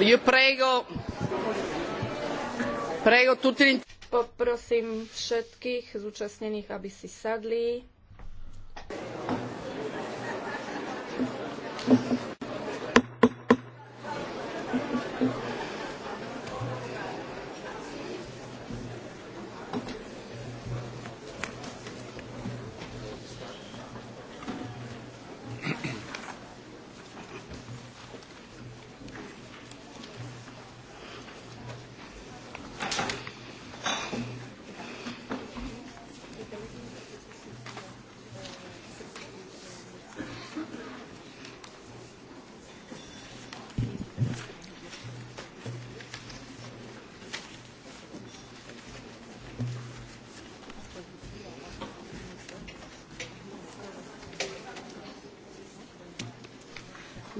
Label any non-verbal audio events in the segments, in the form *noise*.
Io prego, prego tutti... Poprosím všetkých zúčastnených, aby si sadli.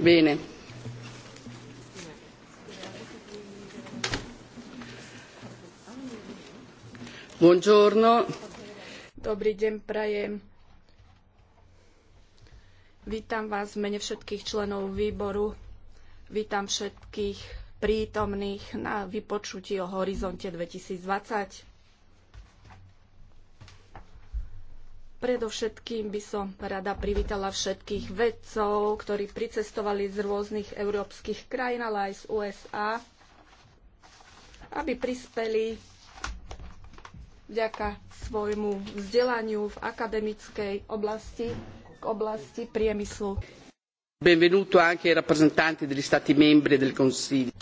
Bene. Buongiorno. Dobrý deň, prajem. Vítam vás v mene všetkých členov výboru. Vítam všetkých prítomných na vypočutí o horizonte 2020. Predovšetkým by som rada privítala všetkých vedcov, ktorí pricestovali z rôznych európskych krajín, ale aj z USA, aby prispeli vďaka svojmu vzdelaniu v akademickej oblasti k oblasti priemyslu.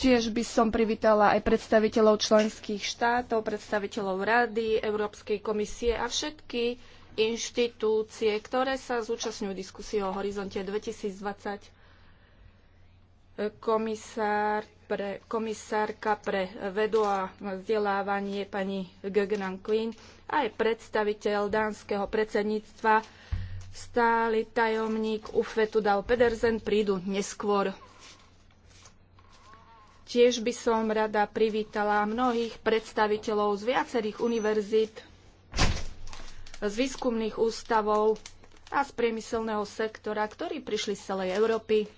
Tiež by som privítala aj predstaviteľov členských štátov, predstaviteľov Rady, Európskej komisie a všetky inštitúcie, ktoré sa zúčastňujú diskusie o horizonte 2020. Komisár pre, komisárka pre vedu a vzdelávanie pani Gögnan Quinn a aj predstaviteľ dánskeho predsedníctva stály tajomník UFETu e Dal Pedersen prídu neskôr. Tiež by som rada privítala mnohých predstaviteľov z viacerých univerzít z výskumných ústavov a z priemyselného sektora, ktorí prišli z celej Európy.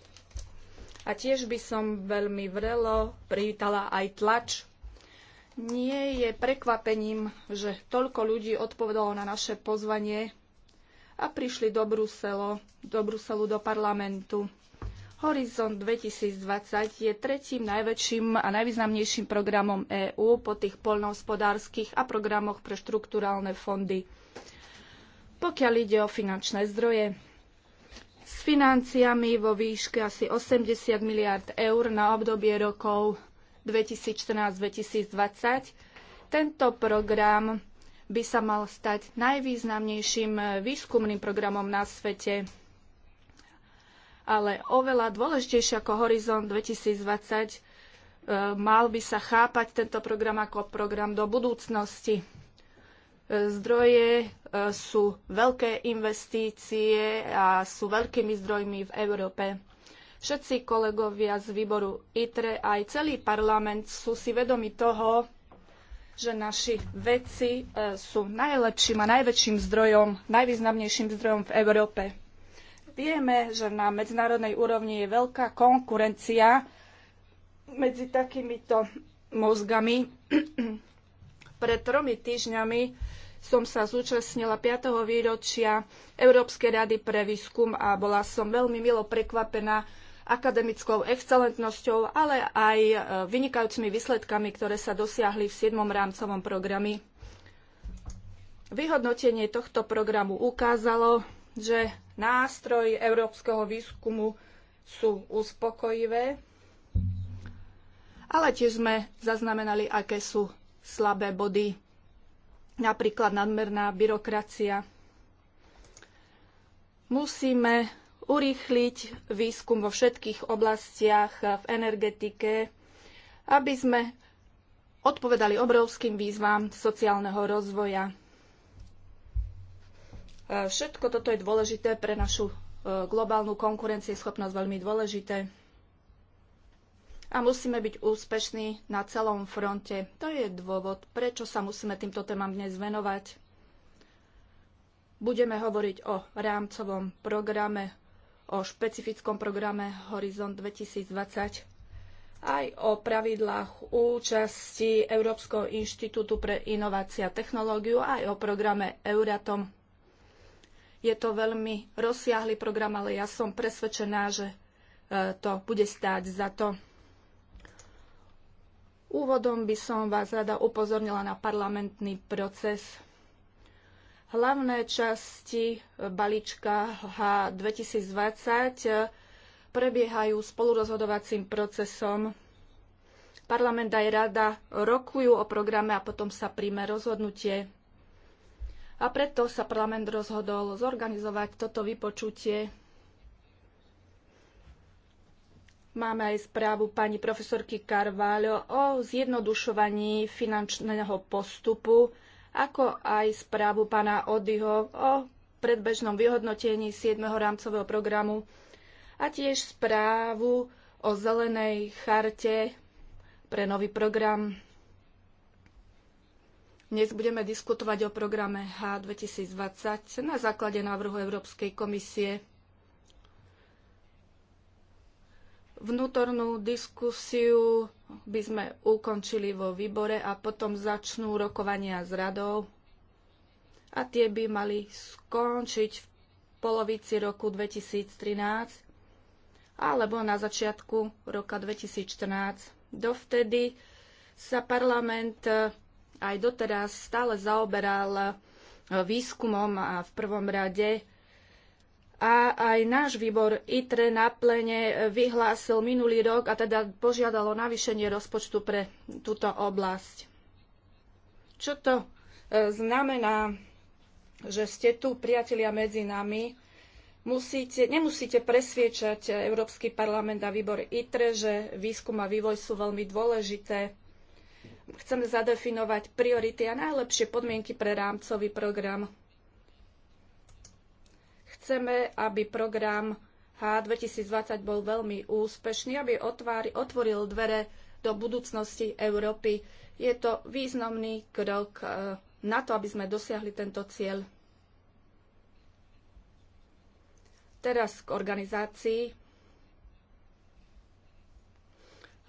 A tiež by som veľmi vrelo privítala aj tlač. Nie je prekvapením, že toľko ľudí odpovedalo na naše pozvanie a prišli do, Bruselo, do Bruselu, do parlamentu. Horizont 2020 je tretím najväčším a najvýznamnejším programom EÚ po tých poľnohospodárskych a programoch pre štrukturálne fondy. Pokiaľ ide o finančné zdroje, s financiami vo výške asi 80 miliard eur na obdobie rokov 2014-2020, tento program by sa mal stať najvýznamnejším výskumným programom na svete ale oveľa dôležitejšie ako Horizont 2020 e, mal by sa chápať tento program ako program do budúcnosti zdroje e, sú veľké investície a sú veľkými zdrojmi v Európe. Všetci kolegovia z výboru ITRE aj celý parlament sú si vedomi toho, že naši vedci e, sú najlepším a najväčším zdrojom, najvýznamnejším zdrojom v Európe. Vieme, že na medzinárodnej úrovni je veľká konkurencia medzi takýmito mozgami. *clears throat* Pred tromi týždňami som sa zúčastnila 5. výročia Európskej rady pre výskum a bola som veľmi milo prekvapená akademickou excelentnosťou, ale aj e, vynikajúcimi výsledkami, ktoré sa dosiahli v 7. rámcovom programe. Vyhodnotenie tohto programu ukázalo, že nástroj európskeho výskumu sú uspokojivé, ale tiež sme zaznamenali, aké sú slabé body napríklad nadmerná byrokracia. Musíme urýchliť výskum vo všetkých oblastiach v energetike, aby sme odpovedali obrovským výzvám sociálneho rozvoja. Všetko toto je dôležité pre našu e, globálnu konkurencieschopnosť, veľmi dôležité a musíme byť úspešní na celom fronte. To je dôvod, prečo sa musíme týmto témam dnes venovať. Budeme hovoriť o rámcovom programe, o špecifickom programe Horizont 2020 aj o pravidlách účasti Európskeho inštitútu pre inovácia a technológiu, aj o programe Euratom. Je to veľmi rozsiahly program, ale ja som presvedčená, že e, to bude stáť za to. Úvodom by som vás rada upozornila na parlamentný proces. Hlavné časti balíčka H 2020 prebiehajú spolurozhodovacím procesom. Parlament aj rada rokujú o programe a potom sa príjme rozhodnutie. A preto sa parlament rozhodol zorganizovať toto vypočutie Máme aj správu pani profesorky Carvalho o zjednodušovaní finančného postupu, ako aj správu pána Odyho o predbežnom vyhodnotení 7. rámcového programu a tiež správu o zelenej charte pre nový program. Dnes budeme diskutovať o programe H2020 na základe návrhu Európskej komisie. Vnútornú diskusiu by sme ukončili vo výbore a potom začnú rokovania s radou a tie by mali skončiť v polovici roku 2013 alebo na začiatku roka 2014. Dovtedy sa parlament eh, aj doteraz stále zaoberal eh, výskumom a v prvom rade a aj náš výbor ITRE na plene vyhlásil minulý rok a teda požiadalo navýšenie rozpočtu pre túto oblasť. Čo to e, znamená, že ste tu, priatelia, medzi nami? Musíte, nemusíte presviečať Európsky parlament a výbor ITRE, že výskum a vývoj sú veľmi dôležité. Chceme zadefinovať priority a najlepšie podmienky pre rámcový program Chceme, aby program H2020 bol veľmi úspešný, aby otvári, otvoril dvere do budúcnosti Európy. Je to významný krok eh, na to, aby sme dosiahli tento cieľ. Teraz k organizácii.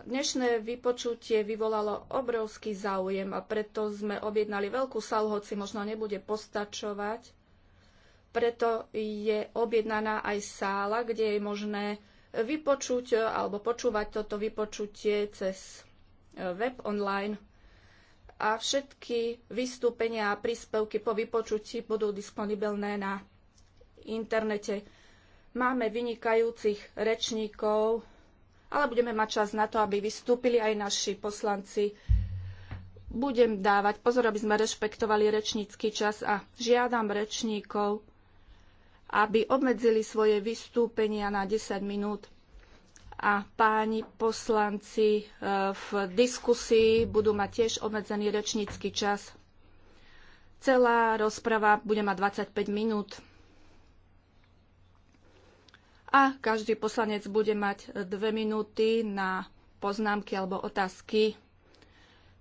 Dnešné vypočutie vyvolalo obrovský záujem a preto sme objednali veľkú salu, hoci možno nebude postačovať. Preto je objednaná aj sála, kde je možné vypočuť alebo počúvať toto vypočutie cez e, web online a všetky vystúpenia a príspevky po vypočutí budú disponibilné na internete. Máme vynikajúcich rečníkov, ale budeme mať čas na to, aby vystúpili aj naši poslanci. Budem dávať pozor, aby sme rešpektovali rečnícky čas a žiadam rečníkov, aby obmedzili svoje vystúpenia na 10 minút a páni poslanci e, v diskusii budú mať tiež obmedzený rečnícky čas. Celá rozprava bude mať 25 minút a každý poslanec bude mať dve minúty na poznámky alebo otázky.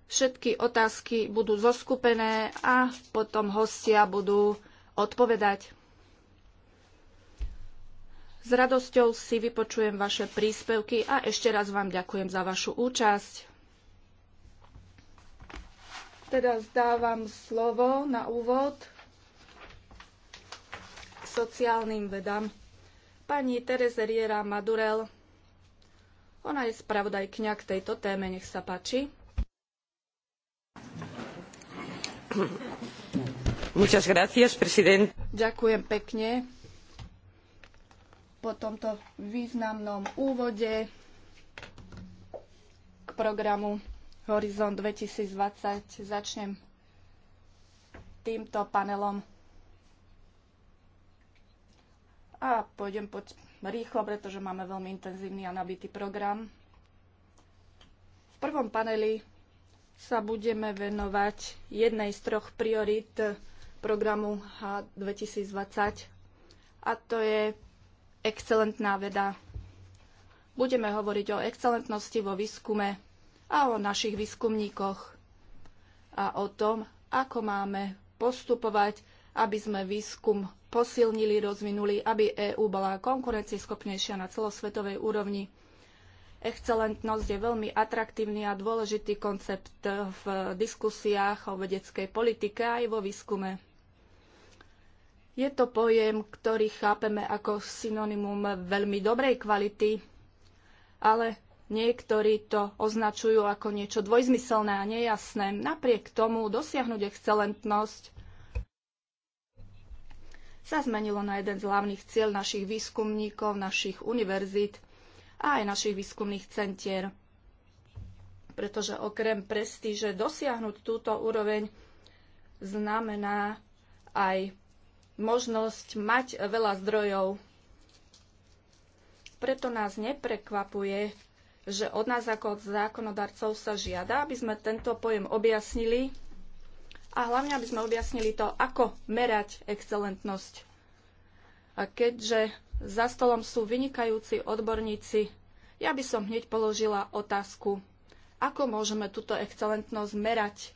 Všetky otázky budú zoskupené a potom hostia budú odpovedať. S radosťou si vypočujem vaše príspevky a ešte raz vám ďakujem za vašu účasť. Teda zdávam slovo na úvod k sociálnym vedám. Pani Tereze Riera Madurel, ona je spravodajkňa k tejto téme, nech sa páči. Muchas gracias, president. Ďakujem pekne, po tomto významnom úvode k programu Horizont 2020 začnem týmto panelom a pôjdem poď rýchlo, pretože máme veľmi intenzívny a nabitý program. V prvom paneli sa budeme venovať jednej z troch priorit programu H2020 a to je excelentná veda. Budeme hovoriť o excelentnosti vo výskume a o našich výskumníkoch a o tom, ako máme postupovať, aby sme výskum posilnili, rozvinuli, aby EÚ bola konkurencieschopnejšia na celosvetovej úrovni. Excelentnosť je veľmi atraktívny a dôležitý koncept v diskusiách o vedeckej politike aj vo výskume. Je to pojem, ktorý chápeme ako synonymum veľmi dobrej kvality, ale niektorí to označujú ako niečo dvojzmyselné a nejasné. Napriek tomu dosiahnuť excelentnosť sa zmenilo na jeden z hlavných cieľ našich výskumníkov, našich univerzít a aj našich výskumných centier. Pretože okrem prestíže dosiahnuť túto úroveň znamená aj možnosť mať veľa zdrojov. Preto nás neprekvapuje, že od nás ako od zákonodarcov sa žiada, aby sme tento pojem objasnili a hlavne, aby sme objasnili to, ako merať excelentnosť. A keďže za stolom sú vynikajúci odborníci, ja by som hneď položila otázku, ako môžeme túto excelentnosť merať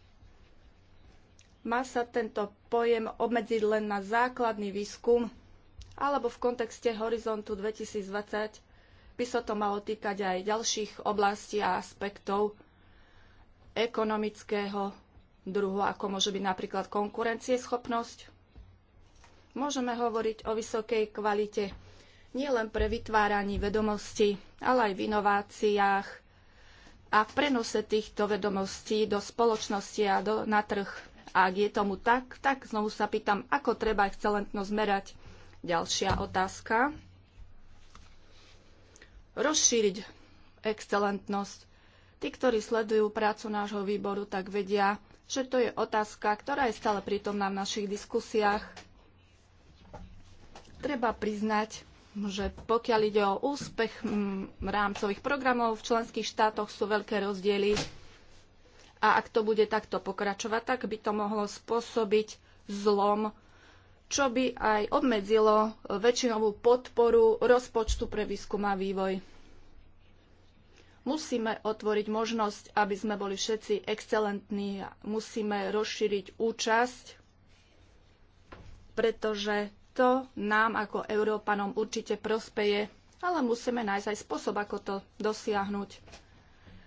má sa tento pojem obmedziť len na základný výskum, alebo v kontexte Horizontu 2020 by sa so to malo týkať aj ďalších oblastí a aspektov ekonomického druhu, ako môže byť napríklad konkurencieschopnosť. Môžeme hovoriť o vysokej kvalite nielen pre vytváraní vedomostí, ale aj v inováciách a v prenose týchto vedomostí do spoločnosti a do, na trh. A ak je tomu tak, tak znovu sa pýtam, ako treba excelentnosť merať. Ďalšia otázka. Rozšíriť excelentnosť. Tí, ktorí sledujú prácu nášho výboru, tak vedia, že to je otázka, ktorá je stále prítomná v našich diskusiách. Treba priznať, že pokiaľ ide o úspech mm, rámcových programov, v členských štátoch sú veľké rozdiely a ak to bude takto pokračovať, tak by to mohlo spôsobiť zlom, čo by aj obmedzilo väčšinovú podporu rozpočtu pre výskum a vývoj. Musíme otvoriť možnosť, aby sme boli všetci excelentní. Musíme rozšíriť účasť, pretože to nám ako Európanom určite prospeje, ale musíme nájsť aj spôsob, ako to dosiahnuť.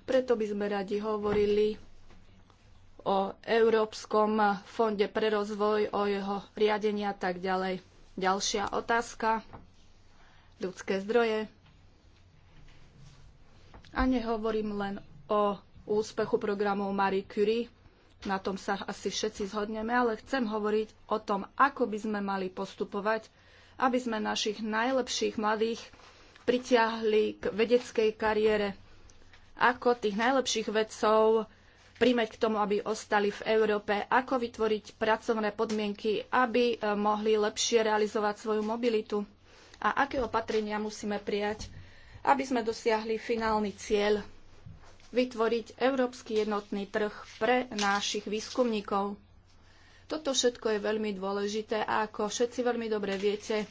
Preto by sme radi hovorili o Európskom fonde pre rozvoj, o jeho riadenia a tak ďalej. Ďalšia otázka. Ľudské zdroje. A nehovorím len o úspechu programov Marie Curie, na tom sa asi všetci zhodneme, ale chcem hovoriť o tom, ako by sme mali postupovať, aby sme našich najlepších mladých pritiahli k vedeckej kariére, ako tých najlepších vedcov príjmeť k tomu, aby ostali v Európe, ako vytvoriť pracovné podmienky, aby e, mohli lepšie realizovať svoju mobilitu a aké opatrenia musíme prijať, aby sme dosiahli finálny cieľ vytvoriť európsky jednotný trh pre našich výskumníkov. Toto všetko je veľmi dôležité a ako všetci veľmi dobre viete,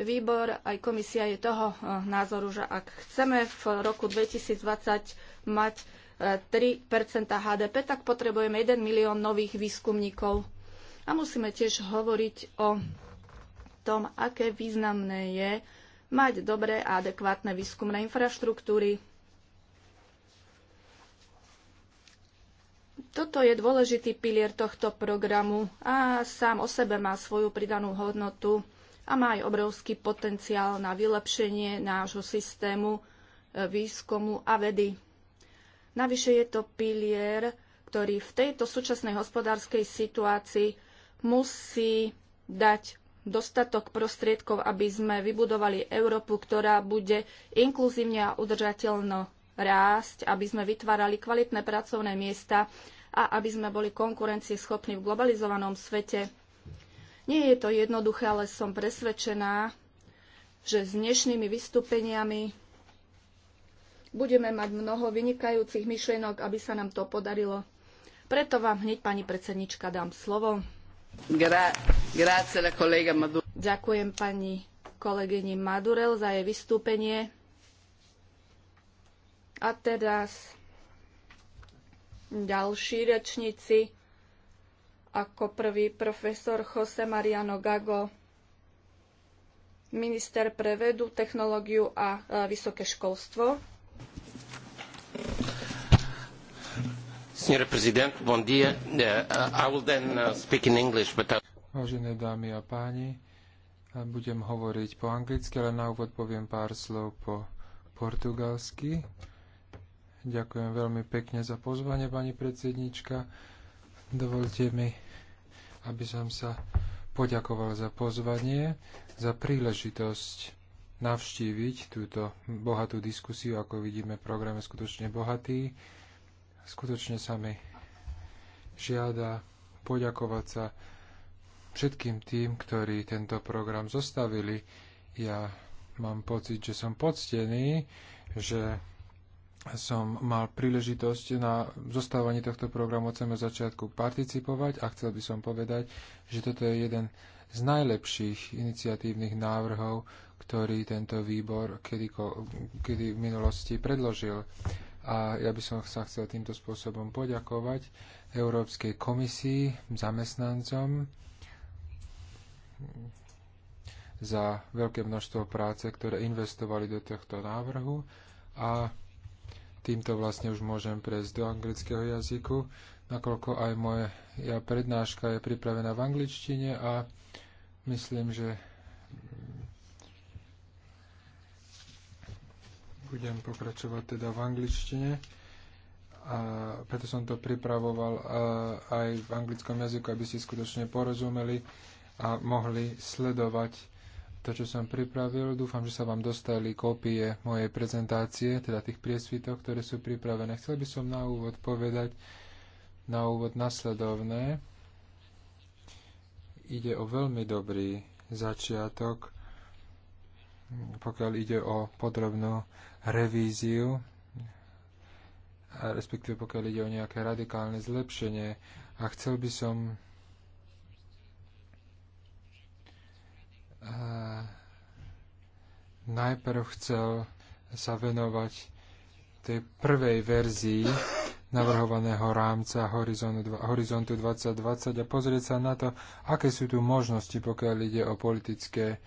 výbor aj komisia je toho e, názoru, že ak chceme v roku 2020 mať 3 HDP, tak potrebujeme 1 milión nových výskumníkov. A musíme tiež hovoriť o tom, aké významné je mať dobré a adekvátne výskumné infraštruktúry. Toto je dôležitý pilier tohto programu a sám o sebe má svoju pridanú hodnotu a má aj obrovský potenciál na vylepšenie nášho systému e, výskumu a vedy. Navyše je to pilier, ktorý v tejto súčasnej hospodárskej situácii musí dať dostatok prostriedkov, aby sme vybudovali Európu, ktorá bude inkluzívne a udržateľno rásť, aby sme vytvárali kvalitné pracovné miesta a aby sme boli konkurencieschopní v globalizovanom svete. Nie je to jednoduché, ale som presvedčená, že s dnešnými vystúpeniami Budeme mať mnoho vynikajúcich myšlienok, aby sa nám to podarilo. Preto vám hneď, pani predsednička, dám slovo. Gra, Ďakujem pani kolegyni Madurel za jej vystúpenie. A teraz ďalší rečníci, ako prvý profesor Jose Mariano Gago, minister pre vedu, technológiu a e, vysoké školstvo. Senhora dia. Eh, I will then uh, speak in English, but I... Vážené dámy a páni, eh, budem hovoriť po anglicky, ale na úvod poviem pár slov po portugalsky. Ďakujem veľmi pekne za pozvanie, pani predsednička. Dovolte mi, aby som sa poďakoval za pozvanie, za príležitosť navštíviť túto bohatú diskusiu, ako vidíme, program je skutočne bohatý Skutočne sa mi žiada poďakovať sa všetkým tým, ktorí tento program zostavili. Ja mám pocit, že som poctený, že som mal príležitosť na zostávaní tohto programu od samého začiatku participovať a chcel by som povedať, že toto je jeden z najlepších iniciatívnych návrhov, ktorý tento výbor kedy, kedy v minulosti predložil. A ja by som sa chcel týmto spôsobom poďakovať Európskej komisii, zamestnancom za veľké množstvo práce, ktoré investovali do tohto návrhu a týmto vlastne už môžem prejsť do anglického jazyku, nakoľko aj moja prednáška je pripravená v angličtine a myslím, že Budem pokračovať teda v angličtine. A preto som to pripravoval aj v anglickom jazyku, aby ste skutočne porozumeli a mohli sledovať to, čo som pripravil. Dúfam, že sa vám dostali kópie mojej prezentácie, teda tých priesvitok, ktoré sú pripravené. Chcel by som na úvod povedať na úvod nasledovné. Ide o veľmi dobrý začiatok pokiaľ ide o podrobnú revíziu, respektíve pokiaľ ide o nejaké radikálne zlepšenie. A chcel by som najprv chcel sa venovať tej prvej verzii navrhovaného rámca Horizontu 2020 a pozrieť sa na to, aké sú tu možnosti, pokiaľ ide o politické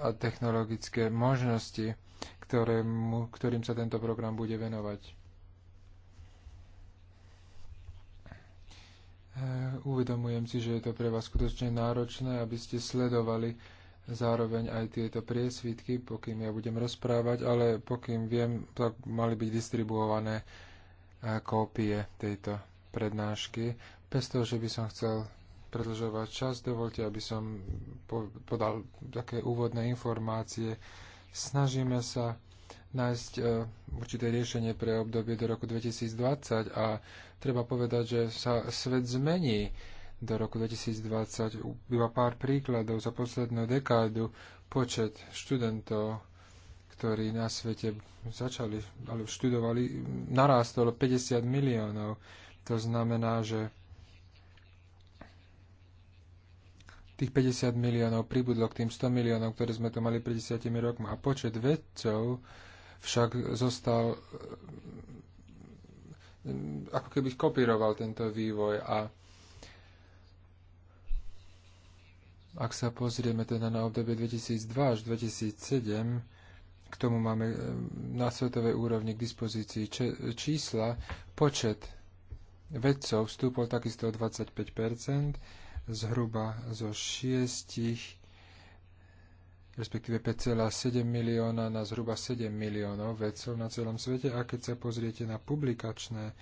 a technologické možnosti, ktorému, ktorým sa tento program bude venovať. Eh, uvedomujem si, že je to pre vás skutočne náročné, aby ste sledovali zároveň aj tieto priesvitky, pokým ja budem rozprávať, ale pokým viem, tak mali byť distribuované eh, kópie tejto prednášky. Bez toho, že by som chcel predlžovať čas, dovolte, aby som podal také úvodné informácie. Snažíme sa nájsť e, určité riešenie pre obdobie do roku 2020 a treba povedať, že sa svet zmení do roku 2020. Iba pár príkladov za poslednú dekádu počet študentov, ktorí na svete začali alebo študovali, narástol 50 miliónov. To znamená, že tých 50 miliónov pribudlo k tým 100 miliónov, ktoré sme to mali pred 10 rokmi. A počet vedcov však zostal eh, ako keby kopíroval tento vývoj a ak sa pozrieme teda na obdobie 2002 až 2007, k tomu máme eh, na svetovej úrovni k dispozícii čísla, počet vedcov vstúpol takisto o 25 zhruba zo 6 respektíve 5,7 milióna na zhruba 7 miliónov vedcov na celom svete a keď sa pozriete na publikačné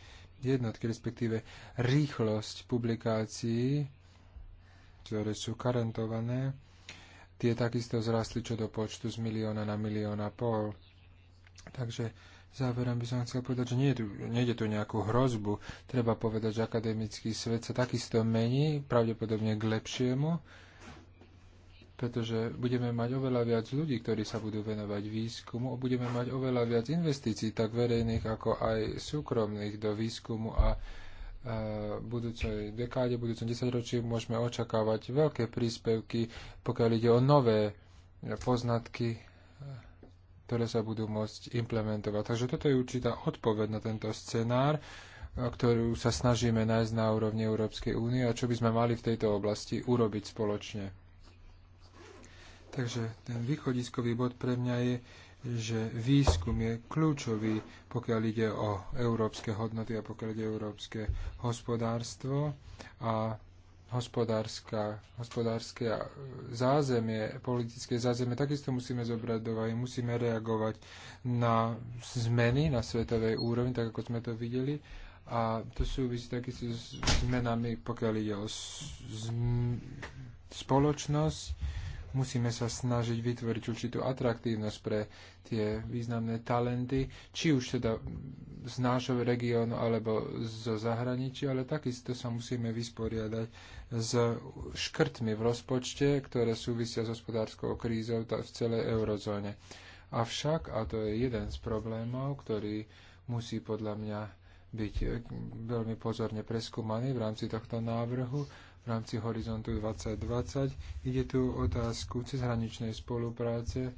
jednotky, respektíve rýchlosť publikácií, ktoré sú karentované, tie takisto zrastli čo do počtu z milióna na milióna pol. Takže Záverom by som chcel povedať, že nie je tu, nejde tu nejakú hrozbu. Treba povedať, že akademický svet sa takisto mení, pravdepodobne k lepšiemu, pretože budeme mať oveľa viac ľudí, ktorí sa budú venovať výskumu a budeme mať oveľa viac investícií, tak verejných ako aj súkromných do výskumu a v budúcej dekáde, budúcom desaťročí môžeme očakávať veľké príspevky, pokiaľ ide o nové poznatky ktoré sa budú môcť implementovať. Takže toto je určitá odpoveď na tento scenár, ktorú sa snažíme nájsť na úrovni Európskej únie a čo by sme mali v tejto oblasti urobiť spoločne. Takže ten východiskový bod pre mňa je, že výskum je kľúčový, pokiaľ ide o európske hodnoty a pokiaľ ide o európske hospodárstvo. A hospodárske zázemie, politické zázemie, takisto musíme zobrať do vahy, musíme reagovať na zmeny na svetovej úrovni, tak ako sme to videli. A to súvisí takisto s zmenami, pokiaľ ide o spoločnosť, musíme sa snažiť vytvoriť určitú atraktívnosť pre tie významné talenty, či už teda z nášho regiónu alebo zo zahraničia, ale takisto sa musíme vysporiadať s škrtmi v rozpočte, ktoré súvisia s hospodárskou krízou v celej eurozóne. Avšak, a to je jeden z problémov, ktorý musí podľa mňa byť eh, veľmi pozorne preskúmaný v rámci tohto návrhu, v rámci Horizontu 2020. Ide tu o otázku cezhraničnej spolupráce,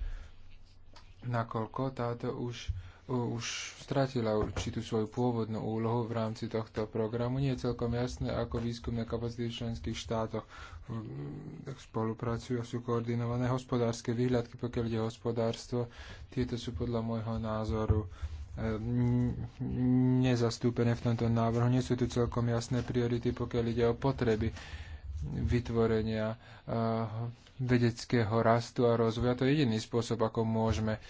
nakoľko táto už už stratila určitú svoju pôvodnú úlohu v rámci tohto programu. Nie je celkom jasné, ako výskumné kapacity v členských štátoch spolupracujú a sú koordinované. Hospodárske výhľadky, pokiaľ ide o hospodárstvo, tieto sú podľa môjho názoru Ehm, nezastúpené v tomto návrhu. Nie sú tu celkom jasné priority, pokiaľ ide o potreby vytvorenia eh, vedeckého rastu a rozvoja. To je jediný spôsob, ako môžeme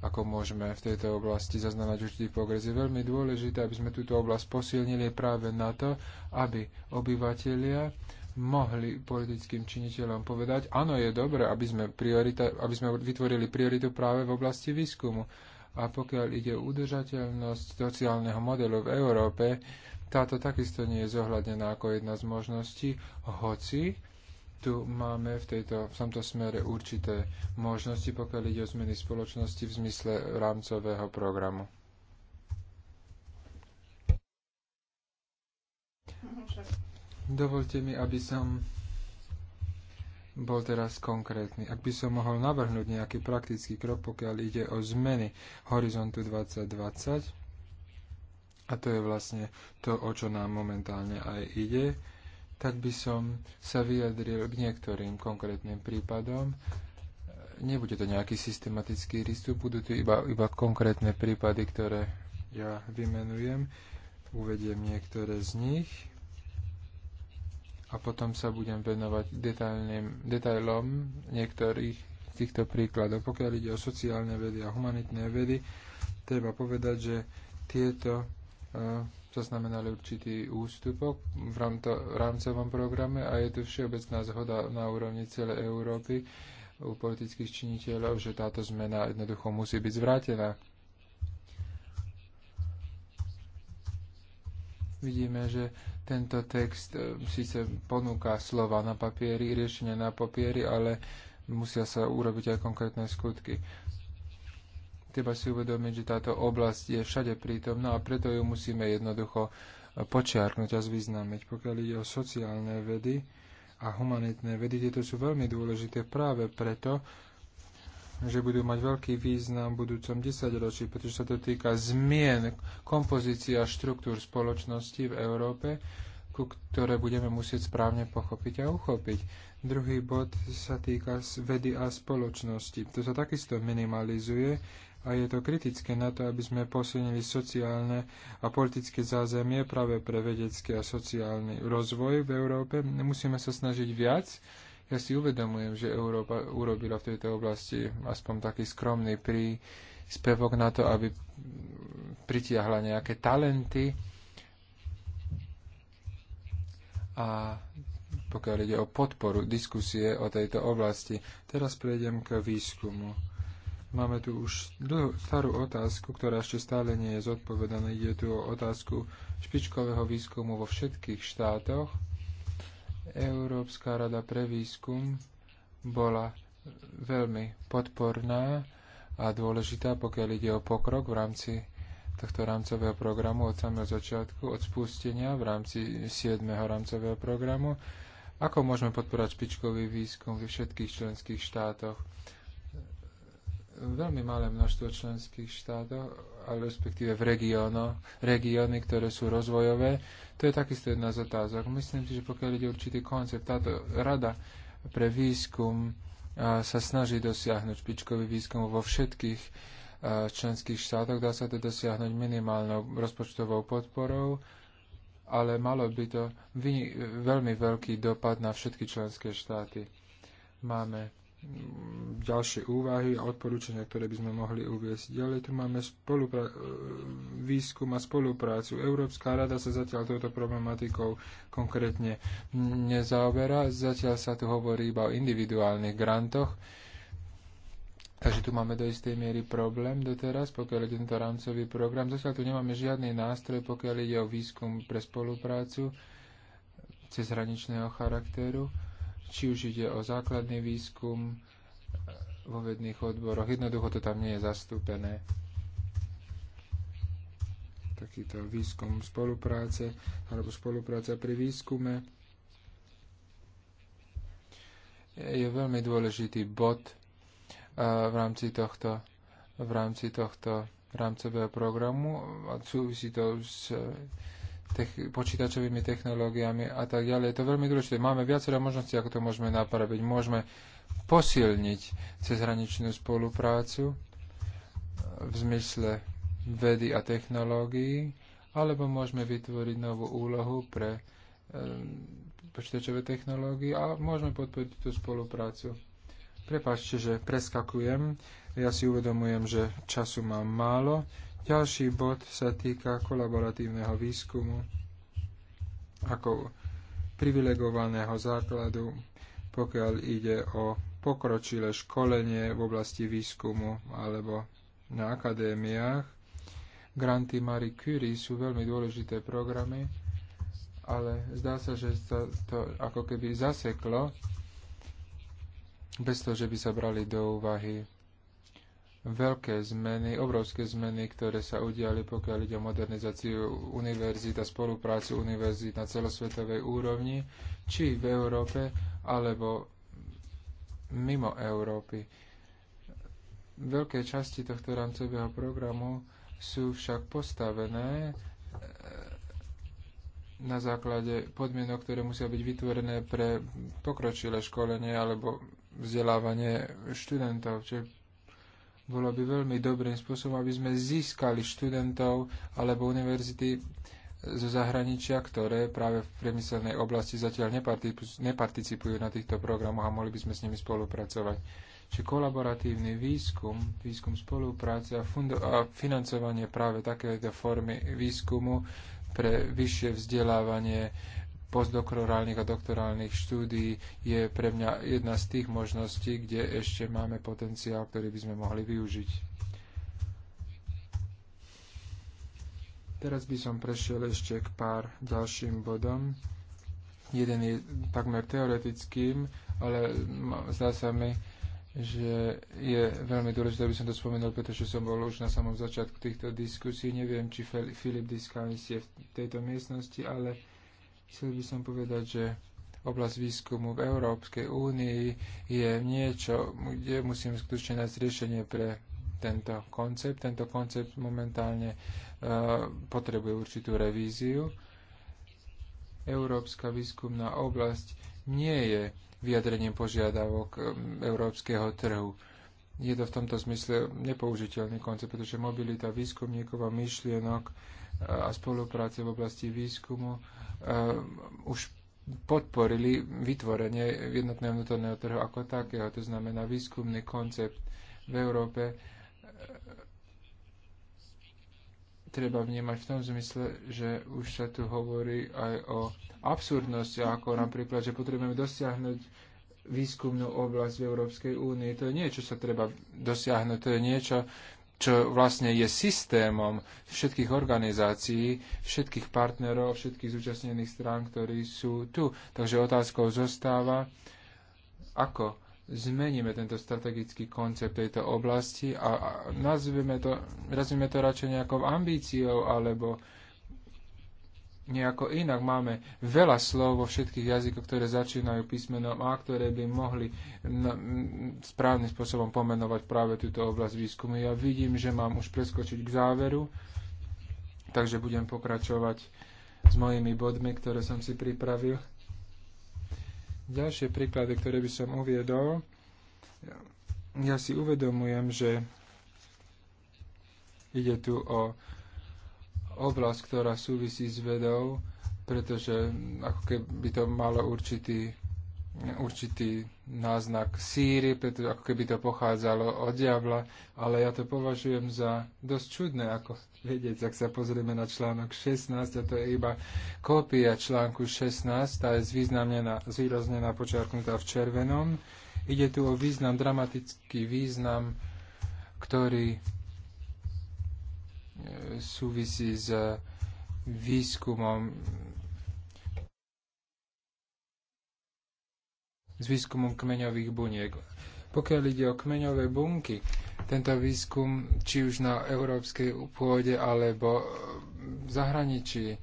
ako môžeme v tejto oblasti zaznamenať určitý pokres. Je veľmi dôležité, aby sme túto oblasť posilnili práve na to, aby obyvateľia mohli politickým činiteľom povedať, áno, je dobré, aby sme, priorita, aby sme vytvorili prioritu práve v oblasti výskumu. A pokiaľ ide o udržateľnosť sociálneho modelu v Európe, táto takisto nie je zohľadnená ako jedna z možností, hoci tu máme v, tejto, v tomto smere určité možnosti, pokiaľ ide o zmeny spoločnosti v zmysle rámcového programu. Dovolte mi, aby som bol teraz konkrétny. Ak by som mohol navrhnúť nejaký praktický krok, pokiaľ ide o zmeny horizontu 2020, a to je vlastne to, o čo nám momentálne aj ide, tak by som sa vyjadril k niektorým konkrétnym prípadom. Nebude to nejaký systematický prístup, budú tu iba, iba konkrétne prípady, ktoré ja vymenujem. Uvediem niektoré z nich a potom sa budem venovať detailom niektorých týchto príkladov. Pokiaľ ide o sociálne vedy a humanitné vedy, treba povedať, že tieto uh, e, zaznamenali určitý ústupok v rámcovom programe a je tu všeobecná zhoda na úrovni celej Európy u politických činiteľov, že táto zmena jednoducho musí byť zvrátená. vidíme, že tento text e, síce ponúka slova na papieri, riešenia na papieri, ale musia sa urobiť aj konkrétne skutky. Treba si uvedomiť, že táto oblasť je všade prítomná a preto ju musíme jednoducho počiarknúť a zvýznamiť. Pokiaľ ide o sociálne vedy a humanitné vedy, tieto sú veľmi dôležité práve preto, že budú mať veľký význam v budúcom desaťročí, pretože sa to týka zmien kompozície a štruktúr spoločnosti v Európe, ku ktoré budeme musieť správne pochopiť a uchopiť. Druhý bod sa týka vedy a spoločnosti. To sa takisto minimalizuje a je to kritické na to, aby sme posilnili sociálne a politické zázemie práve pre vedecký a sociálny rozvoj v Európe. Musíme sa snažiť viac, ja si uvedomujem, že Európa urobila v tejto oblasti aspoň taký skromný príspevok na to, aby pritiahla nejaké talenty. A pokiaľ ide o podporu diskusie o tejto oblasti. Teraz prejdem k výskumu. Máme tu už starú otázku, ktorá ešte stále nie je zodpovedaná. Ide tu o otázku špičkového výskumu vo všetkých štátoch Európska rada pre výskum bola veľmi podporná a dôležitá, pokiaľ ide o pokrok v rámci tohto rámcového programu od samého začiatku, od spustenia v rámci 7. rámcového programu. Ako môžeme podporať špičkový výskum vo všetkých členských štátoch? veľmi malé množstvo členských štátov, ale respektíve v regiónoch, regióny, ktoré sú rozvojové. To je takisto jedna z otázok. Myslím si, že pokiaľ ide určitý koncept, táto rada pre výskum sa snaží dosiahnuť špičkový výskum vo všetkých členských štátoch. Dá sa to dosiahnuť minimálnou rozpočtovou podporou, ale malo by to veľmi veľký dopad na všetky členské štáty. Máme ďalšie úvahy a odporúčania, ktoré by sme mohli uviesť. Ďalej tu máme spolupra- e, výskum a spoluprácu. Európska rada sa zatiaľ touto problematikou konkrétne nezaoberá. Zatiaľ sa tu hovorí iba o individuálnych grantoch. Takže tu máme do istej miery problém doteraz, pokiaľ je tento rámcový program. Zatiaľ tu nemáme žiadny nástroj, pokiaľ ide o výskum pre spoluprácu cezhraničného charakteru či už ide o základný výskum e, vo vedných odboroch. Jednoducho to tam nie je zastúpené. Takýto výskum spolupráce alebo spolupráca pri výskume je veľmi dôležitý bod e, v rámci tohto, v rámci tohto rámcového programu a súvisí to s tech, počítačovými technológiami a tak ďalej. Je to veľmi dôležité. Máme viacero možností, ako to môžeme napraviť. Môžeme posilniť cezhraničnú spoluprácu v zmysle vedy a technológií, alebo môžeme vytvoriť novú úlohu pre e, počítačové technológie a môžeme podporiť tú spoluprácu. Prepačte, že preskakujem. Ja si uvedomujem, že času mám málo. Ďalší bod sa týka kolaboratívneho výskumu ako privilegovaného základu, pokiaľ ide o pokročilé školenie v oblasti výskumu alebo na akadémiách. Granty Marie Curie sú veľmi dôležité programy, ale zdá sa, že sa to ako keby zaseklo, bez toho, že by sa brali do úvahy veľké zmeny, obrovské zmeny, ktoré sa udiali, pokiaľ ide o modernizáciu univerzít a spoluprácu univerzít na celosvetovej úrovni, či v Európe, alebo mimo Európy. Veľké časti tohto rámcového programu sú však postavené eh, na základe podmienok, ktoré musia byť vytvorené pre pokročilé školenie alebo vzdelávanie študentov. Čiže bolo by veľmi dobrým spôsobom, aby sme získali študentov alebo univerzity zo zahraničia, ktoré práve v priemyselnej oblasti zatiaľ neparticipujú na týchto programoch a mohli by sme s nimi spolupracovať. Čiže kolaboratívny výskum, výskum spolupráce a, a financovanie práve takéto formy výskumu pre vyššie vzdelávanie postdoktorálnych a doktorálnych štúdií je pre mňa jedna z tých možností, kde ešte máme potenciál, ktorý by sme mohli využiť. Teraz by som prešiel ešte k pár ďalším bodom. Jeden je takmer teoretickým, ale zdá sa mi, že je veľmi dôležité, aby som to spomenul, pretože som bol už na samom začiatku týchto diskusí. Neviem, či Filip Diskanis je v tejto miestnosti, ale Chcel by som povedať, že oblasť výskumu v Európskej únii je niečo, kde musím skutočne nájsť riešenie pre tento koncept. Tento koncept momentálne uh, potrebuje určitú revíziu. Európska výskumná oblasť nie je vyjadrením požiadavok e, európskeho trhu. Je to v tomto zmysle nepoužiteľný koncept, pretože mobilita výskumníkov a myšlienok e, a spolupráce v oblasti výskumu Ehm, už podporili vytvorenie jednotného vnútorného trhu ako takého. To znamená výskumný koncept v Európe e, treba vnímať v tom zmysle, že už sa tu hovorí aj o absurdnosti, ako napríklad, že potrebujeme dosiahnuť výskumnú oblasť v Európskej únii. To je niečo, čo sa treba dosiahnuť. To je niečo, čo vlastne je systémom všetkých organizácií, všetkých partnerov, všetkých zúčastnených strán, ktorí sú tu. Takže otázkou zostáva, ako zmeníme tento strategický koncept tejto oblasti a, a nazveme to, to radšej nejakou ambíciou alebo nejako inak. Máme veľa slov vo všetkých jazykoch, ktoré začínajú písmenom A, ktoré by mohli no, správnym spôsobom pomenovať práve túto oblasť výskumu. Ja vidím, že mám už preskočiť k záveru, takže budem pokračovať s mojimi bodmi, ktoré som si pripravil. Ďalšie príklady, ktoré by som uviedol, ja si uvedomujem, že ide tu o oblasť, ktorá súvisí s vedou, pretože ako keby to malo určitý, určitý náznak síry, pretože ako keby to pochádzalo od diabla, ale ja to považujem za dosť čudné ako vedieť, ak sa pozrieme na článok 16, a to je iba kópia článku 16, tá je zvýznamnená, zvýraznená, počiarknutá v červenom. Ide tu o význam, dramatický význam, ktorý súvisí s eh, výskumom s výskumom kmeňových buniek. Pokiaľ ide o kmeňové bunky, tento výskum, či už na európskej pôde alebo eh, v zahraničí,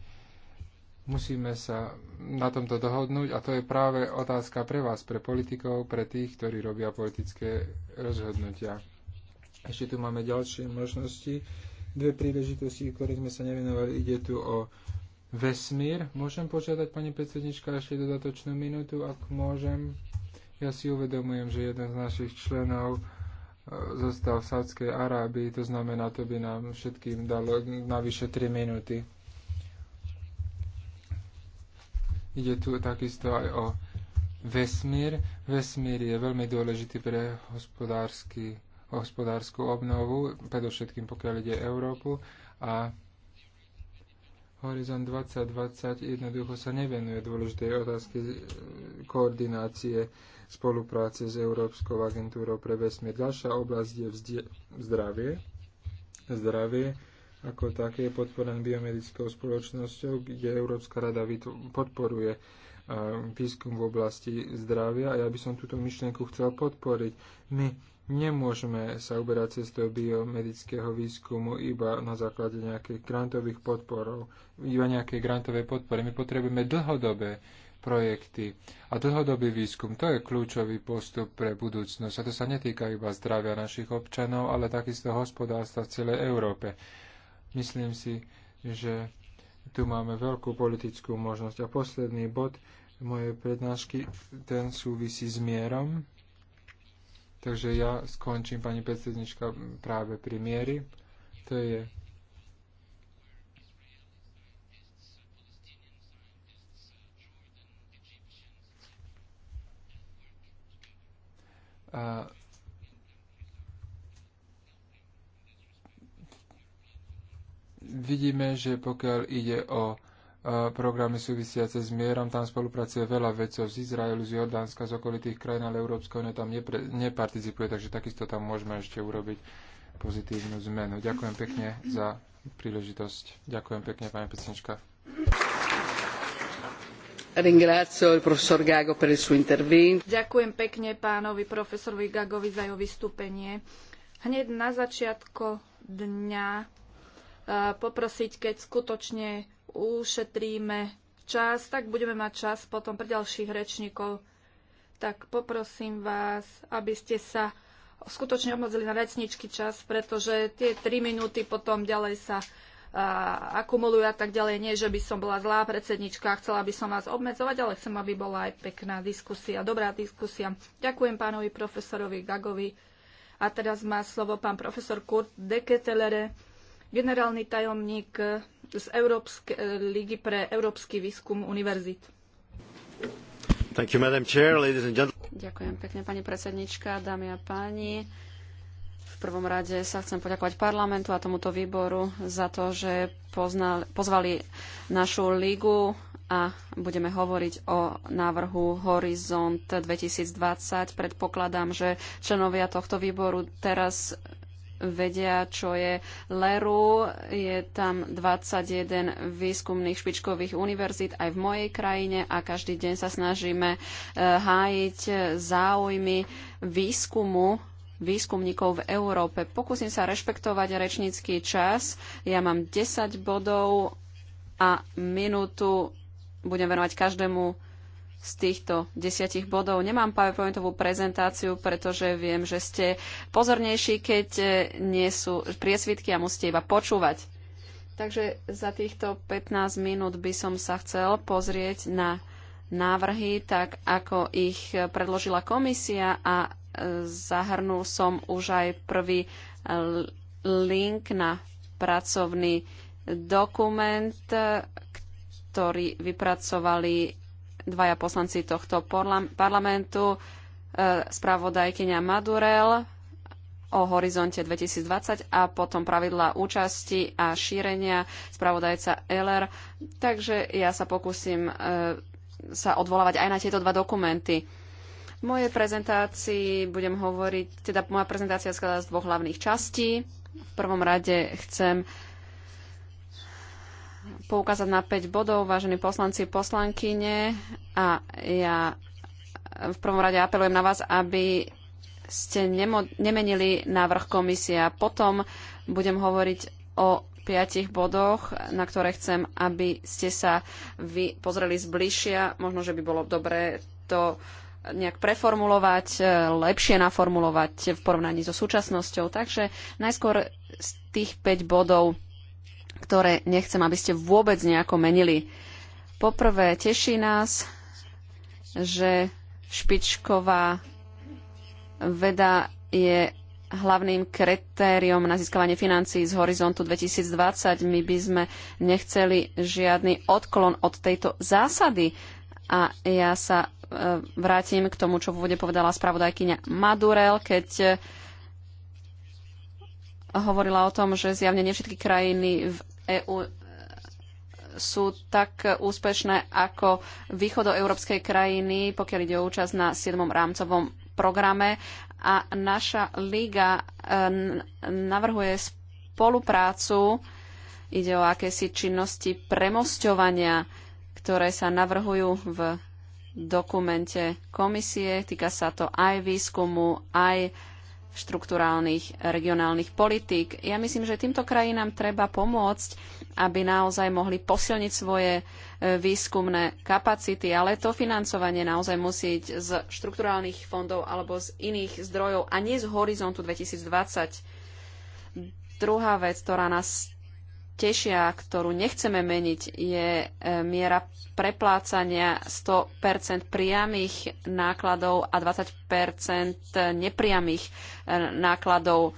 musíme sa na tomto dohodnúť a to je práve otázka pre vás, pre politikov, pre tých, ktorí robia politické rozhodnutia. Ešte tu máme ďalšie možnosti dve príležitosti, ktoré sme sa nevenovali. Ide tu o vesmír. Môžem požiadať, pani predsednička, ešte dodatočnú minútu, ak môžem. Ja si uvedomujem, že jeden z našich členov e, zostal v Sádskej Arábii, to znamená, to by nám všetkým dalo navyše 3 minúty. Ide tu takisto aj o vesmír. Vesmír je veľmi dôležitý pre hospodársky hospodárskú obnovu, predovšetkým pokiaľ ide Európu a Horizon 2020 jednoducho sa nevenuje dôležitej otázky e, koordinácie spolupráce s Európskou agentúrou pre vesmír. Ďalšia oblasť je zdravie. Zdravie ako také je podporené biomedickou spoločnosťou, kde Európska rada podporuje e, výskum v oblasti zdravia a ja by som túto myšlienku chcel podporiť. My Nemôžeme sa uberať cestou biomedického výskumu iba na základe nejakých grantových podporov, iba nejakej grantovej podpory. My potrebujeme dlhodobé projekty. A dlhodobý výskum, to je kľúčový postup pre budúcnosť. A to sa netýka iba zdravia našich občanov, ale takisto hospodárstva v celej Európe. Myslím si, že tu máme veľkú politickú možnosť. A posledný bod mojej prednášky, ten súvisí s mierom. Takže ja skončím, pani predsednička, práve pri miery. To je A vidíme, že pokiaľ ide o programy súvisiace s mierom. Tam spolupracuje veľa vedcov z Izraelu, z Jordánska, z okolitých krajín, ale Európska únia tam nepre, neparticipuje, takže takisto tam môžeme ešte urobiť pozitívnu zmenu. Ďakujem pekne za príležitosť. Ďakujem pekne, pani Pecnička. Ďakujem pekne pánovi profesorovi Gagovi za jeho vystúpenie. Hneď na začiatko dňa eh, poprosiť, keď skutočne ušetríme čas, tak budeme mať čas potom pre ďalších rečníkov. Tak poprosím vás, aby ste sa skutočne obmedzili na rečníčky čas, pretože tie 3 minúty potom ďalej sa a, akumulujú a tak ďalej. Nie, že by som bola zlá predsednička, chcela by som vás obmedzovať, ale chcem, aby bola aj pekná diskusia, dobrá diskusia. Ďakujem pánovi profesorovi Gagovi. A teraz má slovo pán profesor Kurt Deketelere, generálny tajomník z Európskej e, ligy pre európsky výskum Thank You, Chair, Ďakujem pekne, pani predsednička, dámy a páni. V prvom rade sa chcem poďakovať parlamentu a tomuto výboru za to, že poznal, pozvali našu ligu a budeme hovoriť o návrhu Horizont 2020. Predpokladám, že členovia tohto výboru teraz vedia, čo je LERU. Je tam 21 výskumných špičkových univerzít aj v mojej krajine a každý deň sa snažíme eh, hájiť záujmy výskumu výskumníkov v Európe. Pokúsim sa rešpektovať rečnícky čas. Ja mám 10 bodov a minútu budem venovať každému z týchto desiatich bodov. Nemám PowerPointovú prezentáciu, pretože viem, že ste pozornejší, keď e, nie sú priesvitky a musíte iba počúvať. Takže za týchto 15 minút by som sa chcel pozrieť na návrhy, tak ako ich predložila komisia a e, zahrnul som už aj prvý e, link na pracovný dokument, ktorý vypracovali dvaja poslanci tohto parlamentu, e, spravodajkyňa Madurel o horizonte 2020 a potom pravidlá účasti a šírenia spravodajca LR. Takže ja sa pokúsim e, sa odvolávať aj na tieto dva dokumenty. V mojej prezentácii budem hovoriť, teda moja prezentácia skladá z dvoch hlavných častí. V prvom rade chcem poukázať na 5 bodov, vážení poslanci, poslankyne. A ja v prvom rade apelujem na vás, aby ste nemenili návrh komisie. potom budem hovoriť o piatich bodoch, na ktoré chcem, aby ste sa vy pozreli zbližšia. Možno, že by bolo dobré to nejak preformulovať, lepšie naformulovať v porovnaní so súčasnosťou. Takže najskôr z tých 5 bodov ktoré nechcem, aby ste vôbec nejako menili. Poprvé, teší nás, že špičková veda je hlavným kritériom na získavanie financií z horizontu 2020. My by sme nechceli žiadny odklon od tejto zásady. A ja sa e, vrátim k tomu, čo v úvode povedala spravodajkyňa Madurel, keď e, hovorila o tom, že zjavne nie všetky krajiny v EÚ e, sú tak úspešné ako východoeurópskej krajiny, pokiaľ ide o účasť na 7. rámcovom programe. A naša liga e, navrhuje spoluprácu, ide o akési činnosti premosťovania, ktoré sa navrhujú v dokumente komisie. Týka sa to aj výskumu, aj štruktúrálnych regionálnych politík. Ja myslím, že týmto krajinám treba pomôcť, aby naozaj mohli posilniť svoje e, výskumné kapacity, ale to financovanie naozaj musí ísť z štrukturálnych fondov alebo z iných zdrojov a nie z horizontu 2020. Druhá vec, ktorá nás tešia, ktorú nechceme meniť, je e, miera preplácania 100% priamých nákladov a 20% nepriamých e, nákladov.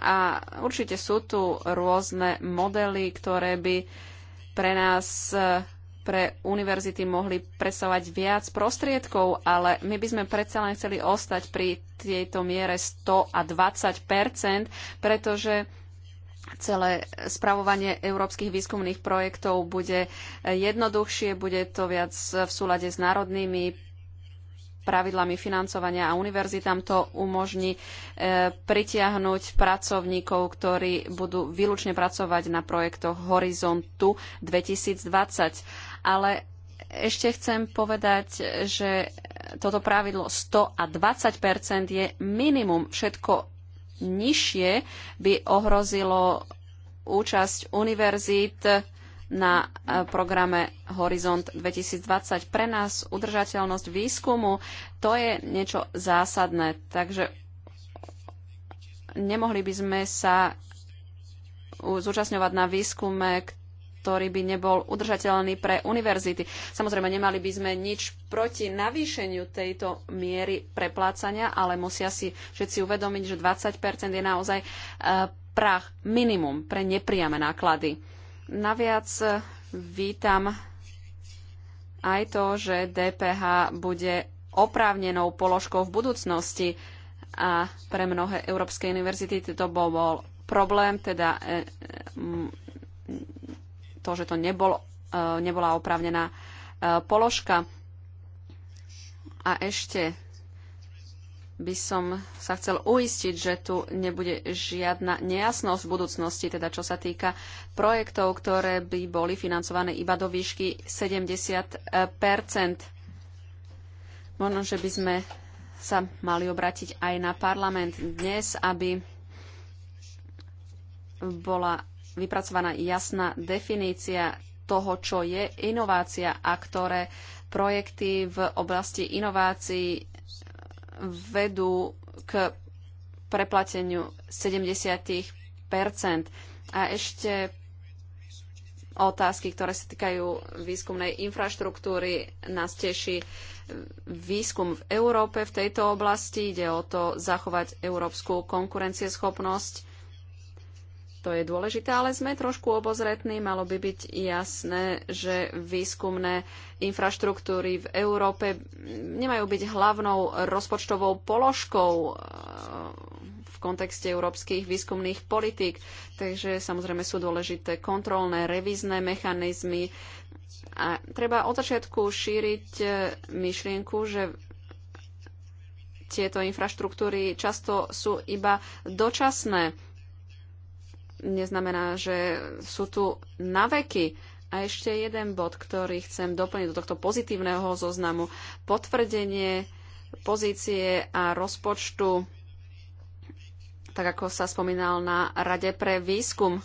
A určite sú tu rôzne modely, ktoré by pre nás, e, pre univerzity mohli presovať viac prostriedkov, ale my by sme predsa len chceli ostať pri tejto miere 120 a pretože celé spravovanie európskych výskumných projektov bude jednoduchšie, bude to viac v súlade s národnými pravidlami financovania a univerzitám to umožní e, pritiahnuť pracovníkov, ktorí budú výlučne pracovať na projektoch Horizontu 2020. Ale ešte chcem povedať, že toto pravidlo 100 a 20 je minimum. Všetko nižšie, by ohrozilo účasť univerzít na e, programe Horizont 2020. Pre nás udržateľnosť výskumu to je niečo zásadné, takže nemohli by sme sa zúčastňovať na výskume, ktorý by nebol udržateľný pre univerzity. Samozrejme, nemali by sme nič proti navýšeniu tejto miery preplácania, ale musia si všetci uvedomiť, že 20 je naozaj eh, prach minimum pre nepriame náklady. Naviac eh, vítam aj to, že DPH bude oprávnenou položkou v budúcnosti a pre mnohé európske univerzity to bol, problém, teda eh, to, že to nebol, e, nebola oprávnená e, položka. A ešte by som sa chcel uistiť, že tu nebude žiadna nejasnosť v budúcnosti, teda čo sa týka projektov, ktoré by boli financované iba do výšky 70 e, Možno, že by sme sa mali obrátiť aj na parlament dnes, aby bola vypracovaná jasná definícia toho, čo je inovácia a ktoré projekty v oblasti inovácií vedú k preplateniu 70 A ešte otázky, ktoré sa týkajú výskumnej infraštruktúry. Nás teší výskum v Európe v tejto oblasti. Ide o to zachovať európsku konkurencieschopnosť to je dôležité, ale sme trošku obozretní. Malo by byť jasné, že výskumné infraštruktúry v Európe nemajú byť hlavnou rozpočtovou položkou eh, v kontexte európskych výskumných politík. Takže samozrejme sú dôležité kontrolné, revízne mechanizmy. A treba od začiatku šíriť eh, myšlienku, že tieto infraštruktúry často sú iba dočasné neznamená, že sú tu naveky. A ešte jeden bod, ktorý chcem doplniť do tohto pozitívneho zoznamu. Potvrdenie pozície a rozpočtu, tak ako sa spomínal na Rade pre výskum.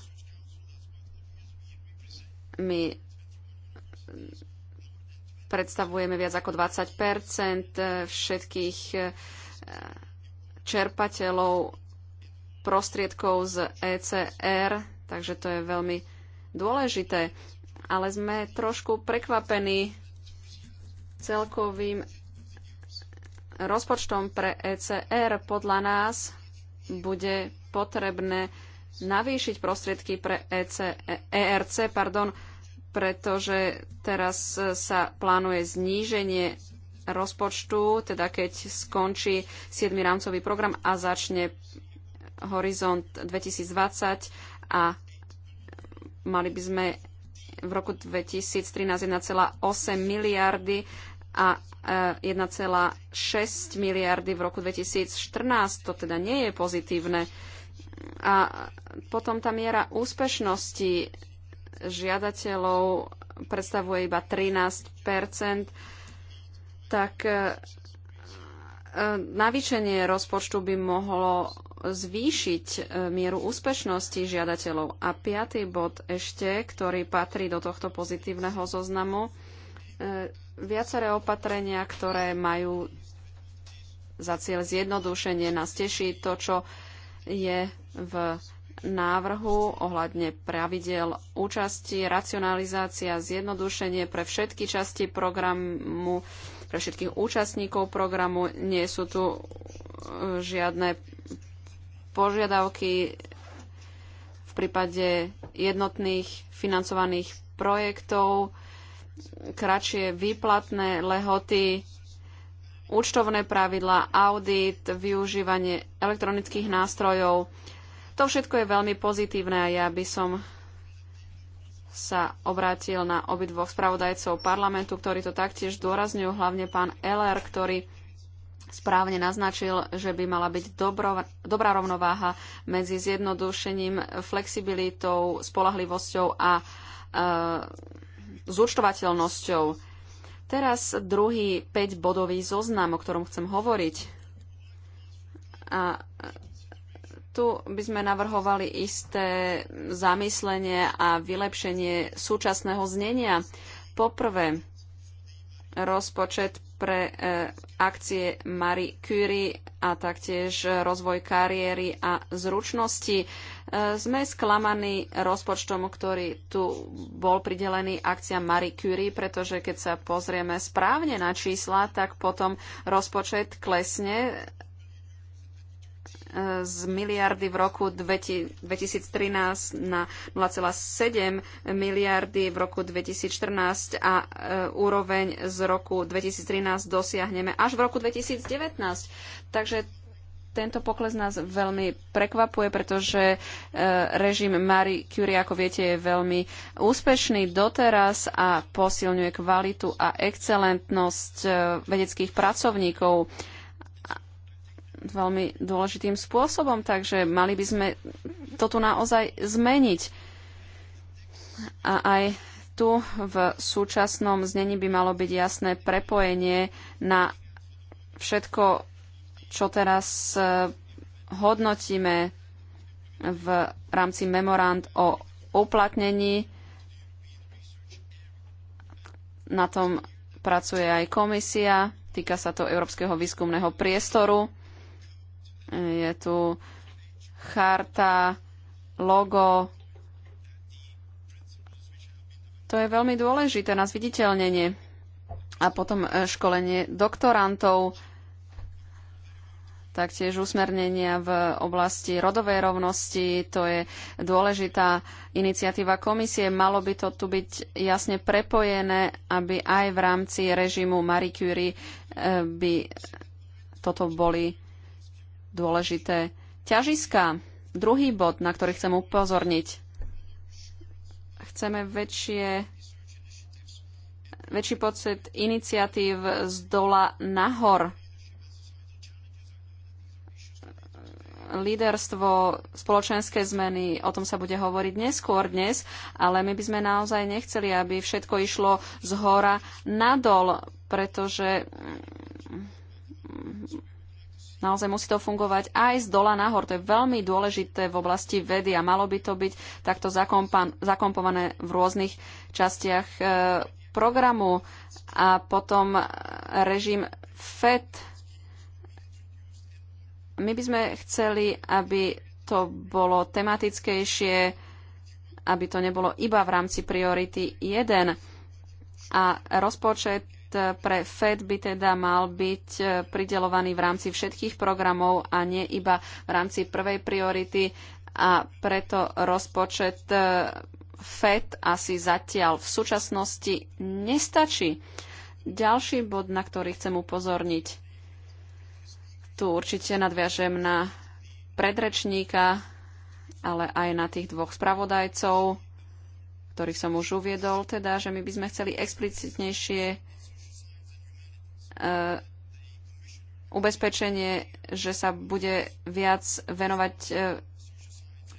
My predstavujeme viac ako 20 všetkých eh, čerpateľov prostriedkov z ECR, takže to je veľmi dôležité. Ale sme trošku prekvapení celkovým rozpočtom pre ECR. Podľa nás bude potrebné navýšiť prostriedky pre EC, ERC, pardon, pretože teraz sa plánuje zníženie rozpočtu, teda keď skončí 7. rámcový program a začne Horizont 2020 a mali by sme v roku 2013 1,8 miliardy a 1,6 e, miliardy v roku 2014. To teda nie je pozitívne. A potom tá miera úspešnosti žiadateľov predstavuje iba 13 tak e, e, navýšenie rozpočtu by mohlo zvýšiť e, mieru úspešnosti žiadateľov. A piatý bod ešte, ktorý patrí do tohto pozitívneho zoznamu, e, viaceré opatrenia, ktoré majú za cieľ zjednodušenie. Nás teší to, čo je v návrhu ohľadne pravidel účasti, racionalizácia, zjednodušenie pre všetky časti programu, pre všetkých účastníkov programu. Nie sú tu e, žiadne požiadavky v prípade jednotných financovaných projektov, kratšie výplatné lehoty, účtovné pravidla, audit, využívanie elektronických nástrojov. To všetko je veľmi pozitívne a ja by som sa obrátil na obidvoch spravodajcov parlamentu, ktorí to taktiež dôrazňujú, hlavne pán Eller, ktorý správne naznačil, že by mala byť dobro, dobrá rovnováha medzi zjednodušením, flexibilitou, spolahlivosťou a e, zúčtovateľnosťou. Teraz druhý 5-bodový zoznam, o ktorom chcem hovoriť. A e, tu by sme navrhovali isté zamyslenie a vylepšenie súčasného znenia. Poprvé, rozpočet pre e, akcie Marie Curie a taktiež rozvoj kariéry a zručnosti. E, sme sklamaní rozpočtom, ktorý tu bol pridelený akcia Marie Curie, pretože keď sa pozrieme správne na čísla, tak potom rozpočet klesne z miliardy v roku 2013 na 0,7 miliardy v roku 2014 a e, úroveň z roku 2013 dosiahneme až v roku 2019. Takže tento pokles nás veľmi prekvapuje, pretože e, režim Marie Curie, ako viete, je veľmi úspešný doteraz a posilňuje kvalitu a excelentnosť e, vedeckých pracovníkov veľmi dôležitým spôsobom, takže mali by sme to tu naozaj zmeniť. A aj tu v súčasnom znení by malo byť jasné prepojenie na všetko, čo teraz e, hodnotíme v rámci memorand o uplatnení. Na tom pracuje aj komisia, týka sa to Európskeho výskumného priestoru. Je tu charta, logo. To je veľmi dôležité na zviditeľnenie. A potom e, školenie doktorantov, taktiež usmernenia v oblasti rodovej rovnosti. To je dôležitá iniciatíva komisie. Malo by to tu byť jasne prepojené, aby aj v rámci režimu Marie Curie e, by toto boli dôležité ťažiska. Druhý bod, na ktorý chcem upozorniť. Chceme väčšie, väčší pocit iniciatív z dola nahor. líderstvo, spoločenské zmeny, o tom sa bude hovoriť neskôr dnes, ale my by sme naozaj nechceli, aby všetko išlo z hora nadol, pretože Naozaj musí to fungovať aj z dola nahor. To je veľmi dôležité v oblasti vedy a malo by to byť takto zakompované v rôznych častiach e, programu. A potom režim FED. My by sme chceli, aby to bolo tematickejšie, aby to nebolo iba v rámci priority 1. A rozpočet pre FED by teda mal byť e, pridelovaný v rámci všetkých programov a nie iba v rámci prvej priority a preto rozpočet e, FED asi zatiaľ v súčasnosti nestačí. Ďalší bod, na ktorý chcem upozorniť, tu určite nadviažem na predrečníka, ale aj na tých dvoch spravodajcov, ktorých som už uviedol, teda, že my by sme chceli explicitnejšie E, ubezpečenie, že sa bude viac venovať e,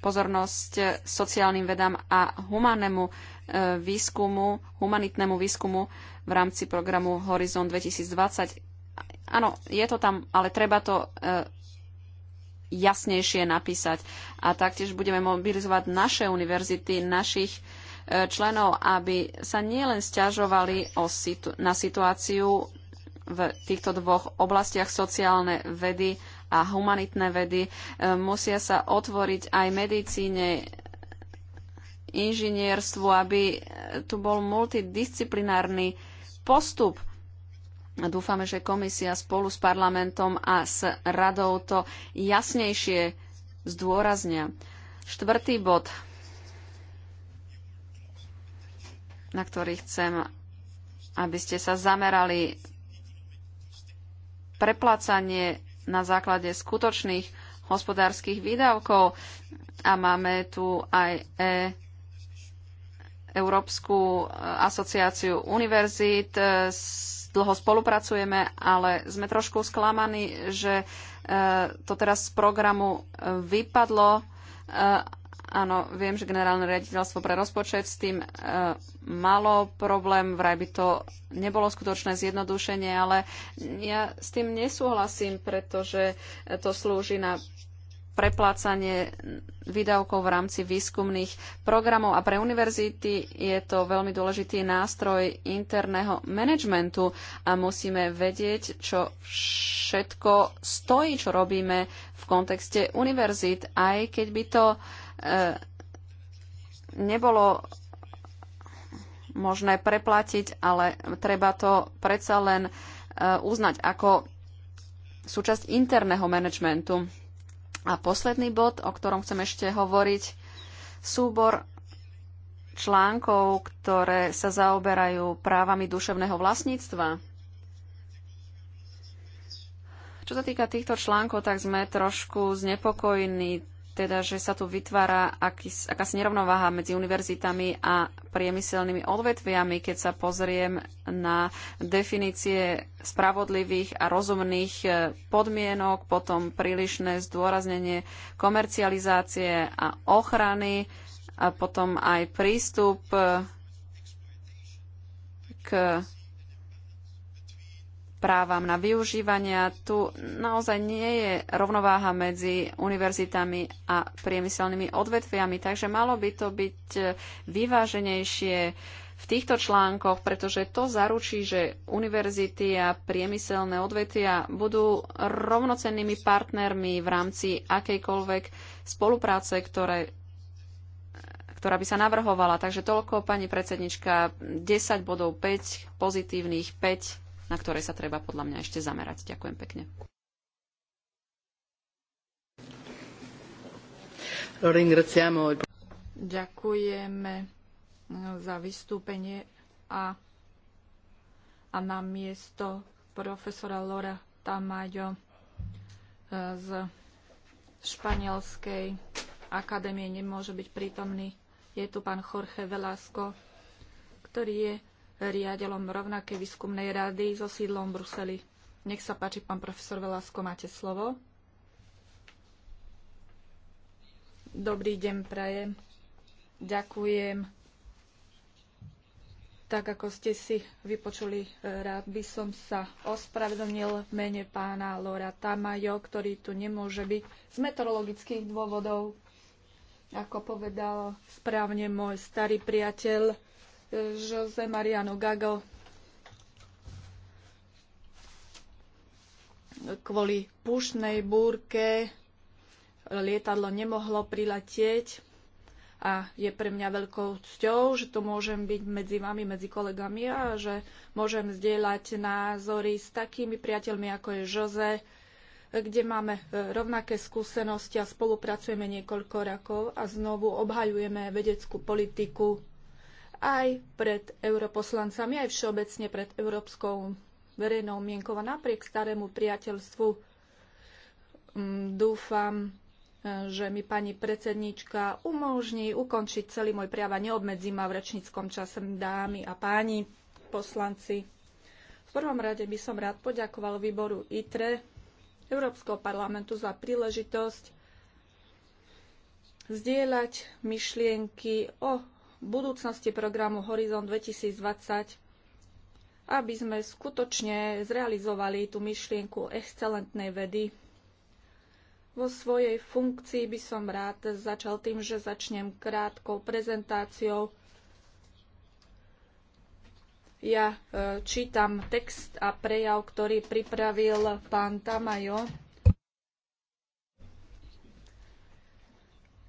pozornosť e, sociálnym vedám a humánnemu výskumu, humanitnému výskumu v rámci programu Horizon 2020. Áno, je to tam, ale treba to jasnejšie napísať. A taktiež budeme mobilizovať naše univerzity, našich členov, aby sa nielen stiažovali na situáciu v týchto dvoch oblastiach sociálne vedy a humanitné vedy. E, musia sa otvoriť aj medicíne, inžinierstvu, aby e, tu bol multidisciplinárny postup. Dúfame, že komisia spolu s parlamentom a s radou to jasnejšie zdôraznia. Štvrtý bod, na ktorý chcem, aby ste sa zamerali preplácanie na základe skutočných hospodárskych výdavkov. A máme tu aj e, Európsku eh, asociáciu univerzít. Eh, dlho spolupracujeme, ale sme trošku sklamaní, že eh, to teraz z programu vypadlo Áno, viem, že generálne riaditeľstvo pre rozpočet s tým e, malo problém, vraj by to nebolo skutočné zjednodušenie, ale ja s tým nesúhlasím, pretože to slúži na preplácanie výdavkov v rámci výskumných programov a pre univerzity je to veľmi dôležitý nástroj interného manažmentu a musíme vedieť, čo všetko stojí, čo robíme v kontexte univerzít, aj keď by to uh, E, nebolo možné preplatiť, ale treba to predsa len e, uznať ako súčasť interného manažmentu. A posledný bod, o ktorom chcem ešte hovoriť, súbor článkov, ktoré sa zaoberajú právami duševného vlastníctva. Čo sa týka týchto článkov, tak sme trošku znepokojení teda, že sa tu vytvára akýs, akási nerovnováha medzi univerzitami a priemyselnými odvetviami, keď sa pozriem na definície spravodlivých a rozumných e, podmienok, potom prílišné zdôraznenie komercializácie a ochrany a potom aj prístup e, k právam na využívania. Tu naozaj nie je rovnováha medzi univerzitami a priemyselnými odvetviami, takže malo by to byť vyváženejšie v týchto článkoch, pretože to zaručí, že univerzity a priemyselné odvetvia budú rovnocennými partnermi v rámci akejkoľvek spolupráce, ktoré ktorá by sa navrhovala. Takže toľko, pani predsednička, 10 bodov 5, pozitívnych 5 na ktoré sa treba podľa mňa ešte zamerať. Ďakujem pekne. Ďakujeme za vystúpenie a, a na miesto profesora Lora Tamayo e, z Španielskej akadémie nemôže byť prítomný. Je tu pán Jorge Velasco, ktorý je riadelom rovnakej výskumnej rady so sídlom v Bruseli. Nech sa páči, pán profesor Velásko, máte slovo. Dobrý deň, prajem. Ďakujem. Tak ako ste si vypočuli, e, rád by som sa ospravedlnil v mene pána Lora Tamajo, ktorý tu nemôže byť z meteorologických dôvodov. Ako povedal správne môj starý priateľ, Jose Mariano Gago kvôli púšnej búrke lietadlo nemohlo priletieť a je pre mňa veľkou cťou, že tu môžem byť medzi vami, medzi kolegami a že môžem zdieľať názory s takými priateľmi, ako je Jose, kde máme e, rovnaké skúsenosti a spolupracujeme niekoľko rokov a znovu obhajujeme vedeckú politiku aj pred europoslancami, aj všeobecne pred európskou verejnou mienkou a napriek starému priateľstvu mm, dúfam, e, že mi pani predsednička umožní ukončiť celý môj prijav a neobmedzí ma v rečníckom čase dámy a páni poslanci. V prvom rade by som rád poďakoval výboru ITRE Európskeho parlamentu za príležitosť zdieľať myšlienky o budúcnosti programu Horizon 2020, aby sme skutočne zrealizovali tú myšlienku excelentnej vedy. Vo svojej funkcii by som rád začal tým, že začnem krátkou prezentáciou. Ja e, čítam text a prejav, ktorý pripravil pán Tamajo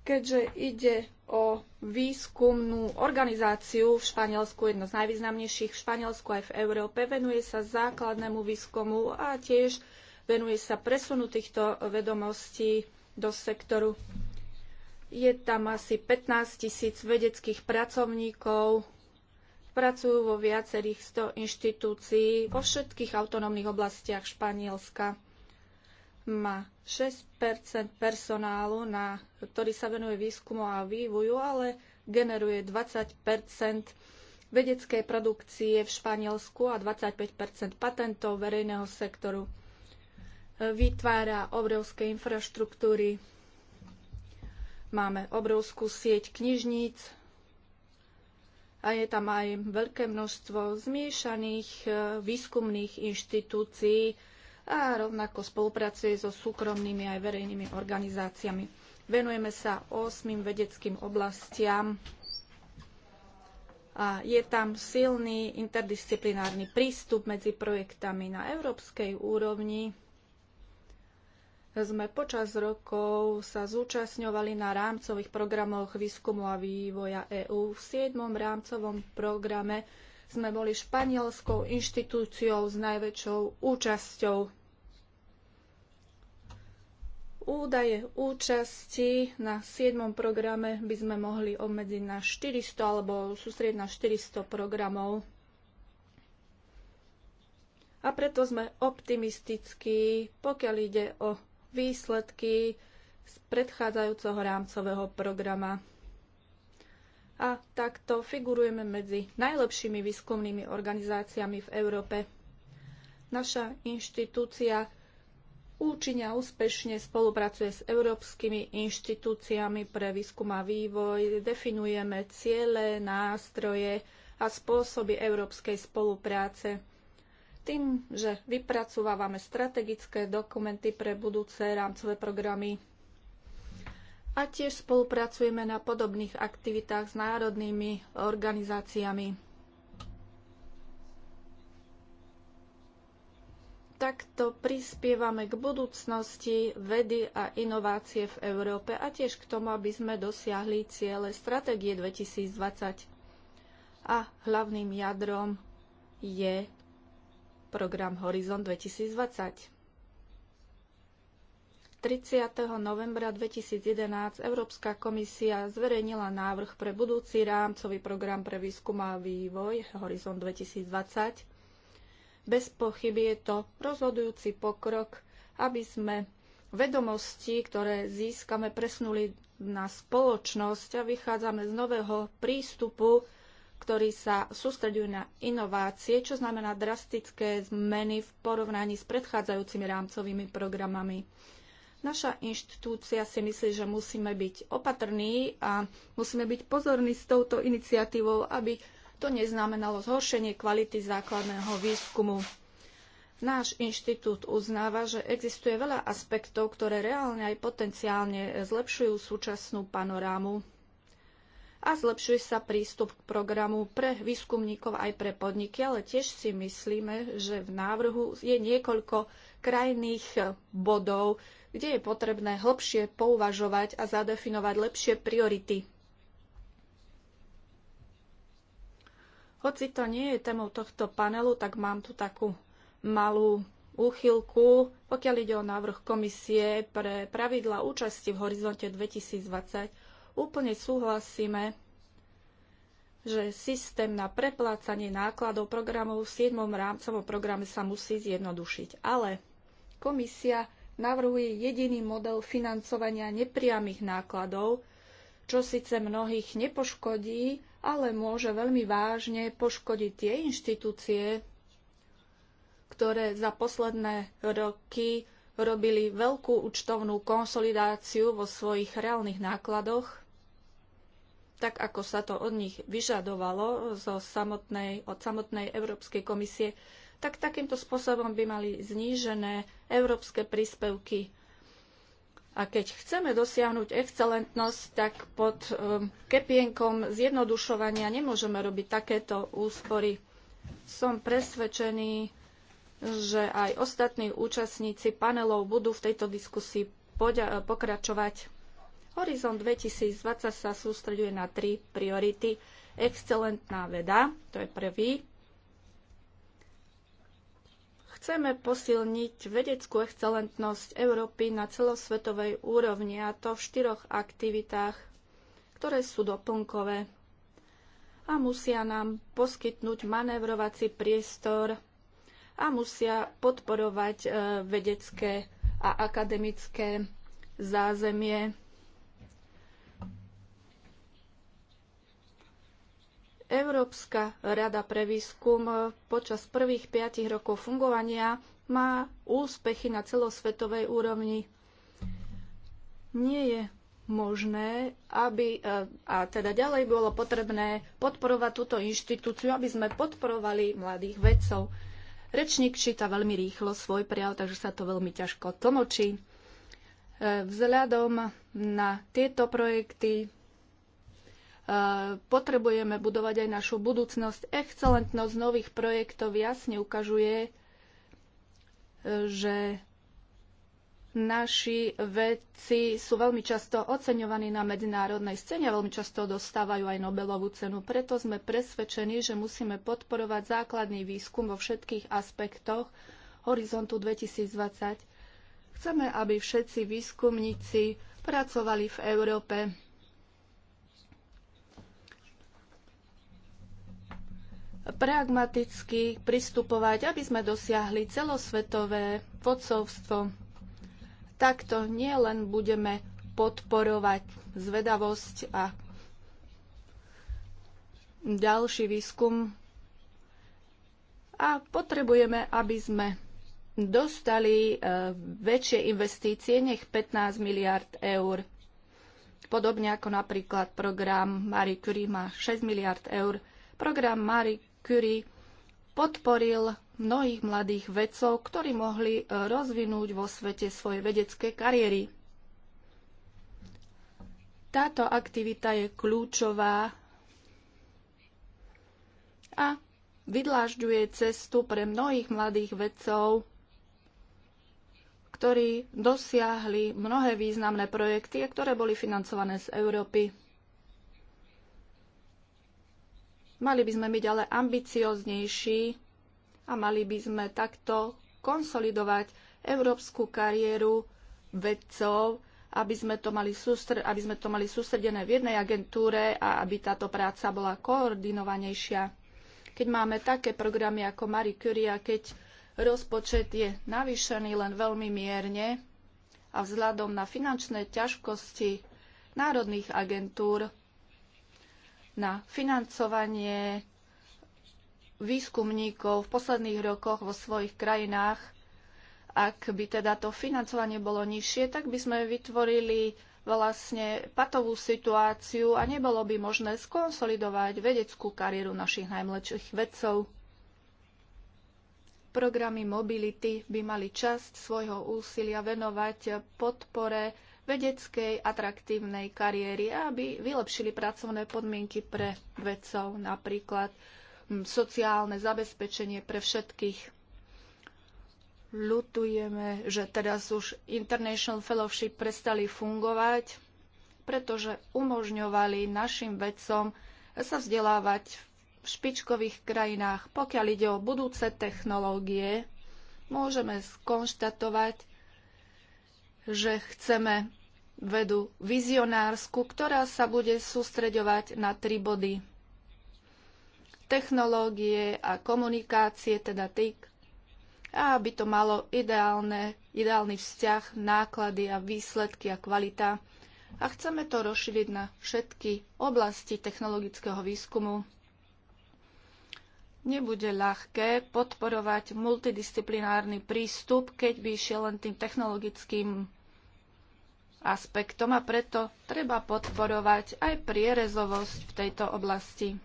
keďže ide o výskumnú organizáciu v Španielsku, jedno z najvýznamnejších v Španielsku aj v Európe, venuje sa základnému výskumu a tiež venuje sa presunu týchto vedomostí do sektoru. Je tam asi 15 tisíc vedeckých pracovníkov, pracujú vo viacerých 100 inštitúcií vo všetkých autonómnych oblastiach Španielska má 6 personálu, na, ktorý sa venuje výskumu a vývoju, ale generuje 20 vedeckej produkcie v Španielsku a 25 patentov verejného sektoru. Vytvára obrovské infraštruktúry. Máme obrovskú sieť knižníc a je tam aj veľké množstvo zmiešaných e, výskumných inštitúcií, a rovnako spolupracuje so súkromnými aj verejnými organizáciami. Venujeme sa osmým vedeckým oblastiam a je tam silný interdisciplinárny prístup medzi projektami na európskej úrovni. Sme počas rokov sa zúčastňovali na rámcových programoch výskumu a vývoja EÚ v 7. rámcovom programe sme boli španielskou inštitúciou s najväčšou účasťou. Údaje účasti na 7. programe by sme mohli obmedziť na 400 alebo sústrieť na 400 programov. A preto sme optimistickí, pokiaľ ide o výsledky z predchádzajúceho rámcového programa a takto figurujeme medzi najlepšími výskumnými organizáciami v Európe. Naša inštitúcia účinne a úspešne spolupracuje s európskymi inštitúciami pre výskum a vývoj, definujeme ciele, nástroje a spôsoby európskej spolupráce. Tým, že vypracovávame strategické dokumenty pre budúce rámcové programy a tiež spolupracujeme na podobných aktivitách s národnými organizáciami. Takto prispievame k budúcnosti vedy a inovácie v Európe a tiež k tomu, aby sme dosiahli ciele stratégie 2020. A hlavným jadrom je program Horizon 2020. 30. novembra 2011 Európska komisia zverejnila návrh pre budúci rámcový program pre výskum a vývoj Horizon 2020. Bez pochyby je to rozhodujúci pokrok, aby sme vedomosti, ktoré získame, presnuli na spoločnosť a vychádzame z nového prístupu, ktorý sa sústreďuje na inovácie, čo znamená drastické zmeny v porovnaní s predchádzajúcimi rámcovými programami. Naša inštitúcia si myslí, že musíme byť opatrní a musíme byť pozorní s touto iniciatívou, aby to neznamenalo zhoršenie kvality základného výskumu. Náš inštitút uznáva, že existuje veľa aspektov, ktoré reálne aj potenciálne zlepšujú súčasnú panorámu a zlepšuje sa prístup k programu pre výskumníkov aj pre podniky, ale tiež si myslíme, že v návrhu je niekoľko krajných bodov, kde je potrebné hlbšie pouvažovať a zadefinovať lepšie priority. Hoci to nie je témou tohto panelu, tak mám tu takú malú úchylku, pokiaľ ide o návrh komisie pre pravidla účasti v horizonte 2020. Úplne súhlasíme, že systém na preplácanie nákladov programov v 7. rámcovom programe sa musí zjednodušiť. Ale komisia navrhuje jediný model financovania nepriamých nákladov, čo síce mnohých nepoškodí, ale môže veľmi vážne poškodiť tie inštitúcie, ktoré za posledné roky robili veľkú účtovnú konsolidáciu vo svojich reálnych nákladoch, tak ako sa to od nich vyžadovalo zo samotnej, od samotnej Európskej komisie, tak takýmto spôsobom by mali znížené európske príspevky. A keď chceme dosiahnuť excelentnosť, tak pod um, kepienkom zjednodušovania nemôžeme robiť takéto úspory. Som presvedčený, že aj ostatní účastníci panelov budú v tejto diskusii pokračovať. Horizont 2020 sa sústreďuje na tri priority. Excelentná veda, to je prvý, Chceme posilniť vedeckú excelentnosť Európy na celosvetovej úrovni a to v štyroch aktivitách, ktoré sú doplnkové a musia nám poskytnúť manevrovací priestor a musia podporovať e, vedecké a akademické zázemie Európska rada pre výskum počas prvých piatich rokov fungovania má úspechy na celosvetovej úrovni. Nie je možné, aby, e, a teda ďalej bolo potrebné podporovať túto inštitúciu, aby sme podporovali mladých vedcov. Rečník číta veľmi rýchlo svoj prejav, takže sa to veľmi ťažko tlmočí. E, vzhľadom na tieto projekty potrebujeme budovať aj našu budúcnosť. Excelentnosť nových projektov jasne ukazuje, e, že naši vedci sú veľmi často oceňovaní na medzinárodnej scéne a veľmi často dostávajú aj Nobelovú cenu. Preto sme presvedčení, že musíme podporovať základný výskum vo všetkých aspektoch Horizontu 2020. Chceme, aby všetci výskumníci pracovali v Európe pragmaticky pristupovať, aby sme dosiahli celosvetové vodcovstvo. Takto nielen budeme podporovať zvedavosť a ďalší výskum a potrebujeme, aby sme dostali e, väčšie investície, nech 15 miliard eur. Podobne ako napríklad program Marie Curie má 6 miliard eur. Program Marie Curie podporil mnohých mladých vedcov, ktorí mohli e, rozvinúť vo svete svoje vedecké kariéry. Táto aktivita je kľúčová a vydlážďuje cestu pre mnohých mladých vedcov, ktorí dosiahli mnohé významné projekty, ktoré boli financované z Európy. Mali by sme byť ale ambicioznejší a mali by sme takto konsolidovať európsku kariéru vedcov, aby sme, to mali sústr- aby sme to mali sústredené v jednej agentúre a aby táto práca bola koordinovanejšia. Keď máme také programy ako Marie Curie keď rozpočet je navýšený len veľmi mierne a vzhľadom na finančné ťažkosti národných agentúr na financovanie výskumníkov v posledných rokoch vo svojich krajinách. Ak by teda to financovanie bolo nižšie, tak by sme vytvorili vlastne patovú situáciu a nebolo by možné skonsolidovať vedeckú kariéru našich najmladších vedcov. Programy mobility by mali časť svojho úsilia venovať podpore vedeckej atraktívnej kariéry, aby vylepšili pracovné podmienky pre vedcov, napríklad hm, sociálne zabezpečenie pre všetkých. Lutujeme, že teraz už International Fellowship prestali fungovať, pretože umožňovali našim vedcom sa vzdelávať v špičkových krajinách. Pokiaľ ide o budúce technológie, môžeme skonštatovať, že chceme vedu vizionársku, ktorá sa bude sústreďovať na tri body. Technológie a komunikácie, teda TIC, a aby to malo ideálne, ideálny vzťah, náklady a výsledky a kvalita. A chceme to rozšíriť na všetky oblasti technologického výskumu. Nebude ľahké podporovať multidisciplinárny prístup, keď by išiel len tým technologickým aspektom a preto treba podporovať aj prierezovosť v tejto oblasti.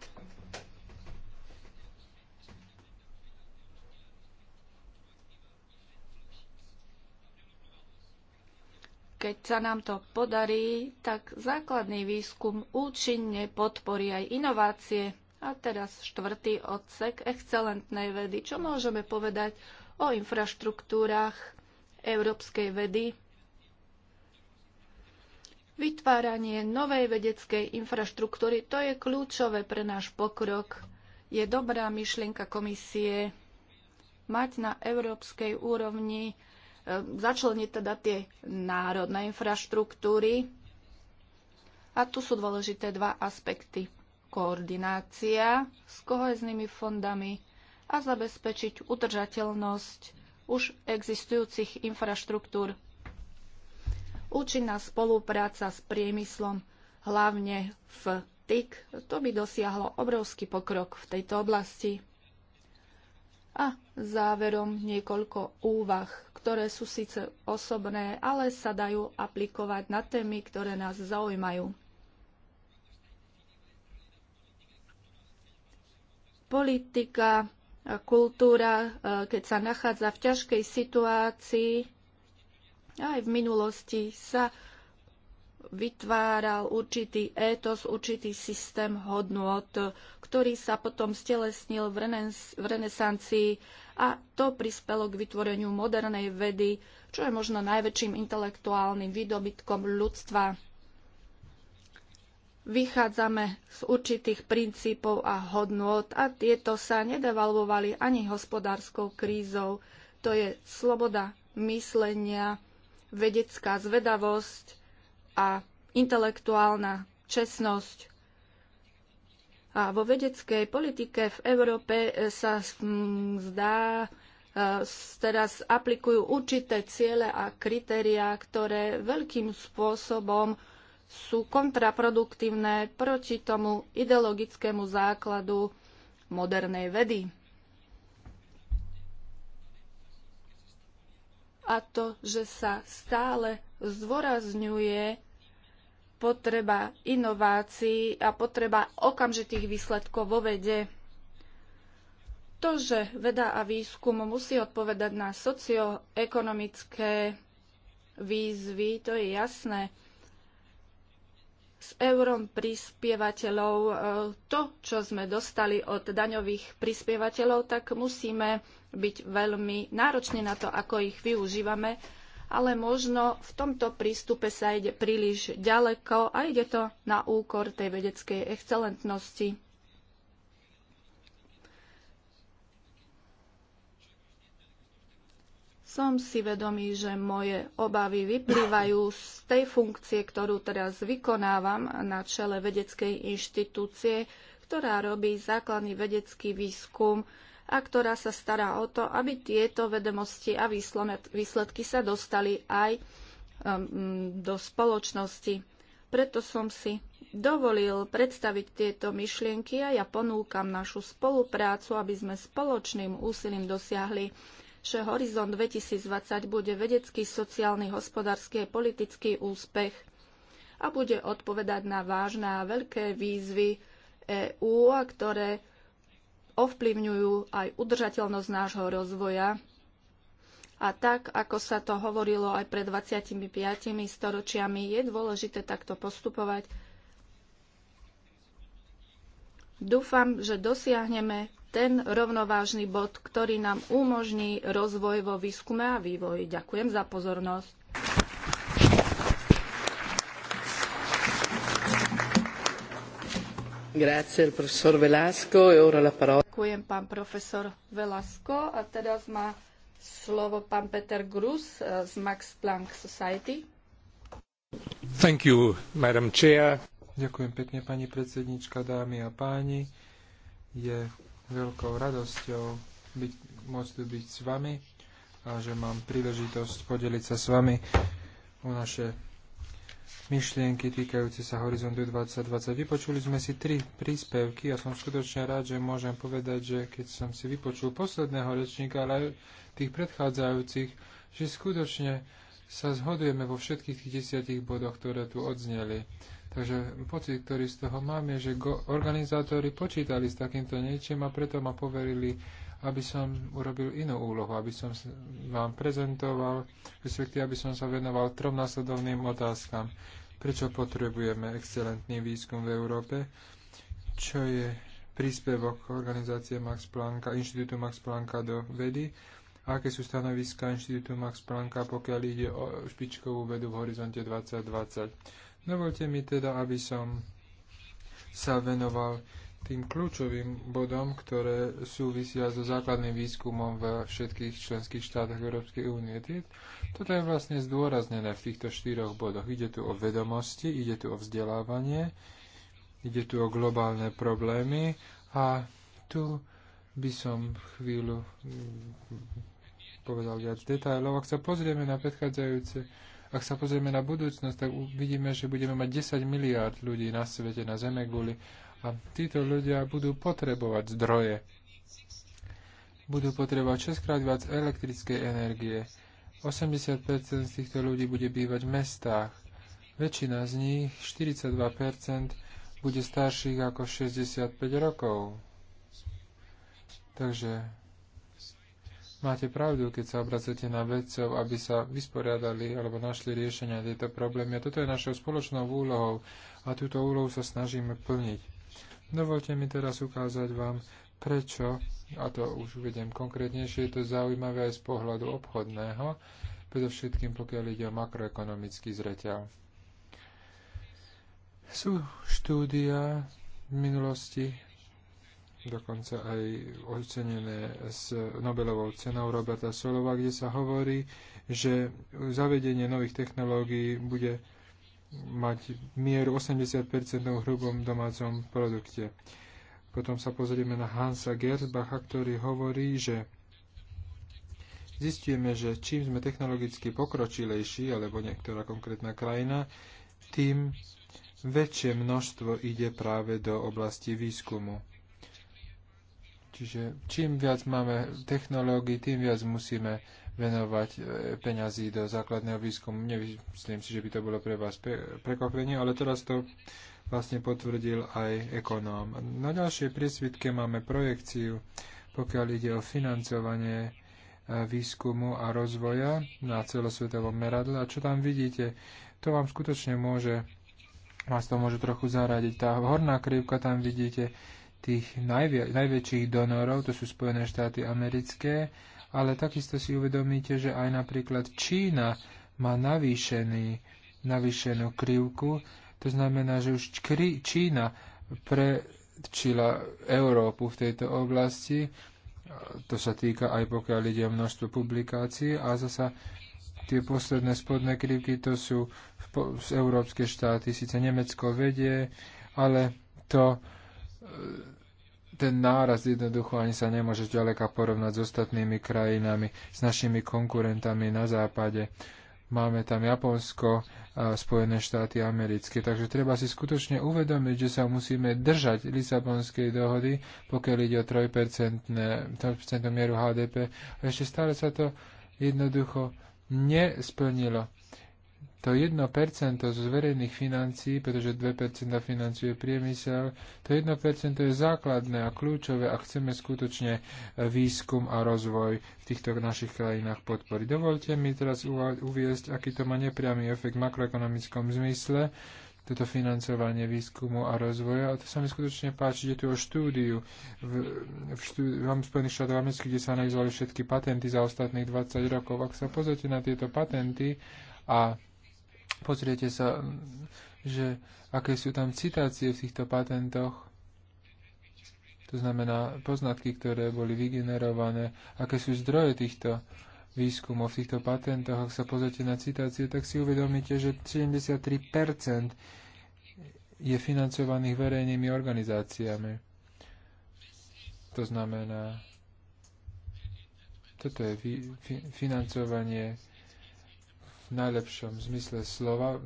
Keď sa nám to podarí, tak základný výskum účinne podporí aj inovácie. A teraz štvrtý odsek excelentnej vedy. Čo môžeme povedať o infraštruktúrach európskej vedy? Vytváranie novej vedeckej infraštruktúry, to je kľúčové pre náš pokrok. Je dobrá myšlienka komisie mať na európskej úrovni, e, začleniť teda tie národné infraštruktúry. A tu sú dôležité dva aspekty. Koordinácia s koheznými fondami a zabezpečiť udržateľnosť už existujúcich infraštruktúr účinná spolupráca s priemyslom, hlavne v TIC, to by dosiahlo obrovský pokrok v tejto oblasti. A záverom niekoľko úvah, ktoré sú síce osobné, ale sa dajú aplikovať na témy, ktoré nás zaujímajú. Politika, kultúra, keď sa nachádza v ťažkej situácii, aj v minulosti sa vytváral určitý étos, určitý systém hodnot, ktorý sa potom stelesnil v, renes- v renesancii a to prispelo k vytvoreniu modernej vedy, čo je možno najväčším intelektuálnym výdobytkom ľudstva. Vychádzame z určitých princípov a hodnot, a tieto sa nedevalvovali ani hospodárskou krízou. To je sloboda myslenia, vedecká zvedavosť a intelektuálna čestnosť. A vo vedeckej politike v Európe e, sa mm, zdá, e, teraz aplikujú určité ciele a kritériá, ktoré veľkým spôsobom sú kontraproduktívne proti tomu ideologickému základu modernej vedy. a to, že sa stále zdôrazňuje potreba inovácií a potreba okamžitých výsledkov vo vede. To, že veda a výskum musí odpovedať na socioekonomické výzvy, to je jasné s eurom prispievateľov e, to, čo sme dostali od daňových prispievateľov, tak musíme byť veľmi náročne na to, ako ich využívame, ale možno v tomto prístupe sa ide príliš ďaleko a ide to na úkor tej vedeckej excelentnosti. Som si vedomý, že moje obavy vyplývajú z tej funkcie, ktorú teraz vykonávam na čele vedeckej inštitúcie, ktorá robí základný vedecký výskum a ktorá sa stará o to, aby tieto vedomosti a výsledky sa dostali aj um, do spoločnosti. Preto som si dovolil predstaviť tieto myšlienky a ja ponúkam našu spoluprácu, aby sme spoločným úsilím dosiahli že Horizont 2020 bude vedecký, sociálny, hospodársky a politický úspech a bude odpovedať na vážne a veľké výzvy EÚ, ktoré ovplyvňujú aj udržateľnosť nášho rozvoja. A tak, ako sa to hovorilo aj pred 25 storočiami, je dôležité takto postupovať. Dúfam, že dosiahneme ten rovnovážny bod, ktorý nám umožní rozvoj vo výskume a vývoji. Ďakujem za pozornosť. Grazie, profesor Velasco, e ora la parola. Ďakujem, pán profesor Velasco. A teraz má slovo pán Peter Grus eh, z Max Planck Society. Thank you, Madam Chair. Ďakujem pekne, pani predsednička, dámy a páni. Je veľkou radosťou byť, môcť tu byť s vami a že mám príležitosť podeliť sa s vami o naše myšlienky týkajúce sa Horizontu 2020. Vypočuli sme si tri príspevky a som skutočne rád, že môžem povedať, že keď som si vypočul posledného rečníka, ale aj tých predchádzajúcich, že skutočne sa zhodujeme vo všetkých tých desiatich bodoch, ktoré tu odzneli. Takže pocit, ktorý z toho mám, je, že go- organizátori počítali s takýmto niečím a preto ma poverili, aby som urobil inú úlohu, aby som vám prezentoval, respektíve aby som sa venoval trom následovným otázkam. Prečo potrebujeme excelentný výskum v Európe? Čo je príspevok organizácie Max Plancka, Inštitútu Max Plancka do vedy? Aké sú stanoviska Inštitútu Max Plancka, pokiaľ ide o špičkovú vedu v horizonte 2020? Dovolte mi teda, aby som sa venoval tým kľúčovým bodom, ktoré súvisia so základným výskumom v všetkých členských štátoch Európskej únie. Toto je vlastne zdôraznené v týchto štyroch bodoch. Ide tu o vedomosti, ide tu o vzdelávanie, ide tu o globálne problémy a tu by som chvíľu povedal viac detajlov. Ak sa pozrieme na predchádzajúce, ak sa pozrieme na budúcnosť, tak vidíme, že budeme mať 10 miliárd ľudí na svete, na Zemeguli a títo ľudia budú potrebovať zdroje. Budú potrebovať 6 krát viac elektrickej energie. 80% z týchto ľudí bude bývať v mestách. Väčšina z nich, 42%, bude starších ako 65 rokov. Takže Máte pravdu, keď sa obracete na vedcov, aby sa vysporiadali alebo našli riešenia tejto problémy. A toto je našou spoločnou úlohou a túto úlohu sa snažíme plniť. Dovolte mi teraz ukázať vám, prečo, a to už uvediem konkrétnejšie, je to zaujímavé aj z pohľadu obchodného, predovšetkým pokiaľ ide o makroekonomický zreteľ. Sú štúdia v minulosti dokonca aj ocenené s Nobelovou cenou Roberta Solova, kde sa hovorí, že zavedenie nových technológií bude mať mieru 80% v hrubom domácom produkte. Potom sa pozrieme na Hansa Gersbacha, ktorý hovorí, že zistujeme, že čím sme technologicky pokročilejší, alebo niektorá konkrétna krajina, tým väčšie množstvo ide práve do oblasti výskumu. Čiže čím viac máme technológií, tým viac musíme venovať e, peňazí do základného výskumu. Nemyslím si, že by to bolo pre vás prekvapenie, ale teraz to vlastne potvrdil aj ekonóm. Na ďalšej prísvitke máme projekciu, pokiaľ ide o financovanie e, výskumu a rozvoja na celosvetovom meradle. A čo tam vidíte, to vám skutočne môže, vás to môže trochu zaradiť. Tá horná krivka tam vidíte, tých najvi- najväčších donorov, to sú Spojené štáty americké, ale takisto si uvedomíte, že aj napríklad Čína má navýšený, navýšenú krivku, to znamená, že už Čína prečila Európu v tejto oblasti, to sa týka aj pokiaľ ide o množstvo publikácií a zasa tie posledné spodné krivky to sú z európske štáty, síce Nemecko vedie, ale to ten náraz jednoducho ani sa nemôže ďaleka porovnať s ostatnými krajinami, s našimi konkurentami na západe. Máme tam Japonsko, a Spojené štáty americké. Takže treba si skutočne uvedomiť, že sa musíme držať Lisabonskej dohody, pokiaľ ide o 3%, mieru HDP. A ešte stále sa to jednoducho nesplnilo. To 1% z verejných financií, pretože 2% financuje priemysel, to 1% je základné a kľúčové a chceme skutočne e, výskum a rozvoj v týchto našich krajinách podporiť. Dovolte mi teraz uviezť, aký to má nepriamy efekt v makroekonomickom zmysle toto financovanie výskumu a rozvoja. A to sa mi skutočne páči, je tu o štúdiu v, v, štúdiu, v Spojených štátoch amerických, kde sa analyzovali všetky patenty za ostatných 20 rokov. Ak sa pozrite na tieto patenty a Pozriete sa, že aké sú tam citácie v týchto patentoch, to znamená poznatky, ktoré boli vygenerované, aké sú zdroje týchto výskumov v týchto patentoch. Ak sa pozriete na citácie, tak si uvedomíte, že 73% je financovaných verejnými organizáciami. To znamená, toto je financovanie v najlepšom zmysle slova,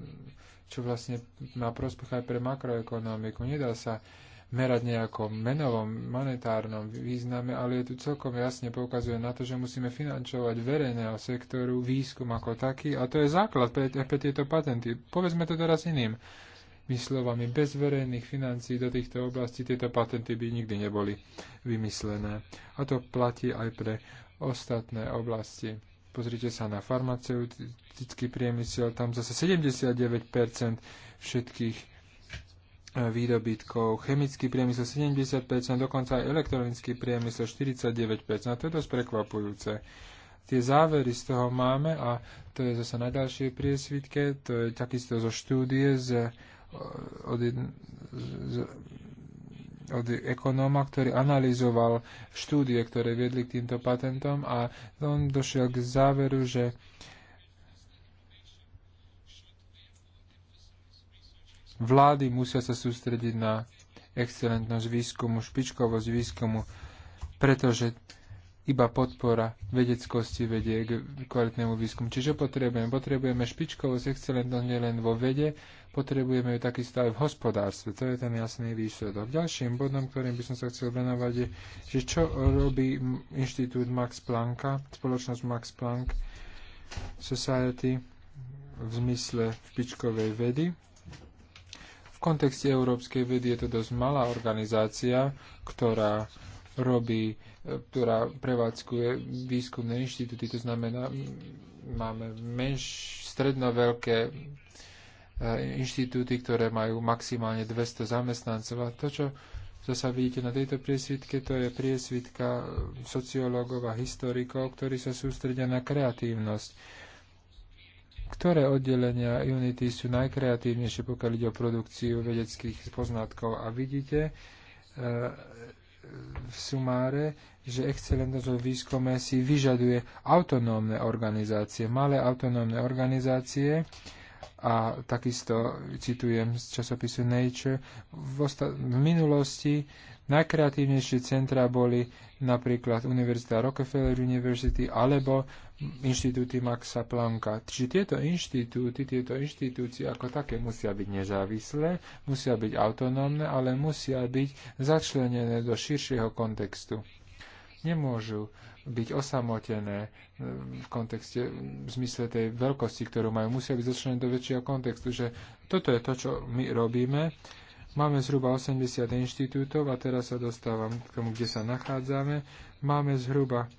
čo vlastne má prospech aj pre makroekonomiku. Nedá sa merať nejakom menovom, monetárnom význame, ale je tu celkom jasne poukazuje na to, že musíme finančovať verejného sektoru výskum ako taký a to je základ pre, pre tieto patenty. Povedzme to teraz iným. myslovami. slovami, bez verejných financí do týchto oblastí tieto patenty by nikdy neboli vymyslené. A to platí aj pre ostatné oblasti. Pozrite sa na farmaceutický priemysel, tam zase 79% všetkých e, výdobytkov, chemický priemysel 70%, dokonca aj elektronický priemysel 49%. A to je dosť prekvapujúce. Tie závery z toho máme a to je zase na ďalšej priesvitke, to je takisto zo štúdie z, e, od, z od ekonóma, ktorý analyzoval štúdie, ktoré viedli k týmto patentom a on došiel k záveru, že vlády musia sa sústrediť na excelentnosť výskumu, špičkovosť výskumu, pretože iba podpora vedeckosti vedie k kvalitnému výskumu. Čiže potrebujeme? Potrebujeme špičkovosť, excelentnosť nielen vo vede, potrebujeme ju takisto aj v hospodárstve. To je ten jasný výsledok. Ďalším bodom, ktorým by som sa chcel venovať, je, že čo robí inštitút Max Plancka, spoločnosť Max Planck Society v zmysle špičkovej vedy. V kontexte európskej vedy je to dosť malá organizácia, ktorá robí ktorá prevádzkuje výskumné inštitúty. To znamená, máme menš, stredno veľké e, inštitúty, ktoré majú maximálne 200 zamestnancov. A to, čo, čo sa vidíte na tejto priesvitke, to je priesvitka sociológov a historikov, ktorí sa sústredia na kreatívnosť. Ktoré oddelenia Unity sú najkreatívnejšie, pokiaľ ide o produkciu vedeckých poznatkov? A vidíte, e, v sumáre, že excelentnosť vo výskume si vyžaduje autonómne organizácie, malé autonómne organizácie a takisto citujem z časopisu Nature, v, v minulosti Najkreatívnejšie centra boli napríklad Univerzita Rockefeller University alebo inštitúty Maxa Plancka. Čiže tieto inštitúty, tieto inštitúcie ako také musia byť nezávislé, musia byť autonómne, ale musia byť začlenené do širšieho kontextu. Nemôžu byť osamotené e, v kontexte, v zmysle tej veľkosti, ktorú majú. Musia byť začlenené do väčšieho kontextu, že toto je to, čo my robíme Máme zhruba 80 inštitútov a teraz sa dostávam k tomu, kde sa nachádzame. Máme zhruba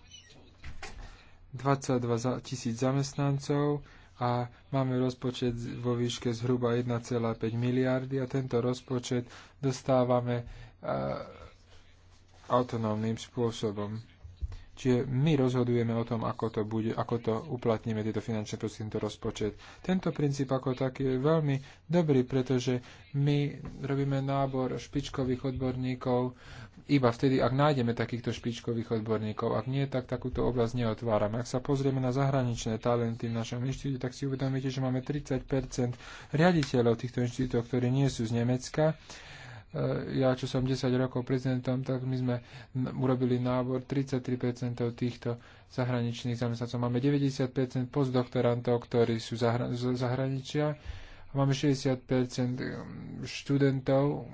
22 tisíc zamestnancov a máme rozpočet vo výške zhruba 1,5 miliardy a tento rozpočet dostávame eh, autonómnym spôsobom. Čiže my rozhodujeme o tom, ako to, bude, ako to uplatníme, tieto finančné prostriedky, tento rozpočet. Tento princíp ako taký je veľmi dobrý, pretože my robíme nábor špičkových odborníkov iba vtedy, ak nájdeme takýchto špičkových odborníkov. Ak nie, tak takúto oblasť neotvárame. Ak sa pozrieme na zahraničné talenty v našom inštitúte, tak si uvedomíte, že máme 30 riaditeľov týchto inštitútov, ktorí nie sú z Nemecka E, ja čo som 10 rokov prezidentom, tak my sme urobili nábor 33% týchto zahraničných zamestnancov. Máme 90% postdoktorantov, ktorí sú zahra- z zahraničia. Máme 60% e, študentov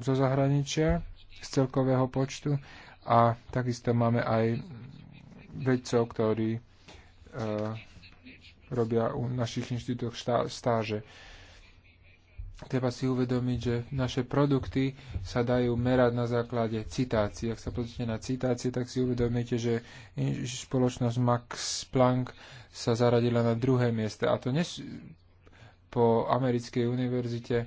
zo zahraničia z celkového počtu a takisto máme aj vedcov, ktorí uh, robia u našich inštitútoch stáže treba si uvedomiť, že naše produkty sa dajú merať na základe citácií. Ak sa pozrite na citácie, tak si uvedomíte, že spoločnosť Max Planck sa zaradila na druhé mieste, A to nes- po americkej univerzite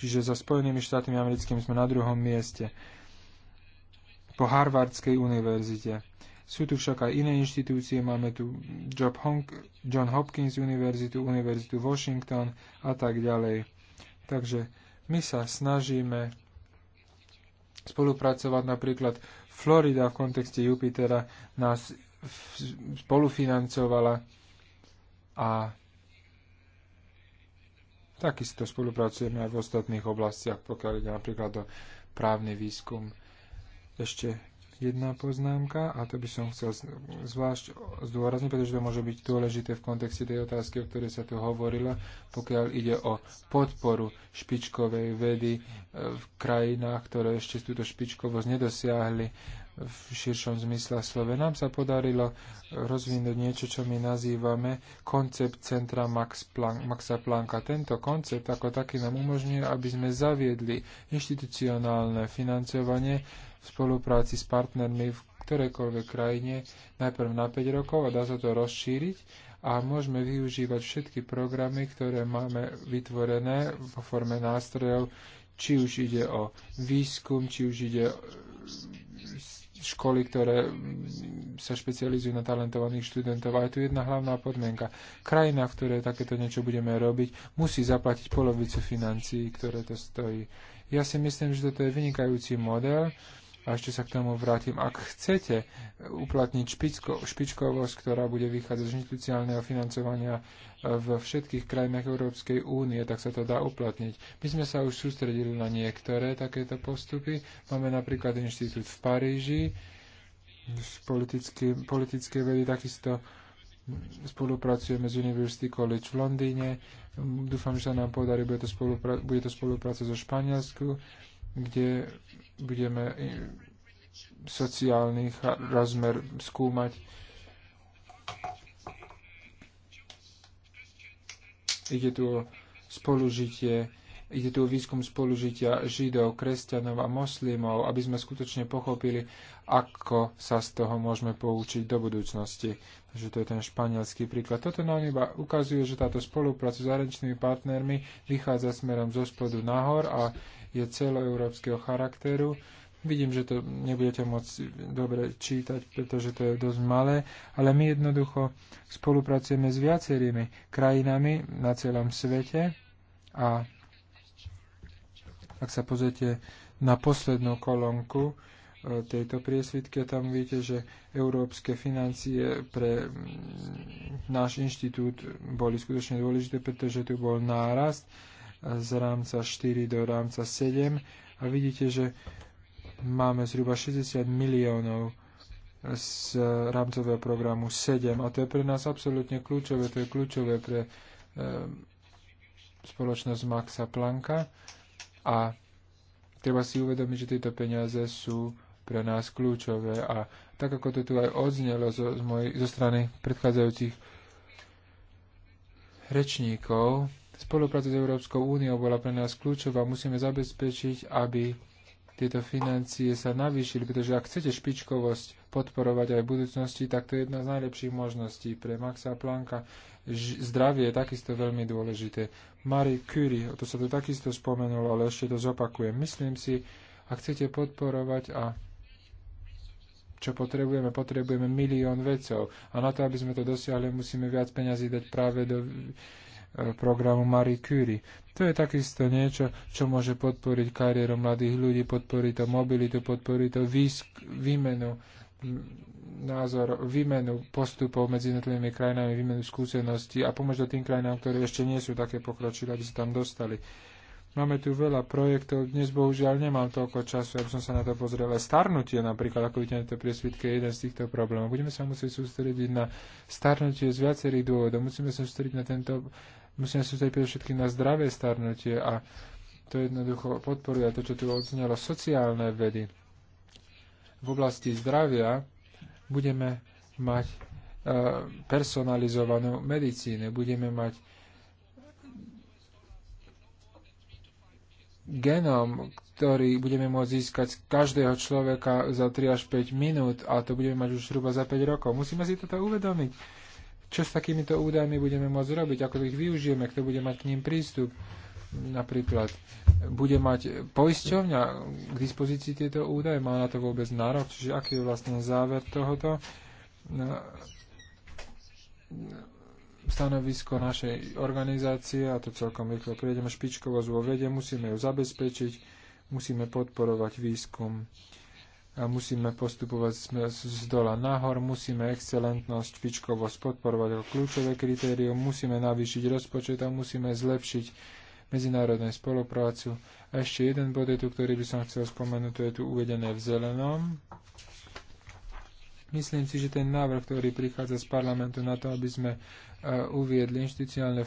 Čiže za Spojenými štátmi americkými sme na druhom mieste. Po Harvardskej univerzite sú tu však aj iné inštitúcie, máme tu John Hopkins univerzitu, univerzitu Washington a tak ďalej. Takže my sa snažíme spolupracovať napríklad Florida v kontexte Jupitera nás spolufinancovala a takisto spolupracujeme aj v ostatných oblastiach, pokiaľ ide napríklad o právny výskum. Ešte jedna poznámka a to by som chcel zvlášť zdôrazniť, pretože to môže byť dôležité v kontexte tej otázky, o ktorej sa tu hovorila, pokiaľ ide o podporu špičkovej vedy e, v krajinách, ktoré ešte túto špičkovosť nedosiahli v širšom zmysle slove. Nám sa podarilo rozvinúť niečo, čo my nazývame koncept centra Max Planck, Maxa Plancka. Tento koncept ako taký nám umožňuje, aby sme zaviedli inštitucionálne financovanie v spolupráci s partnermi v ktorejkoľvek krajine najprv na 5 rokov a dá sa to rozšíriť a môžeme využívať všetky programy, ktoré máme vytvorené vo forme nástrojov, či už ide o výskum, či už ide o školy, ktoré sa špecializujú na talentovaných študentov. A je tu jedna hlavná podmienka. Krajina, v ktorej takéto niečo budeme robiť, musí zaplatiť polovicu financií, ktoré to stojí. Ja si myslím, že toto je vynikajúci model, a ešte sa k tomu vrátim. Ak chcete uplatniť špičko, špičkovosť, ktorá bude vychádzať z instituciálneho financovania e, v všetkých krajinách Európskej únie, tak sa to dá uplatniť. My sme sa už sústredili na niektoré takéto postupy. Máme napríklad inštitút v Paríži, z politické, politické vedy takisto spolupracujeme s University College v Londýne. Dúfam, že sa nám podarí, bude to, spolupra- bude to spolupráca so Španielsku, kde budeme sociálny rozmer skúmať. Ide tu o spolužitie, ide tu o výskum spolužitia židov, kresťanov a moslimov, aby sme skutočne pochopili, ako sa z toho môžeme poučiť do budúcnosti. Takže to je ten španielský príklad. Toto nám iba ukazuje, že táto spolupráca s zahraničnými partnermi vychádza smerom zo spodu nahor a je celoeurópskeho charakteru. Vidím, že to nebudete môcť dobre čítať, pretože to je dosť malé, ale my jednoducho spolupracujeme s viacerými krajinami na celom svete a ak sa pozrite na poslednú kolónku e, tejto priesvitke, tam vidíte, že európske financie pre náš inštitút boli skutočne dôležité, pretože tu bol nárast z rámca 4 do rámca 7 a vidíte, že máme zhruba 60 miliónov z rámcového programu 7 a to je pre nás absolútne kľúčové, to je kľúčové pre e, spoločnosť Maxa Planka a treba si uvedomiť, že tieto peniaze sú pre nás kľúčové a tak ako to tu aj odznelo zo, z mojej, zo strany predchádzajúcich rečníkov, Spolupráca s Európskou úniou bola pre nás kľúčová. Musíme zabezpečiť, aby tieto financie sa navýšili, pretože ak chcete špičkovosť podporovať aj v budúcnosti, tak to je jedna z najlepších možností pre Maxa Planka. Zdravie je takisto veľmi dôležité. Marie Curie, to sa tu takisto spomenulo, ale ešte to zopakujem. Myslím si, ak chcete podporovať a čo potrebujeme? Potrebujeme milión vecov. A na to, aby sme to dosiahli, musíme viac peňazí dať práve do programu Marie Curie. To je takisto niečo, čo môže podporiť kariéru mladých ľudí, podporiť to mobilitu, podporiť to výsk, výmenu názor, výmenu postupov medzi jednotlivými krajinami, výmenu skúseností a pomôcť tým krajinám, ktoré ešte nie sú také pokročilé, aby sa tam dostali. Máme tu veľa projektov, dnes bohužiaľ nemám toľko času, aby som sa na to pozrel. Starnutie napríklad, ako vidíte na to priesvitke, je jeden z týchto problémov. Budeme sa musieť sústrediť na starnutie z viacerých dôvodov. Musíme sa sústrediť na tento Musíme sústrediť predovšetkým na zdravé starnutie a to jednoducho podporuje to, čo tu odznelo, sociálne vedy. V oblasti zdravia budeme mať e, personalizovanú medicínu, budeme mať genom, ktorý budeme môcť získať z každého človeka za 3 až 5 minút a to budeme mať už zhruba za 5 rokov. Musíme si toto uvedomiť. Čo s takýmito údajmi budeme môcť robiť? Ako ich využijeme? Kto bude mať k ním prístup? Napríklad, bude mať poisťovňa k dispozícii tieto údaje? Má na to vôbec nárok? Čiže aký je vlastne záver tohoto? No, stanovisko našej organizácie, a to celkom rýchlo prejdeme, špičkovo z vede, musíme ju zabezpečiť, musíme podporovať výskum musíme postupovať z dola nahor, musíme excelentnosť špičkovosť podporovať ako kľúčové kritérium, musíme navýšiť rozpočet a musíme zlepšiť medzinárodnú spoluprácu. A ešte jeden bod je tu, ktorý by som chcel spomenúť, to je tu uvedené v zelenom. Myslím si, že ten návrh, ktorý prichádza z parlamentu na to, aby sme e, uviedli inštitucionálne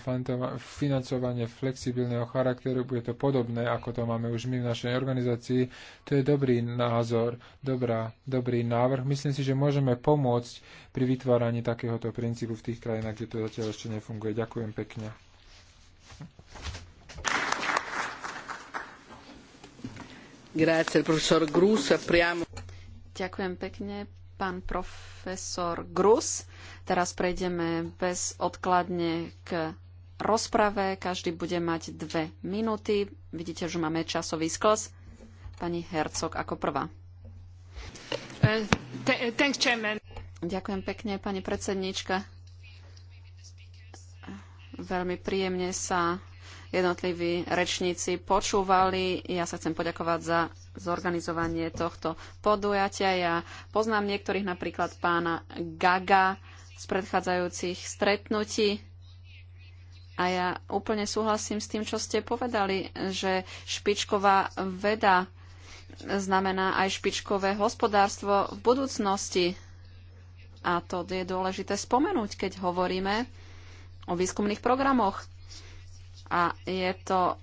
financovanie flexibilného charakteru, bude to podobné, ako to máme už my v našej organizácii. To je dobrý názor, dobrá, dobrý návrh. Myslím si, že môžeme pomôcť pri vytváraní takéhoto princípu v tých krajinách, kde to zatiaľ ešte nefunguje. Ďakujem pekne. Grazie, Ďakujem pekne pán profesor Grus. Teraz prejdeme bezodkladne k rozprave. Každý bude mať dve minúty. Vidíte, že máme časový skos. Pani Hercog ako prvá. Ďakujem pekne, pani predsedníčka. Veľmi príjemne sa jednotliví rečníci počúvali. Ja sa chcem poďakovať za zorganizovanie tohto podujatia. Ja poznám niektorých, napríklad pána Gaga z predchádzajúcich stretnutí. A ja úplne súhlasím s tým, čo ste povedali, že špičková veda znamená aj špičkové hospodárstvo v budúcnosti. A to je dôležité spomenúť, keď hovoríme o výskumných programoch. A je to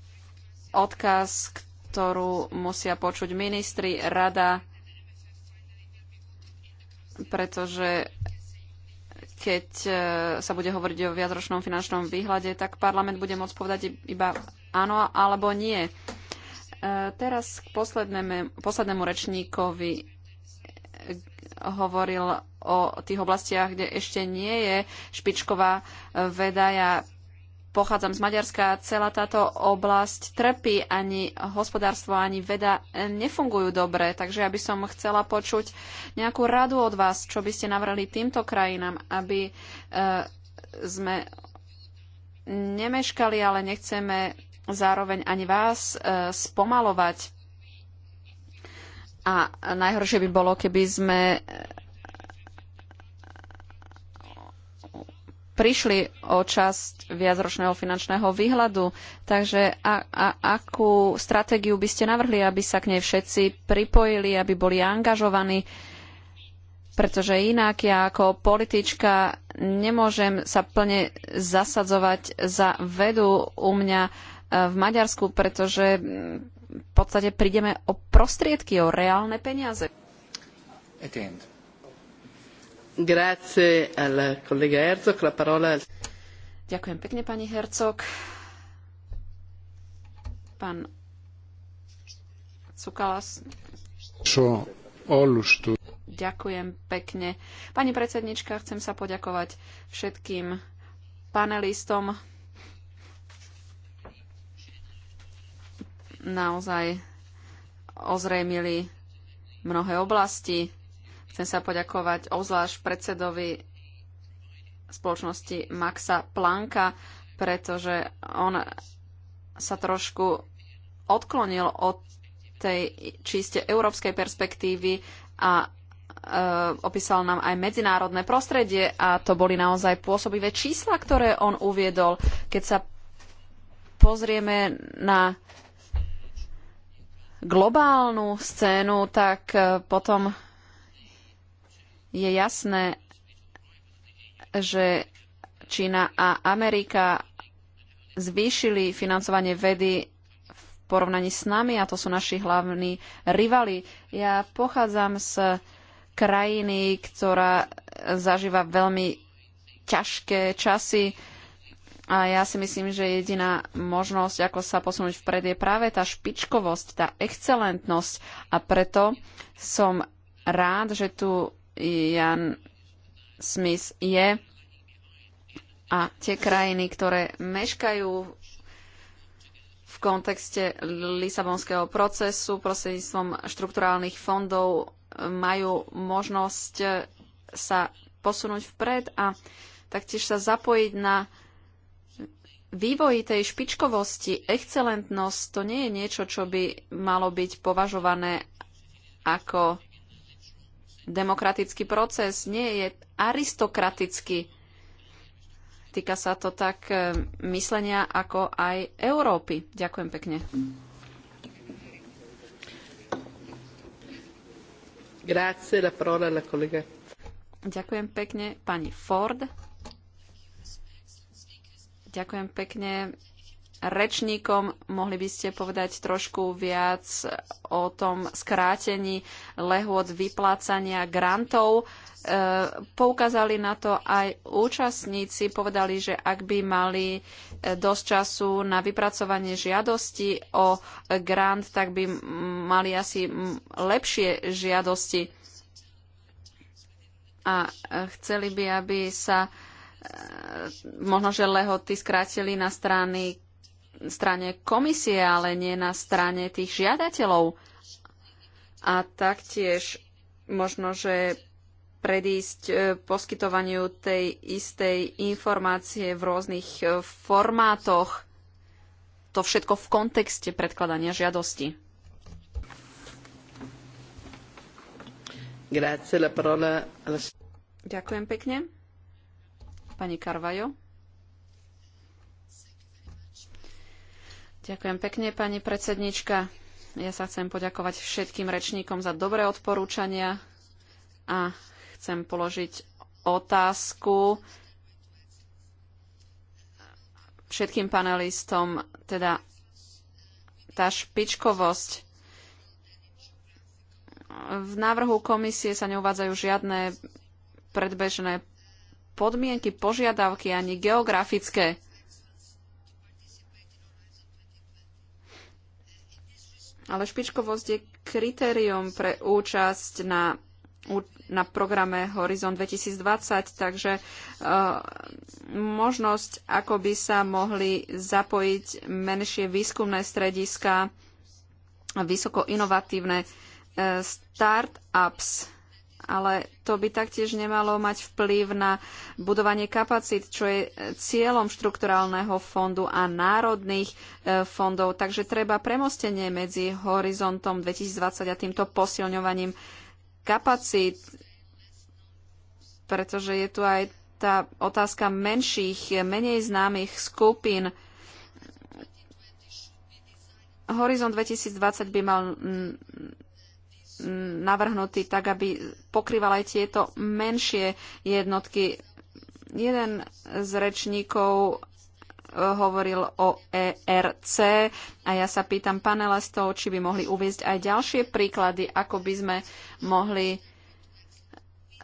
odkaz, ktorý ktorú musia počuť ministri, rada, pretože keď e, sa bude hovoriť o viacročnom finančnom výhľade, tak parlament bude môcť povedať iba áno alebo nie. E, teraz k poslednému, poslednému rečníkovi e, hovoril o tých oblastiach, kde ešte nie je špičková veda. Ja pochádzam z Maďarska, celá táto oblasť trpí, ani hospodárstvo, ani veda nefungujú dobre, takže ja by som chcela počuť nejakú radu od vás, čo by ste navrali týmto krajinám, aby e, sme nemeškali, ale nechceme zároveň ani vás e, spomalovať. A najhoršie by bolo, keby sme prišli o časť viacročného finančného výhľadu. Takže a, a, akú stratégiu by ste navrhli, aby sa k nej všetci pripojili, aby boli angažovaní? Pretože inak ja ako politička nemôžem sa plne zasadzovať za vedu u mňa e, v Maďarsku, pretože v podstate prídeme o prostriedky, o reálne peniaze. At the end. Ďakujem pekne, pani Herzog. Pán Cukalas. Ďakujem pekne. Pani predsednička, chcem sa poďakovať všetkým panelistom. Naozaj ozrejmili mnohé oblasti, Chcem sa poďakovať obzvlášť predsedovi spoločnosti Maxa Planka, pretože on sa trošku odklonil od tej čiste európskej perspektívy a e, opísal nám aj medzinárodné prostredie a to boli naozaj pôsobivé čísla, ktoré on uviedol. Keď sa pozrieme na globálnu scénu, tak e, potom je jasné, že Čína a Amerika zvýšili financovanie vedy v porovnaní s nami a to sú naši hlavní rivali. Ja pochádzam z krajiny, ktorá zažíva veľmi ťažké časy a ja si myslím, že jediná možnosť, ako sa posunúť vpred, je práve tá špičkovosť, tá excelentnosť a preto som rád, že tu Jan Smith je. A tie krajiny, ktoré meškajú v kontexte Lisabonského procesu prostredníctvom štrukturálnych fondov majú možnosť sa posunúť vpred a taktiež sa zapojiť na vývoji tej špičkovosti, excelentnosť, to nie je niečo, čo by malo byť považované ako demokratický proces nie je aristokratický. Týka sa to tak e, myslenia ako aj Európy. Ďakujem pekne. Grazie, la parola alla collega. Ďakujem pekne pani Ford. Ďakujem pekne rečníkom. Mohli by ste povedať trošku viac o tom skrátení lehôd vyplácania grantov. E, poukázali na to aj účastníci, povedali, že ak by mali e, dosť času na vypracovanie žiadosti o grant, tak by mali asi lepšie žiadosti a e, chceli by, aby sa možno, že lehoty skrátili na strany strane komisie, ale nie na strane tých žiadateľov. A taktiež možno, že predísť e, poskytovaniu tej istej informácie v rôznych e, formátoch. To všetko v kontexte predkladania žiadosti. Ďakujem pekne. Pani Carvajo. Ďakujem pekne, pani predsednička. Ja sa chcem poďakovať všetkým rečníkom za dobré odporúčania a chcem položiť otázku všetkým panelistom, teda tá špičkovosť. V návrhu komisie sa neuvádzajú žiadne predbežné podmienky, požiadavky ani geografické Ale špičkovosť je kritérium pre účasť na, na programe Horizon 2020, takže uh, možnosť, ako by sa mohli zapojiť menšie výskumné strediska, vysoko inovatívne uh, start-ups ale to by taktiež nemalo mať vplyv na budovanie kapacít, čo je cieľom štrukturálneho fondu a národných e, fondov. Takže treba premostenie medzi horizontom 2020 a týmto posilňovaním kapacít, pretože je tu aj tá otázka menších, menej známych skupín. Horizont 2020 by mal navrhnutý tak, aby pokrýval aj tieto menšie jednotky. Jeden z rečníkov e, hovoril o ERC a ja sa pýtam panelistov, či by mohli uviezť aj ďalšie príklady, ako by sme mohli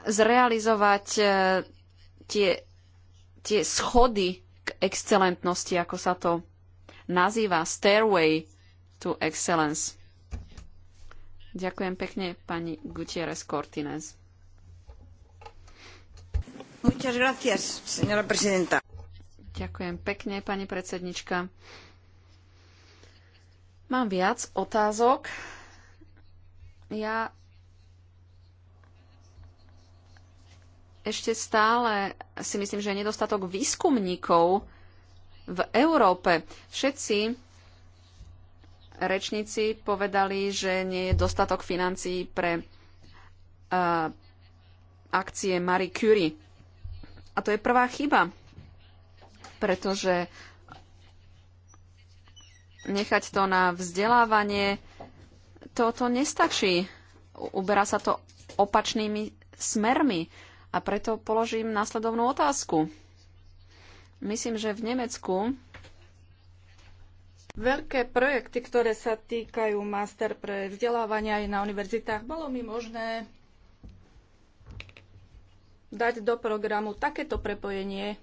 zrealizovať e, tie, tie schody k excelentnosti, ako sa to nazýva, stairway to excellence. Ďakujem pekne, pani Gutierrez Cortines. Muchas gracias, señora presidenta. Ďakujem pekne, pani predsednička. Mám viac otázok. Ja ešte stále si myslím, že je nedostatok výskumníkov v Európe. Všetci rečníci povedali, že nie je dostatok financií pre uh, akcie Marie Curie. A to je prvá chyba, pretože nechať to na vzdelávanie, toto nestačí. Uberá sa to opačnými smermi. A preto položím následovnú otázku. Myslím, že v Nemecku Veľké projekty, ktoré sa týkajú master pre vzdelávania aj na univerzitách, bolo mi možné dať do programu takéto prepojenie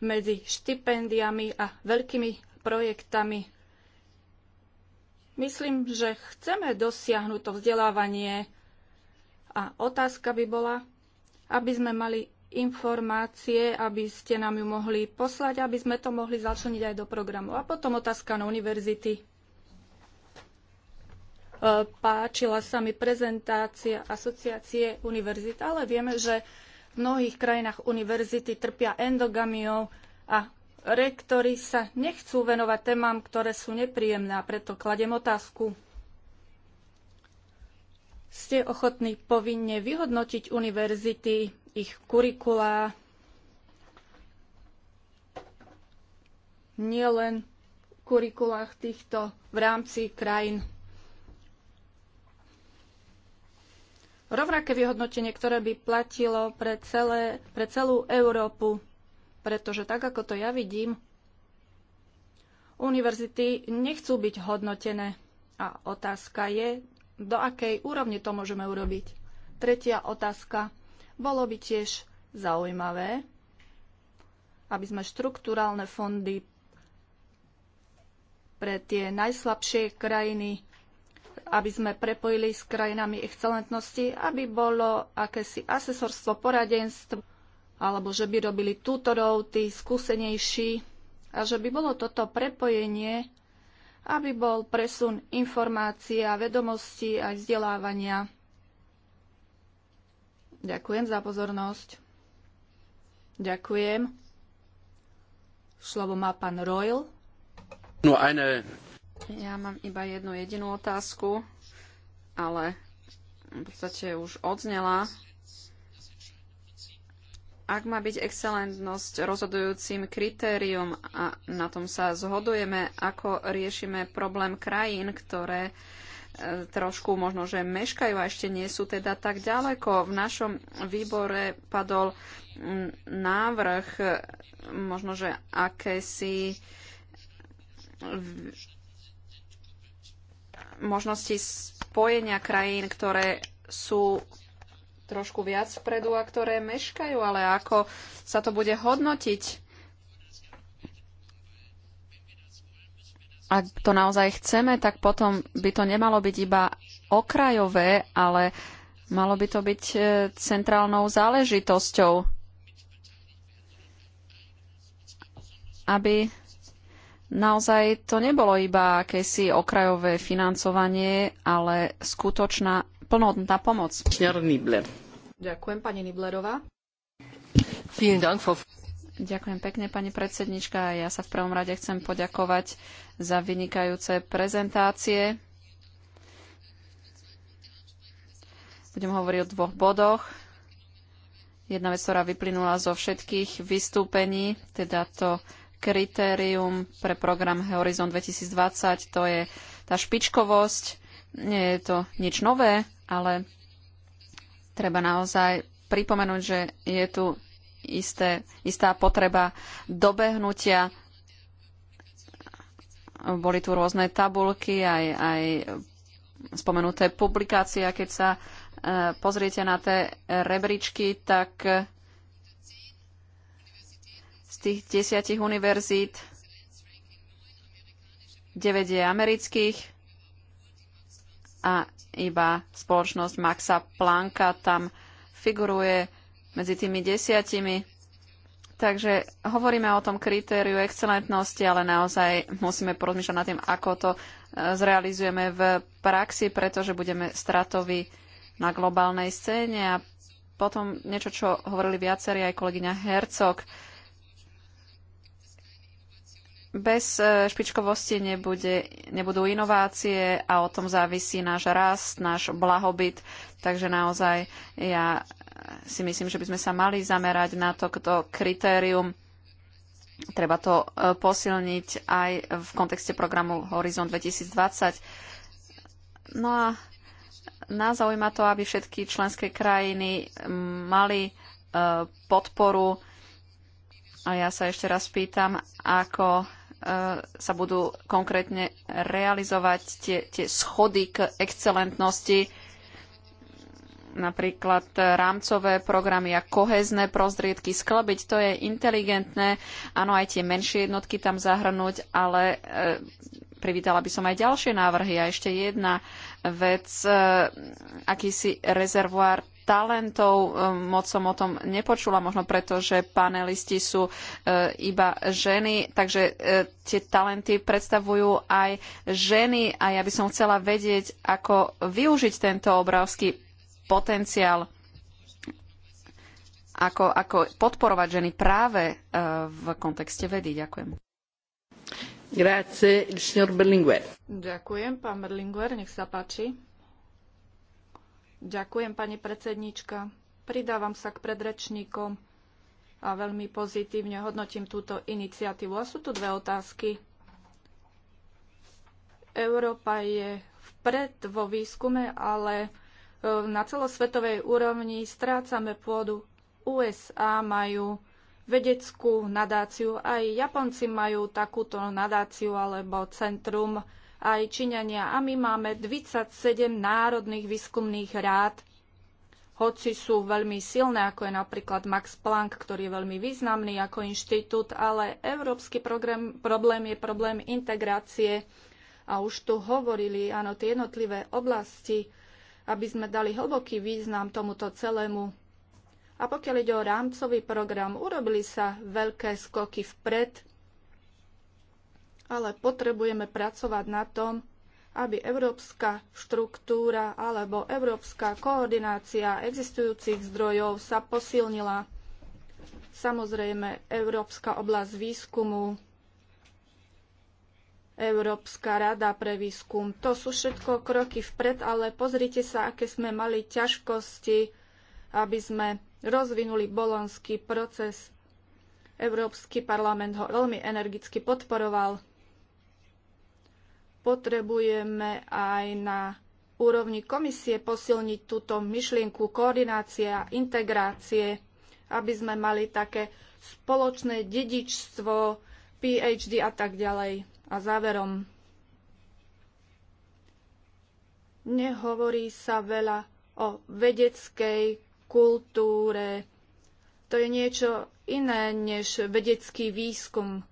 medzi štipendiami a veľkými projektami. Myslím, že chceme dosiahnuť to vzdelávanie a otázka by bola, aby sme mali informácie, aby ste nám ju mohli poslať, aby sme to mohli začleniť aj do programu. A potom otázka na univerzity. E, páčila sa mi prezentácia asociácie univerzity, ale vieme, že v mnohých krajinách univerzity trpia endogamiou a rektory sa nechcú venovať témam, ktoré sú nepríjemné a preto kladem otázku ste ochotní povinne vyhodnotiť univerzity ich kurikulá nielen v kurikulách týchto v rámci krajín. Rovnaké vyhodnotenie, ktoré by platilo pre, celé, pre celú Európu, pretože tak, ako to ja vidím, univerzity nechcú byť hodnotené. A otázka je, do akej úrovne to môžeme urobiť. Tretia otázka. Bolo by tiež zaujímavé, aby sme štruktúralne fondy pre tie najslabšie krajiny, aby sme prepojili s krajinami excelentnosti, aby bolo akési asesorstvo, poradenstvo, alebo že by robili tutorov tí skúsenejší a že by bolo toto prepojenie, aby bol presun informácií a vedomostí aj vzdelávania. Ďakujem za pozornosť. Ďakujem. Slovo má pán Royal. No, eine... Ja mám iba jednu jedinú otázku, ale v podstate už odznela. Ak má byť excelentnosť rozhodujúcim kritériom a na tom sa zhodujeme, ako riešime problém krajín, ktoré trošku možno, že meškajú a ešte nie sú teda tak ďaleko. V našom výbore padol návrh možno, že akési možnosti spojenia krajín, ktoré sú trošku viac vpredu a ktoré meškajú, ale ako sa to bude hodnotiť? ak to naozaj chceme, tak potom by to nemalo byť iba okrajové, ale malo by to byť e, centrálnou záležitosťou, aby naozaj to nebolo iba akési okrajové financovanie, ale skutočná plnotná pomoc. Ďakujem, pani Niblerová. Ďakujem pekne, pani predsednička. Ja sa v prvom rade chcem poďakovať za vynikajúce prezentácie. Budem hovoriť o dvoch bodoch. Jedna vec, ktorá vyplynula zo všetkých vystúpení, teda to kritérium pre program Horizon 2020, to je tá špičkovosť. Nie je to nič nové, ale treba naozaj pripomenúť, že je tu isté, istá potreba dobehnutia. Boli tu rôzne tabulky, aj, aj spomenuté publikácie. Keď sa e, pozriete na tie rebríčky, tak z tých desiatich univerzít 9 je amerických a iba spoločnosť Maxa Plancka tam figuruje medzi tými desiatimi. Takže hovoríme o tom kritériu excelentnosti, ale naozaj musíme porozmýšľať nad tým, ako to e, zrealizujeme v praxi, pretože budeme stratovi na globálnej scéne. A potom niečo, čo hovorili viacerí aj kolegyňa Hercog. Bez e, špičkovosti nebude, nebudú inovácie a o tom závisí náš rast, náš blahobyt. Takže naozaj ja si myslím, že by sme sa mali zamerať na to, kto kritérium treba to e, posilniť aj v kontexte programu Horizon 2020. No a nás zaujíma to, aby všetky členské krajiny mali e, podporu. A ja sa ešte raz pýtam, ako e, sa budú konkrétne realizovať tie, tie schody k excelentnosti napríklad rámcové programy a kohezné prostriedky sklbiť. To je inteligentné. Áno, aj tie menšie jednotky tam zahrnúť, ale e, privítala by som aj ďalšie návrhy. A ešte jedna vec, e, akýsi rezervoár talentov. E, moc som o tom nepočula, možno preto, že panelisti sú e, iba ženy, takže e, tie talenty predstavujú aj ženy a ja by som chcela vedieť, ako využiť tento obrovský potenciál ako, ako podporovať ženy práve e, v kontexte vedy. Ďakujem. Grazie, il signor Berlinguer. Ďakujem, pán Berlinguer, nech sa páči. Ďakujem, pani predsednička. Pridávam sa k predrečníkom a veľmi pozitívne hodnotím túto iniciatívu. A sú tu dve otázky. Európa je vpred vo výskume, ale E, na celosvetovej úrovni strácame pôdu. USA majú vedeckú nadáciu, aj Japonci majú takúto nadáciu alebo centrum, aj Číňania. A my máme 27 národných výskumných rád, hoci sú veľmi silné, ako je napríklad Max Planck, ktorý je veľmi významný ako inštitút, ale európsky program, problém je problém integrácie. A už tu hovorili, áno, tie jednotlivé oblasti, aby sme dali hlboký význam tomuto celému. A pokiaľ ide o rámcový program, urobili sa veľké skoky vpred, ale potrebujeme pracovať na tom, aby európska štruktúra alebo európska koordinácia existujúcich zdrojov sa posilnila. Samozrejme, európska oblasť výskumu Európska rada pre výskum. To sú všetko kroky vpred, ale pozrite sa, aké sme mali ťažkosti, aby sme rozvinuli bolonský proces. Európsky parlament ho veľmi energicky podporoval. Potrebujeme aj na úrovni komisie posilniť túto myšlienku koordinácie a integrácie, aby sme mali také spoločné dedičstvo, PhD a tak ďalej. A záverom. Nehovorí sa veľa o vedeckej kultúre. To je niečo iné než vedecký výskum,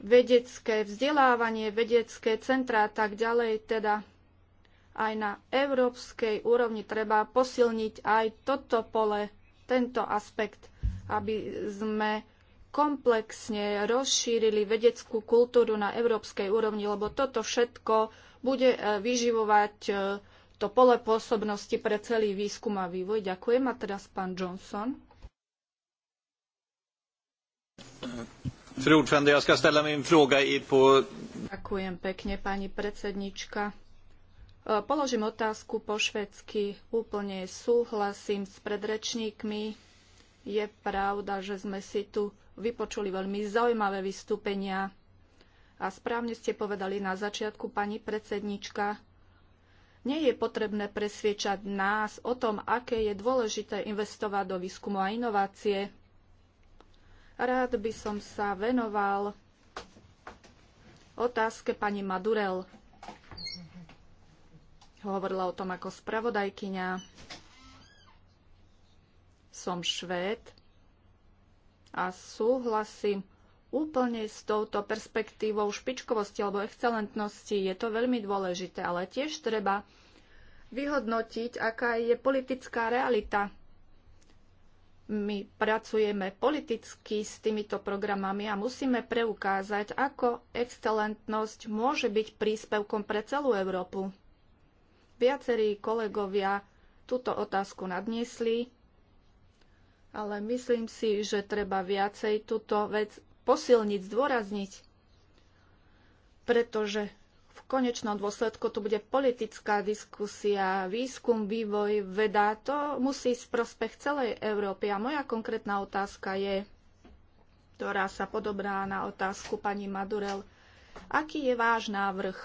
vedecké vzdelávanie, vedecké centra a tak ďalej. Teda aj na európskej úrovni treba posilniť aj toto pole, tento aspekt, aby sme komplexne rozšírili vedeckú kultúru na európskej úrovni, lebo toto všetko bude e, vyživovať e, to pole pôsobnosti pre celý výskum a vývoj. Ďakujem. A teraz pán Johnson. Ďakujem pekne, pani predsednička. E, položím otázku po švedsky. Úplne súhlasím s predrečníkmi. Je pravda, že sme si tu vypočuli veľmi zaujímavé vystúpenia. A správne ste povedali na začiatku, pani predsednička, nie je potrebné presviečať nás o tom, aké je dôležité investovať do výskumu a inovácie. Rád by som sa venoval otázke pani Madurel. Hovorila o tom ako spravodajkyňa. Som švéd a súhlasím úplne s touto perspektívou špičkovosti alebo excelentnosti. Je to veľmi dôležité, ale tiež treba vyhodnotiť, aká je politická realita. My pracujeme politicky s týmito programami a musíme preukázať, ako excelentnosť môže byť príspevkom pre celú Európu. Viacerí kolegovia túto otázku nadniesli ale myslím si, že treba viacej túto vec posilniť, zdôrazniť, pretože v konečnom dôsledku tu bude politická diskusia, výskum, vývoj, veda. To musí ísť prospech celej Európy. A moja konkrétna otázka je, ktorá sa podobrá na otázku pani Madurel. Aký je váš návrh?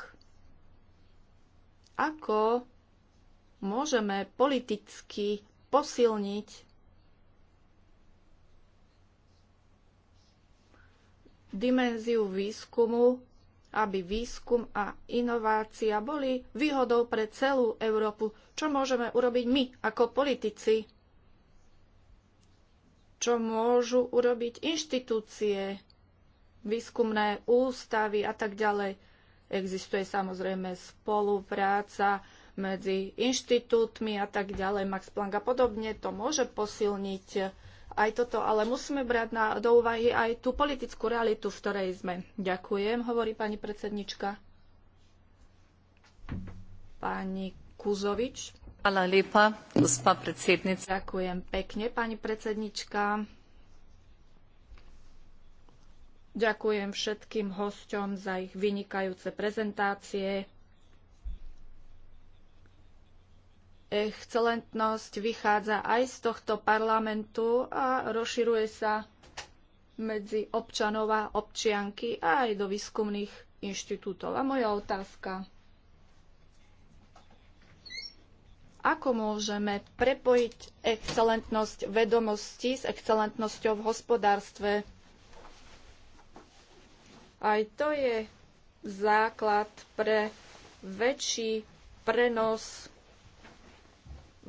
Ako môžeme politicky posilniť dimenziu výskumu, aby výskum a inovácia boli výhodou pre celú Európu. Čo môžeme urobiť my ako politici? Čo môžu urobiť inštitúcie, výskumné ústavy a tak ďalej? Existuje samozrejme spolupráca medzi inštitútmi a tak ďalej, Max Planck a podobne. To môže posilniť aj toto, ale musíme brať na, do úvahy aj tú politickú realitu, v ktorej sme. Ďakujem, hovorí pani predsednička. Pani Kuzovič. Hvala lepa, gospa predsednica. Ďakujem pekne, pani predsednička. Ďakujem všetkým hosťom za ich vynikajúce prezentácie. excelentnosť vychádza aj z tohto parlamentu a rozširuje sa medzi občanov a občianky a aj do výskumných inštitútov. A moja otázka. Ako môžeme prepojiť excelentnosť vedomostí s excelentnosťou v hospodárstve? Aj to je základ pre väčší prenos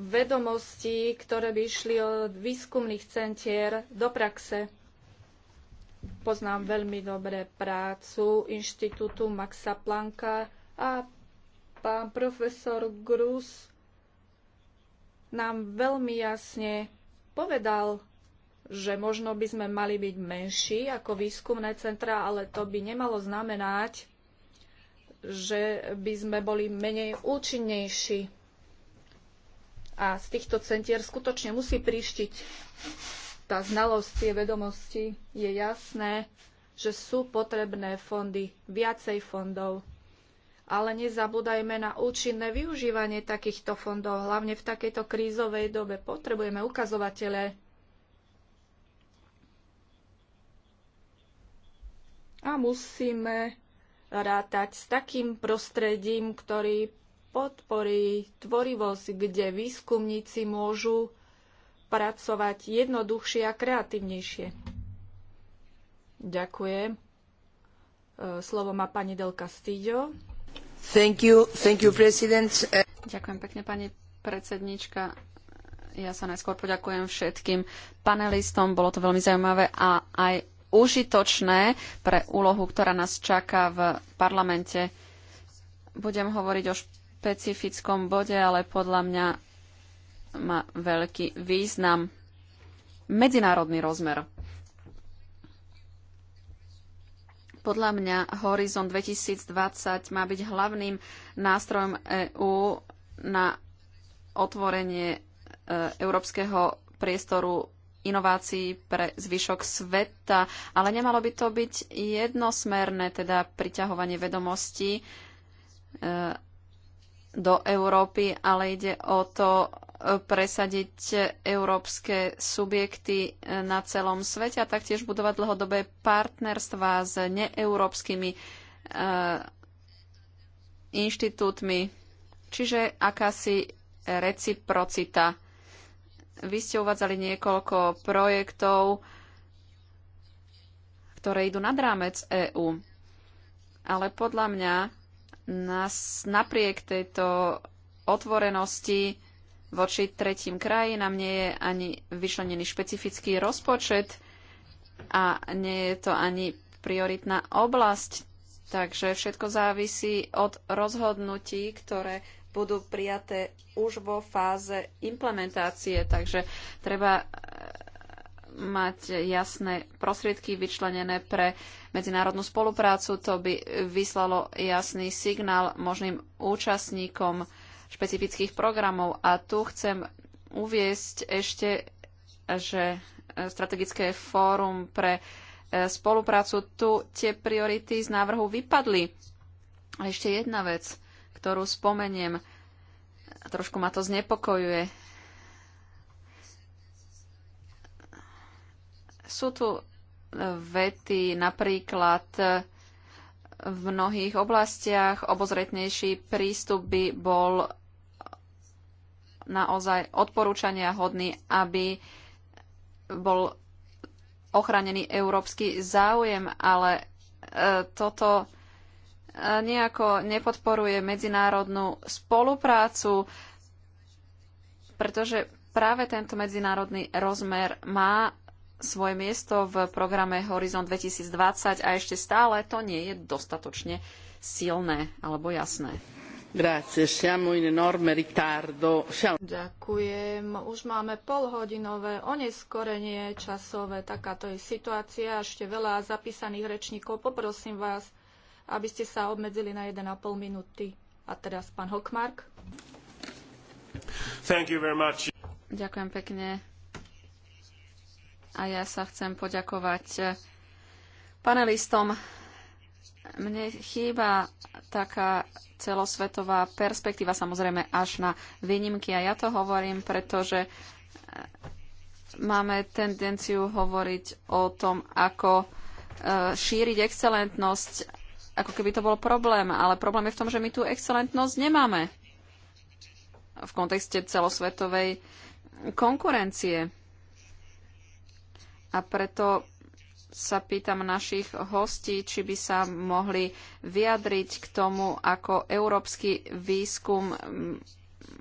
vedomostí, ktoré by išli od výskumných centier do praxe. Poznám veľmi dobre prácu Inštitútu Maxa Plancka a pán profesor Grus nám veľmi jasne povedal, že možno by sme mali byť menší ako výskumné centra, ale to by nemalo znamenať, že by sme boli menej účinnejší a z týchto centier skutočne musí príštiť tá znalosť, tie vedomosti. Je jasné, že sú potrebné fondy, viacej fondov, ale nezabúdajme na účinné využívanie takýchto fondov, hlavne v takejto krízovej dobe. Potrebujeme ukazovatele. A musíme rátať s takým prostredím, ktorý podporí tvorivosť, kde výskumníci môžu pracovať jednoduchšie a kreatívnejšie. Ďakujem. E, slovo má pani Del Castillo. Thank you, thank you, president. Ďakujem pekne, pani predsednička. Ja sa najskôr poďakujem všetkým panelistom. Bolo to veľmi zaujímavé a aj užitočné pre úlohu, ktorá nás čaká v parlamente. Budem hovoriť o špe- špecifickom bode, ale podľa mňa má veľký význam medzinárodný rozmer. Podľa mňa Horizon 2020 má byť hlavným nástrojom EÚ na otvorenie e, európskeho priestoru inovácií pre zvyšok sveta, ale nemalo by to byť jednosmerné, teda priťahovanie vedomostí e, do Európy, ale ide o to e, presadiť európske subjekty e, na celom svete a taktiež budovať dlhodobé partnerstva s neeurópskymi e, inštitútmi. Čiže akási reciprocita. Vy ste uvádzali niekoľko projektov, ktoré idú nad rámec EÚ. Ale podľa mňa nás, napriek tejto otvorenosti voči tretím krajinám nie je ani vyšlenený špecifický rozpočet a nie je to ani prioritná oblasť. Takže všetko závisí od rozhodnutí, ktoré budú prijaté už vo fáze implementácie. Takže treba mať jasné prostriedky vyčlenené pre medzinárodnú spoluprácu. To by vyslalo jasný signál možným účastníkom špecifických programov. A tu chcem uviesť ešte, že strategické fórum pre e, spoluprácu, tu tie priority z návrhu vypadli. A ešte jedna vec, ktorú spomeniem, trošku ma to znepokojuje. Sú tu e, vety napríklad e, v mnohých oblastiach obozretnejší prístup by bol naozaj odporúčania hodný, aby bol ochránený európsky záujem, ale e, toto nejako nepodporuje medzinárodnú spoluprácu, pretože práve tento medzinárodný rozmer má svoje miesto v programe Horizon 2020 a ešte stále to nie je dostatočne silné alebo jasné. Grazie, siamo in enorme ritardo. Siamo... Ďakujem. Už máme polhodinové oneskorenie časové. Takáto je situácia. Ešte veľa zapísaných rečníkov. Poprosím vás, aby ste sa obmedzili na 1,5 minúty. A teraz pán Hokmark. Ďakujem pekne a ja sa chcem poďakovať eh, panelistom. Mne chýba taká celosvetová perspektíva, samozrejme až na výnimky. A ja to hovorím, pretože eh, máme tendenciu hovoriť o tom, ako eh, šíriť excelentnosť, ako keby to bol problém. Ale problém je v tom, že my tú excelentnosť nemáme v kontexte celosvetovej konkurencie. A preto sa pýtam našich hostí, či by sa mohli vyjadriť k tomu, ako európsky výskum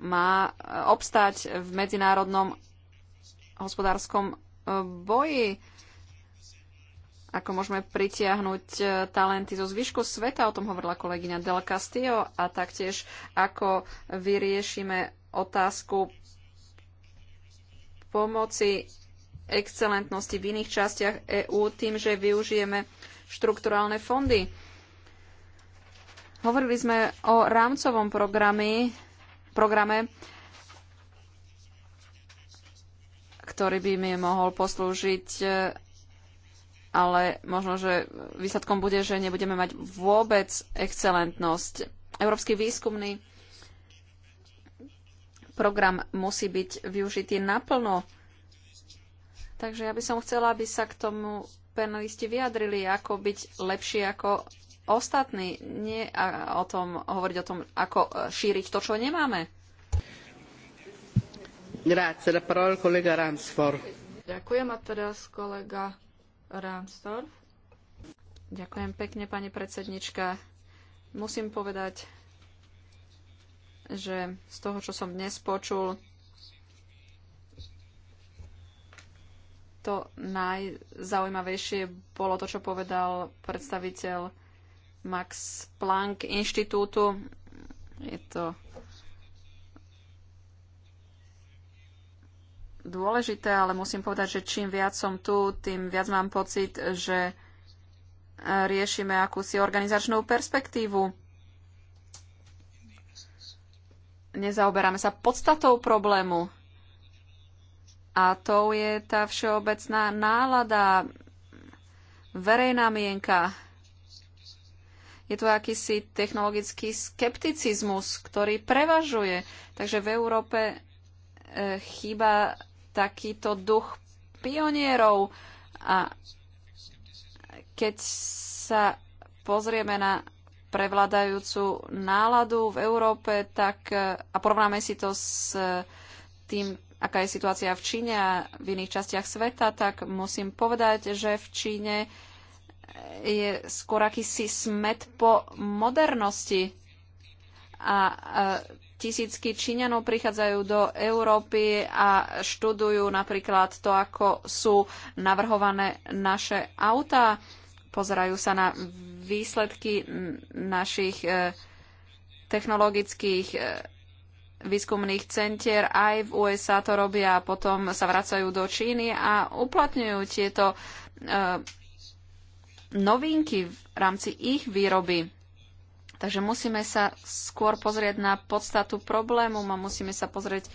má obstať v medzinárodnom hospodárskom e, boji. Ako môžeme pritiahnuť e, talenty zo zvyšku sveta, o tom hovorila kolegyňa Del Castillo, a taktiež ako vyriešime otázku pomoci excelentnosti v iných častiach EÚ tým, že využijeme štrukturálne fondy. Hovorili sme o rámcovom programe, programe ktorý by mi mohol poslúžiť, ale možno, že výsledkom bude, že nebudeme mať vôbec excelentnosť. Európsky výskumný program musí byť využitý naplno Takže ja by som chcela, aby sa k tomu penalisti vyjadrili, ako byť lepší ako ostatní. Nie o tom, hovoriť o tom, ako e, šíriť to, čo nemáme. Grazie, la parola kolega Ďakujem a teraz kolega Ramstor. Ďakujem pekne, pani predsednička. Musím povedať, že z toho, čo som dnes počul, to najzaujímavejšie bolo to, čo povedal predstaviteľ Max Planck inštitútu. Je to dôležité, ale musím povedať, že čím viac som tu, tým viac mám pocit, že riešime akúsi organizačnú perspektívu. Nezaoberáme sa podstatou problému a to je tá všeobecná nálada, verejná mienka. Je tu akýsi technologický skepticizmus, ktorý prevažuje. Takže v Európe e, chýba takýto duch pionierov. A keď sa pozrieme na prevladajúcu náladu v Európe, tak e, a porovnáme si to s e, tým, aká je situácia v Číne a v iných častiach sveta, tak musím povedať, že v Číne je skôr akýsi smet po modernosti a e, tisícky Číňanov prichádzajú do Európy a študujú napríklad to, ako sú navrhované naše autá. Pozerajú sa na výsledky našich e, technologických e, výskumných centier aj v USA to robia a potom sa vracajú do Číny a uplatňujú tieto uh, novinky v rámci ich výroby. Takže musíme sa skôr pozrieť na podstatu problému a musíme sa pozrieť,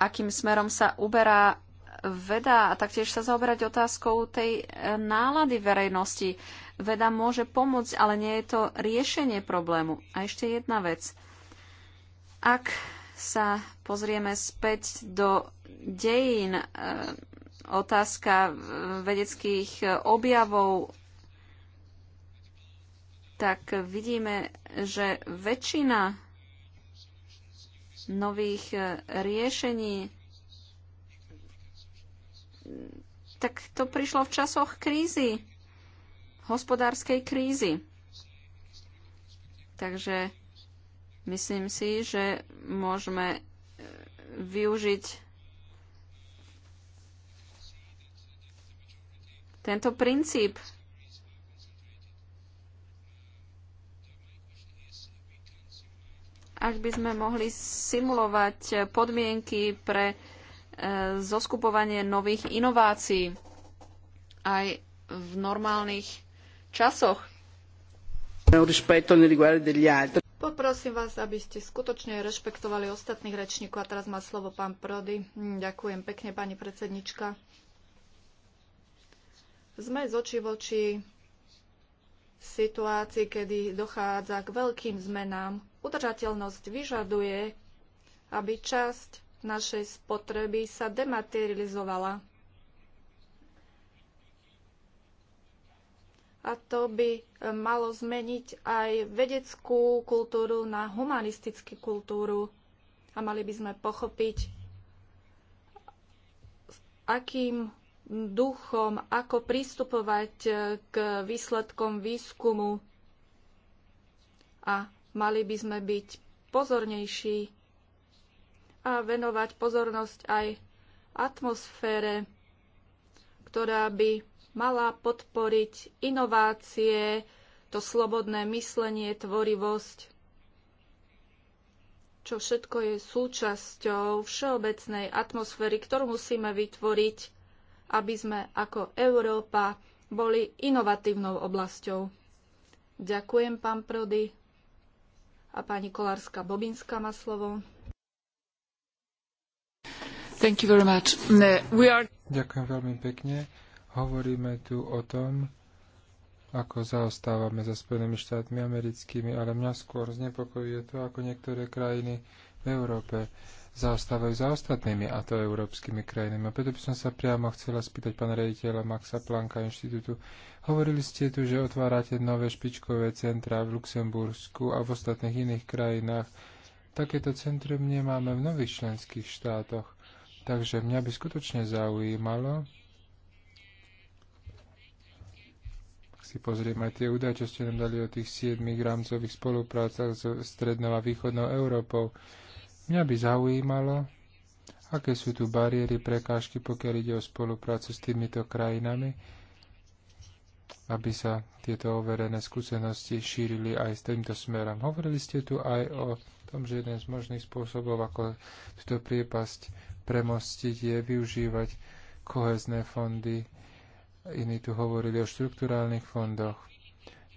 akým smerom sa uberá veda a taktiež sa zaoberať otázkou tej e, nálady verejnosti. Veda môže pomôcť, ale nie je to riešenie problému. A ešte jedna vec – ak sa pozrieme späť do dejín, e, otázka e, vedeckých objavov, tak vidíme, že väčšina nových e, riešení tak to prišlo v časoch krízy, hospodárskej krízy. Takže Myslím si, že môžeme e, využiť tento princíp. Ak by sme mohli simulovať podmienky pre e, zoskupovanie nových inovácií aj v normálnych časoch. rispetto nei riguardi degli altri. Poprosím vás, aby ste skutočne rešpektovali ostatných rečníkov. A teraz má slovo pán Prody. Ďakujem pekne, pani predsednička. Sme z oči v oči situácii, kedy dochádza k veľkým zmenám. Udržateľnosť vyžaduje, aby časť našej spotreby sa dematerializovala a to by e, malo zmeniť aj vedeckú kultúru na humanistickú kultúru a mali by sme pochopiť, s akým duchom, ako pristupovať e, k výsledkom výskumu a mali by sme byť pozornejší a venovať pozornosť aj atmosfére, ktorá by mala podporiť inovácie, to slobodné myslenie, tvorivosť, čo všetko je súčasťou všeobecnej atmosféry, ktorú musíme vytvoriť, aby sme ako Európa boli inovatívnou oblasťou. Ďakujem, pán Prody. A pani Kolárska-Bobinská má slovo. Thank you very much. We are... Ďakujem veľmi pekne. Hovoríme tu o tom, ako zaostávame za Spojenými štátmi americkými, ale mňa skôr znepokojuje to, ako niektoré krajiny v Európe zaostávajú za ostatnými, a to európskymi krajinami. A preto by som sa priamo chcela spýtať pána rediteľa Maxa Planka Inštitútu. Hovorili ste tu, že otvárate nové špičkové centra v Luxembursku a v ostatných iných krajinách. Takéto centrum nemáme v nových členských štátoch. Takže mňa by skutočne zaujímalo, si pozrieme aj tie údaje, čo ste nám dali o tých 7 rámcových spoluprácach so strednou a východnou Európou. Mňa by zaujímalo, aké sú tu bariéry, prekážky, pokiaľ ide o spoluprácu s týmito krajinami, aby sa tieto overené skúsenosti šírili aj s týmto smerom. Hovorili ste tu aj o tom, že jeden z možných spôsobov, ako túto priepasť premostiť, je využívať kohezné fondy iní tu hovorili o štruktúrálnych fondoch.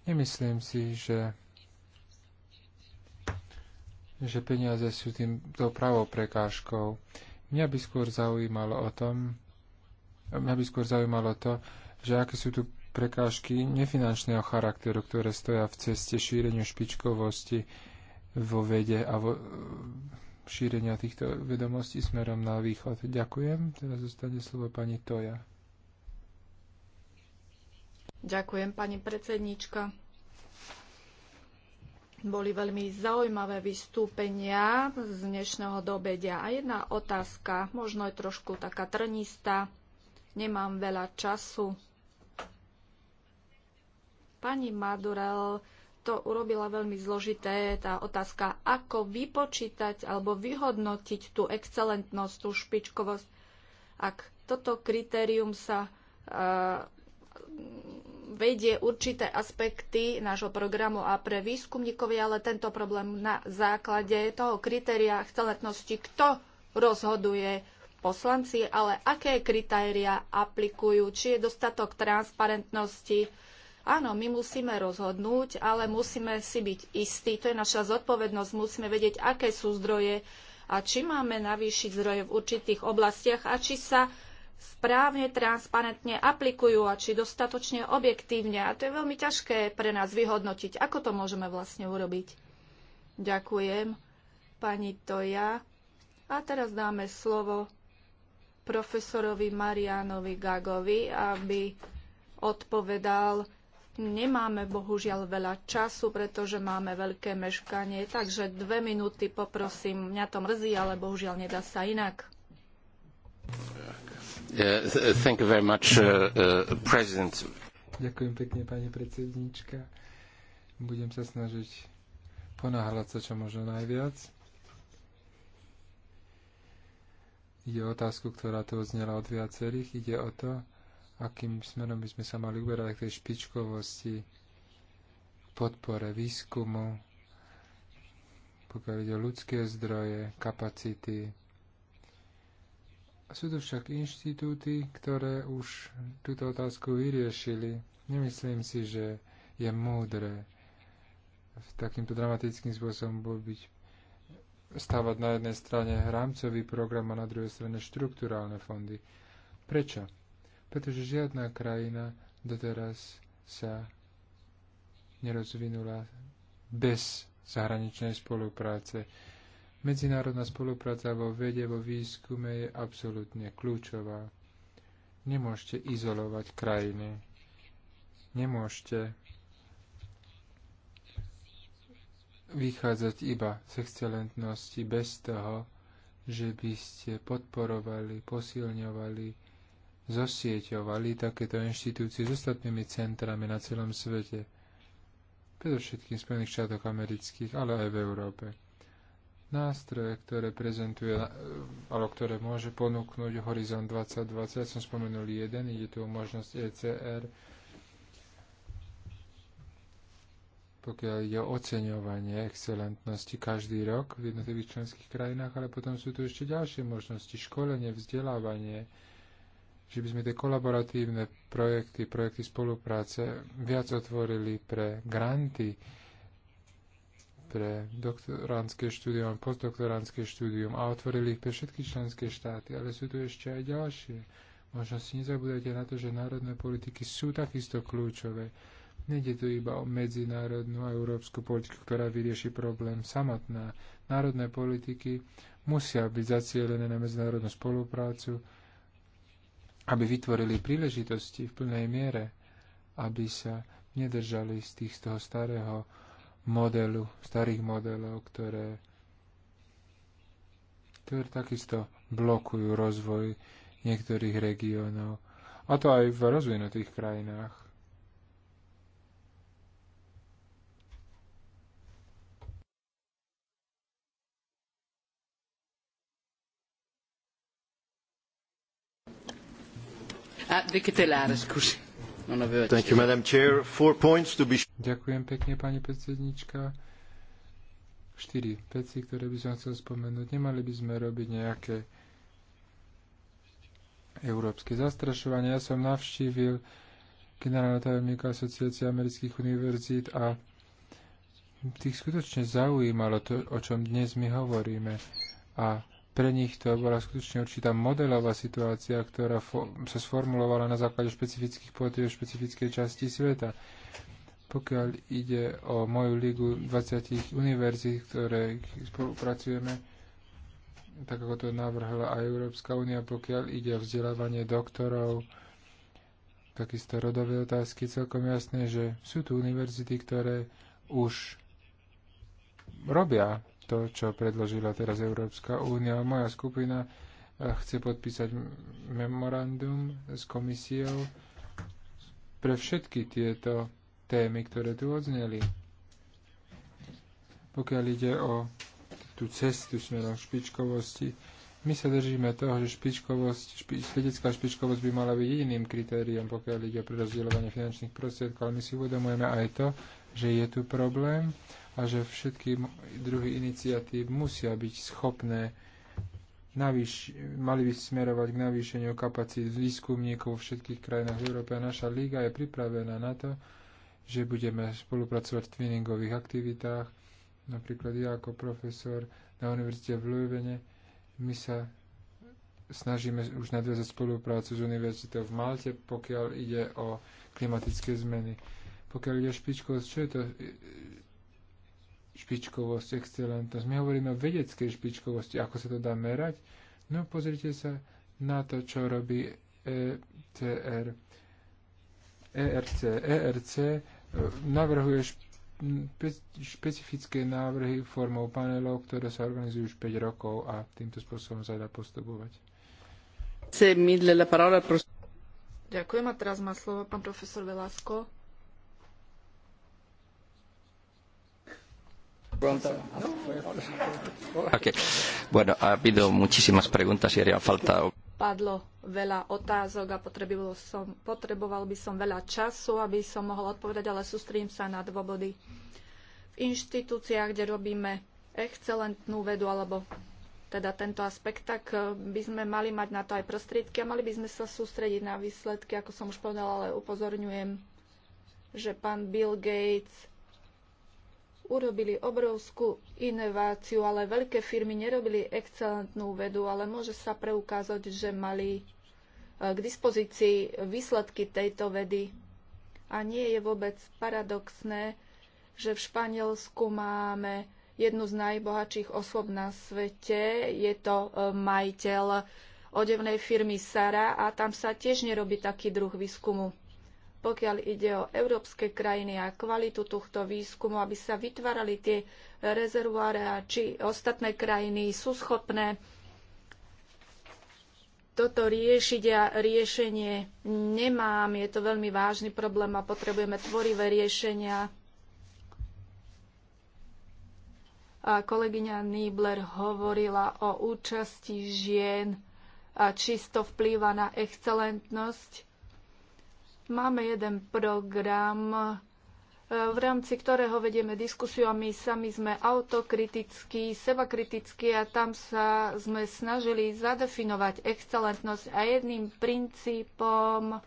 Nemyslím si, že, že peniaze sú týmto pravou prekážkou. Mňa by skôr zaujímalo o tom, mňa by skôr zaujímalo to, že aké sú tu prekážky nefinančného charakteru, ktoré stoja v ceste šíreniu špičkovosti vo vede a vo šírenia týchto vedomostí smerom na východ. Ďakujem. Teraz zostane slovo pani Toja. Ďakujem, pani predsednička. Boli veľmi zaujímavé vystúpenia z dnešného dobedia. A jedna otázka, možno je trošku taká trnistá, nemám veľa času. Pani Madurel to urobila veľmi zložité, tá otázka, ako vypočítať alebo vyhodnotiť tú excelentnosť, tú špičkovosť, ak toto kritérium sa uh, vedie určité aspekty nášho programu a pre výskumníkov je ale tento problém na základe toho kritéria excelentnosti, kto rozhoduje poslanci, ale aké kritéria aplikujú, či je dostatok transparentnosti. Áno, my musíme rozhodnúť, ale musíme si byť istí, to je naša zodpovednosť, musíme vedieť, aké sú zdroje a či máme navýšiť zdroje v určitých oblastiach a či sa správne, transparentne aplikujú a či dostatočne objektívne. A to je veľmi ťažké pre nás vyhodnotiť. Ako to môžeme vlastne urobiť? Ďakujem, pani Toja. A teraz dáme slovo profesorovi Marianovi Gagovi, aby odpovedal. Nemáme bohužiaľ veľa času, pretože máme veľké meškanie, takže dve minúty poprosím. Mňa to mrzí, ale bohužiaľ nedá sa inak. Uh, much, uh, uh Ďakujem pekne, pani predsedníčka. Budem sa snažiť ponáhľať sa čo možno najviac. Ide o otázku, ktorá tu odznela od viacerých. Ide o to, akým smerom by sme sa mali uberať k tej špičkovosti, podpore výskumu, pokiaľ ide o ľudské zdroje, kapacity, sú tu však inštitúty, ktoré už túto otázku vyriešili. Nemyslím si, že je múdre takýmto dramatickým spôsobom byť stavať na jednej strane rámcový program a na druhej strane štruktúrálne fondy. Prečo? Pretože žiadna krajina doteraz sa nerozvinula bez zahraničnej spolupráce. Medzinárodná spolupráca vo vede, vo výskume je absolútne kľúčová. Nemôžete izolovať krajiny. Nemôžete vychádzať iba z excelentnosti bez toho, že by ste podporovali, posilňovali, zosieťovali takéto inštitúcie s ostatnými centrami na celom svete, predovšetkým v Spojených štátoch amerických, ale aj v Európe nástroje, ktoré prezentuje, e, alebo ktoré môže ponúknuť Horizon 2020. Ja som spomenul jeden, ide tu o možnosť ECR, pokiaľ ide o oceňovanie excelentnosti každý rok v jednotlivých členských krajinách, ale potom sú tu ešte ďalšie možnosti, školenie, vzdelávanie, že by sme tie kolaboratívne projekty, projekty spolupráce viac otvorili pre granty, pre doktoránske štúdium, postdoktoránske štúdium a otvorili ich pre všetky členské štáty, ale sú tu ešte aj ďalšie. Možno si nezabudajte na to, že národné politiky sú takisto kľúčové. Nede tu iba o medzinárodnú a európsku politiku, ktorá vyrieši problém samotná. Národné politiky musia byť zacielené na medzinárodnú spoluprácu, aby vytvorili príležitosti v plnej miere, aby sa nedržali z, tých, z toho starého modelu, starých modelov, ktoré, ktoré takisto blokujú rozvoj niektorých regiónov. A to aj v rozvinutých krajinách. Ah, de que te la scusi. No, no, you, be... Ďakujem pekne, pani predsednička. Štyri veci, ktoré by som chcel spomenúť. Nemali by sme robiť nejaké európske zastrašovanie. Ja som navštívil generálneho tajomníka Asociácie amerických univerzít a tých skutočne zaujímalo to, o čom dnes my hovoríme. A pre nich to bola skutočne určitá modelová situácia, ktorá sa sformulovala na základe špecifických potrieb špecifickej časti sveta. Pokiaľ ide o moju ligu 20 univerzít, ktoré spolupracujeme, tak ako to navrhla aj Európska únia, pokiaľ ide o vzdelávanie doktorov, takisto rodové otázky, celkom jasné, že sú tu univerzity, ktoré už robia to, čo predložila teraz Európska únia. Moja skupina eh, chce podpísať memorandum s komisiou pre všetky tieto témy, ktoré tu odzneli. Pokiaľ ide o tú cestu smerom špičkovosti, my sa držíme toho, že špičkovosť, špi, vedecká špičkovosť by mala byť jediným kritériom, pokiaľ ide o prerozdielovanie finančných prostriedkov, ale my si uvedomujeme aj to, že je tu problém a že všetky druhy iniciatív musia byť schopné navýš- mali by smerovať k navýšeniu kapacít výskumníkov vo všetkých krajinách Európy a naša liga je pripravená na to, že budeme spolupracovať v twinningových aktivitách. Napríklad ja ako profesor na univerzite v Leuvene, my sa snažíme už nadviazať spoluprácu s univerzitou v Malte, pokiaľ ide o klimatické zmeny. Pokiaľ ide o špičkovosť, čo je to špičkovosť, excelentnosť. My hovoríme o vedeckej špičkovosti, ako sa to dá merať. No pozrite sa na to, čo robí ECR. ERC. ERC e, navrhuje špe, špecifické návrhy formou panelov, ktoré sa organizujú už 5 rokov a týmto spôsobom sa dá postupovať. Ďakujem a teraz má slovo pán profesor Velásko. Okay. Bueno, ha habido muchísimas preguntas y haría falta... Padlo veľa otázok a potreboval, som, potreboval by som veľa času, aby som mohol odpovedať, ale sústrím sa na dôvody. V inštitúciách, kde robíme excelentnú vedu, alebo teda tento aspekt, tak eh, by sme mali mať na to aj prostriedky a mali by sme sa sústrediť na výsledky, ako som už povedala, ale upozorňujem, že pán Bill Gates urobili obrovskú inováciu, ale veľké firmy nerobili excelentnú vedu, ale môže sa preukázať, že mali e, k dispozícii výsledky tejto vedy. A nie je vôbec paradoxné, že v Španielsku máme jednu z najbohatších osôb na svete. Je to e, majiteľ odevnej firmy Sara a tam sa tiež nerobí taký druh výskumu pokiaľ ide o európske krajiny a kvalitu tohto výskumu, aby sa vytvárali tie rezervuáre a či ostatné krajiny sú schopné toto riešiť a riešenie nemám. Je to veľmi vážny problém a potrebujeme tvorivé riešenia. A kolegyňa Niebler hovorila o účasti žien a čisto vplýva na excelentnosť Máme jeden program, e, v rámci ktorého vedieme diskusiu a my sami sme autokritickí, sebakritickí a tam sa sme snažili zadefinovať excelentnosť a jedným princípom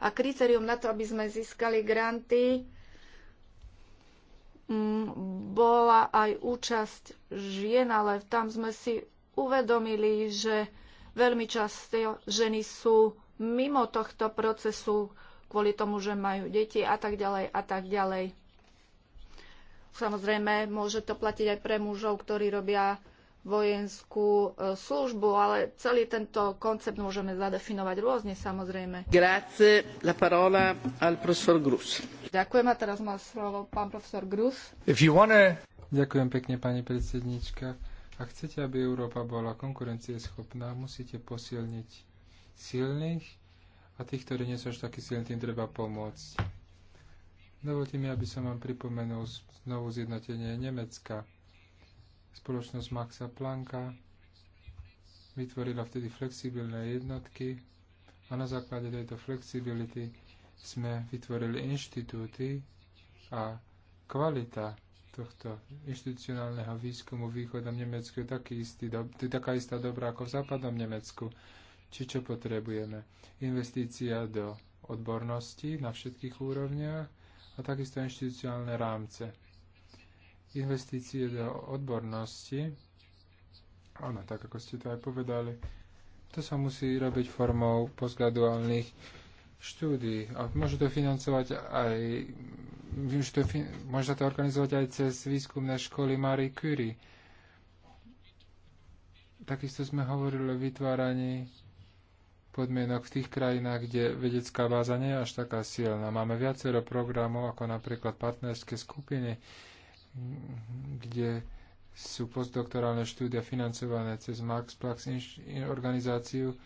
a kritérium na to, aby sme získali granty, mm, bola aj účasť žien, ale tam sme si uvedomili, že veľmi často ženy sú mimo tohto procesu kvôli tomu, že majú deti a tak ďalej a tak ďalej. Samozrejme, môže to platiť aj pre mužov, ktorí robia vojenskú e, službu, ale celý tento koncept môžeme zadefinovať rôzne, samozrejme. Grazie, la parola al profesor Grus. Ďakujem a teraz má slovo pán profesor Grus. If you wanna... Ďakujem pekne, pani predsednička. Ak chcete, aby Európa bola konkurencieschopná, musíte posilniť silných a tých, ktorí nie sú až takí silní, tým treba pomôcť. Dovolte mi, aby som vám pripomenul znovu zjednotenie Nemecka. Spoločnosť Maxa Plancka vytvorila vtedy flexibilné jednotky a na základe tejto flexibility sme vytvorili inštitúty a kvalita tohto inštitucionálneho výskumu v Nemecku je, taký istý, do, je taká istá dobrá ako v západnom Nemecku. Či čo potrebujeme? Investícia do odbornosti na všetkých úrovniach a takisto inštitucionálne rámce. Investície do odbornosti, áno, tak ako ste to aj povedali, to sa musí robiť formou postgraduálnych štúdií. A môže to financovať aj môže to, môže to organizovať aj cez výskumné školy Marie Curie. Takisto sme hovorili o vytváraní podmienok v tých krajinách, kde vedecká báza nie je až taká silná. Máme viacero programov, ako napríklad partnerské skupiny, kde sú postdoktorálne štúdia financované cez Max Plax organizáciu.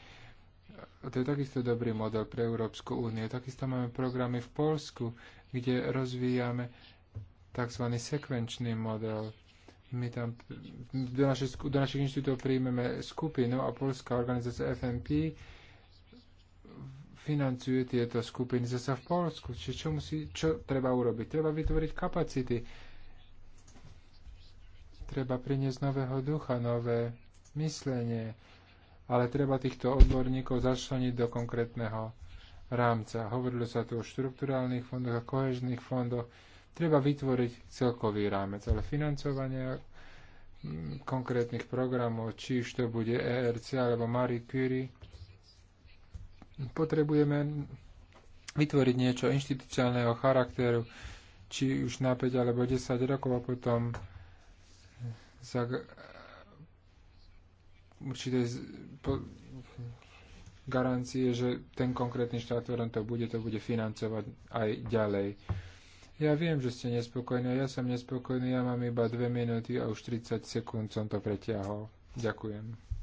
To je takisto dobrý model pre Európsku úniu. Takisto máme programy v Polsku, kde rozvíjame tzv. sekvenčný model my tam do, naše, do našich inštitútov príjmeme skupinu a polská organizácia FNP financuje tieto skupiny zase v Polsku. Čiže čo, musí, čo treba urobiť? Treba vytvoriť kapacity. Treba priniesť nového ducha, nové myslenie. Ale treba týchto odborníkov začleniť do konkrétneho rámca. Hovorilo sa tu o štruktúrálnych fondoch a kohežných fondoch. Treba vytvoriť celkový rámec, ale financovanie mm, konkrétnych programov, či už to bude ERC alebo Marie Curie, Potrebujeme vytvoriť niečo inštitucionálneho charakteru, či už na 5 alebo 10 rokov a potom za určité garancie, že ten konkrétny štát, ktorý to bude, to bude financovať aj ďalej. Ja viem, že ste nespokojní, ja som nespokojný, ja mám iba 2 minúty a už 30 sekúnd som to pretiahol. Ďakujem.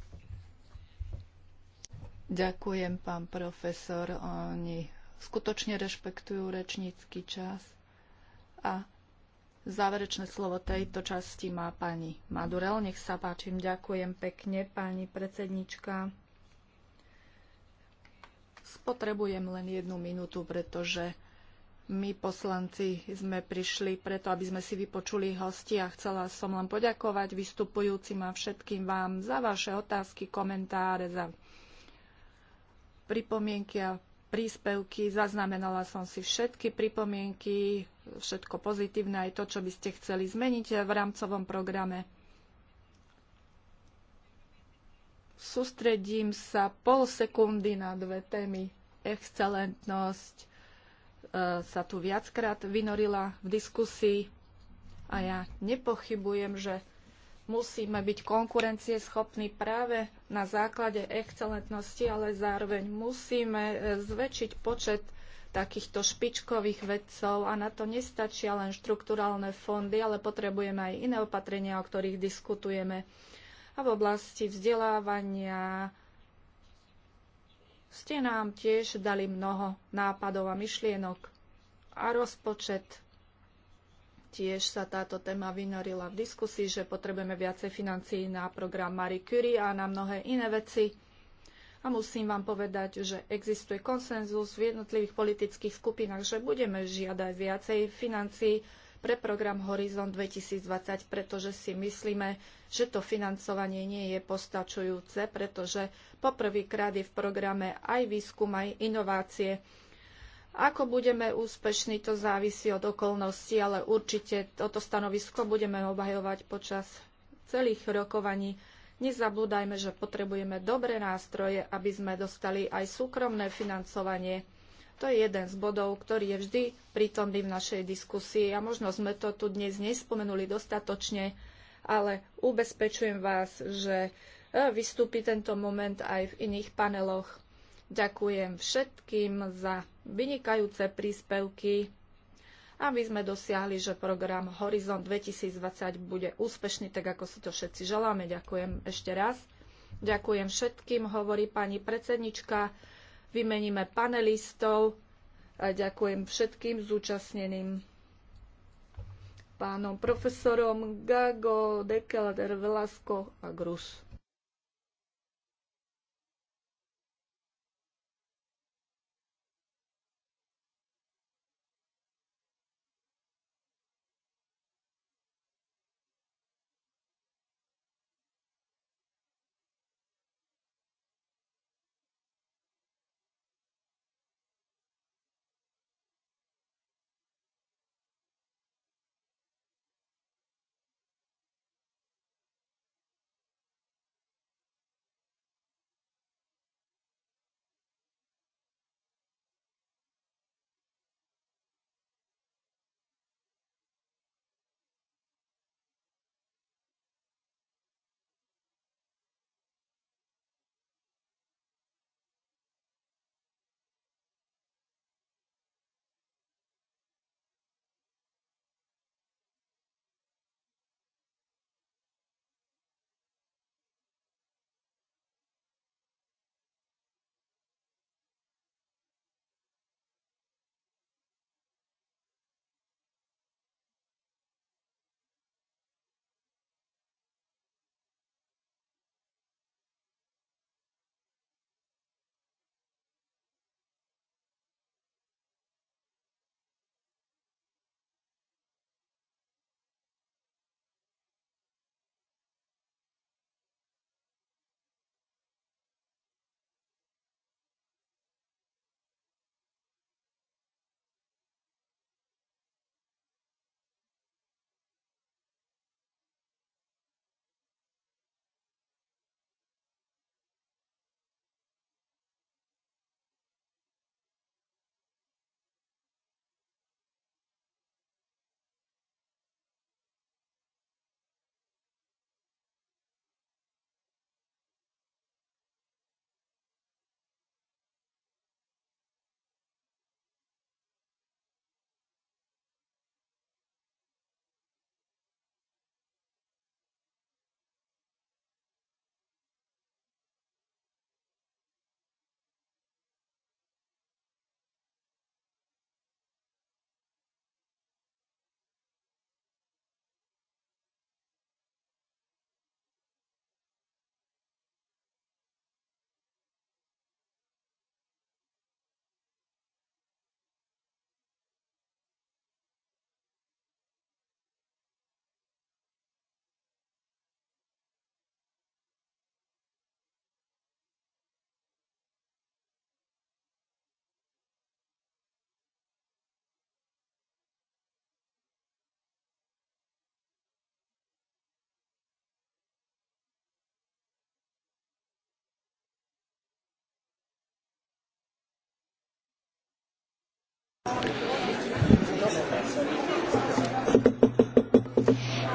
Ďakujem, pán profesor. Oni skutočne rešpektujú rečnícky čas. A záverečné slovo tejto časti má pani Madurel. Nech sa páčim. Ďakujem pekne, pani predsednička. Spotrebujem len jednu minútu, pretože my poslanci sme prišli preto, aby sme si vypočuli hosti a chcela som len poďakovať vystupujúcim a všetkým vám za vaše otázky, komentáre, za pripomienky a príspevky. Zaznamenala som si všetky pripomienky, všetko pozitívne, aj to, čo by ste chceli zmeniť v rámcovom programe. Sústredím sa pol sekundy na dve témy. Excelentnosť e, sa tu viackrát vynorila v diskusii a ja nepochybujem, že musíme byť konkurencieschopní práve na základe excelentnosti, ale zároveň musíme e, zväčšiť počet takýchto špičkových vedcov a na to nestačia len štrukturálne fondy, ale potrebujeme aj iné opatrenia, o ktorých diskutujeme. A v oblasti vzdelávania ste nám tiež dali mnoho nápadov a myšlienok a rozpočet Tiež sa táto téma vynorila v diskusii, že potrebujeme viacej financií na program Marie Curie a na mnohé iné veci. A musím vám povedať, že existuje konsenzus v jednotlivých politických skupinách, že budeme žiadať viacej financií pre program Horizon 2020, pretože si myslíme, že to financovanie nie je postačujúce, pretože poprvýkrát je v programe aj výskum, aj inovácie ako budeme úspešní, to závisí od okolností, ale určite toto stanovisko budeme obhajovať počas celých rokovaní. Nezabúdajme, že potrebujeme dobré nástroje, aby sme dostali aj súkromné financovanie. To je jeden z bodov, ktorý je vždy prítomný v našej diskusii a možno sme to tu dnes nespomenuli dostatočne, ale ubezpečujem vás, že e, vystúpi tento moment aj v iných paneloch. Ďakujem všetkým za vynikajúce príspevky, aby sme dosiahli, že program Horizont 2020 bude úspešný, tak ako si to všetci želáme. Ďakujem ešte raz. Ďakujem všetkým, hovorí pani predsednička. Vymeníme panelistov a ďakujem všetkým zúčastneným pánom profesorom Gago, Dekelder, Velasco a Grus.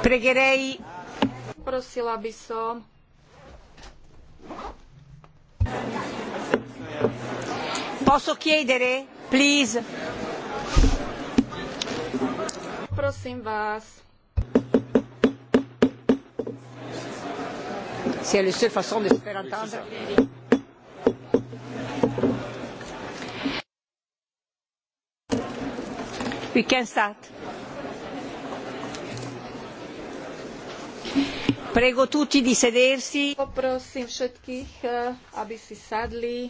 Pregherej. Prosila by som. Posso chiedere, please? Prosím vás. C'est la seule façon de se faire entendre. Poprosím všetkých, eh, aby si sadli.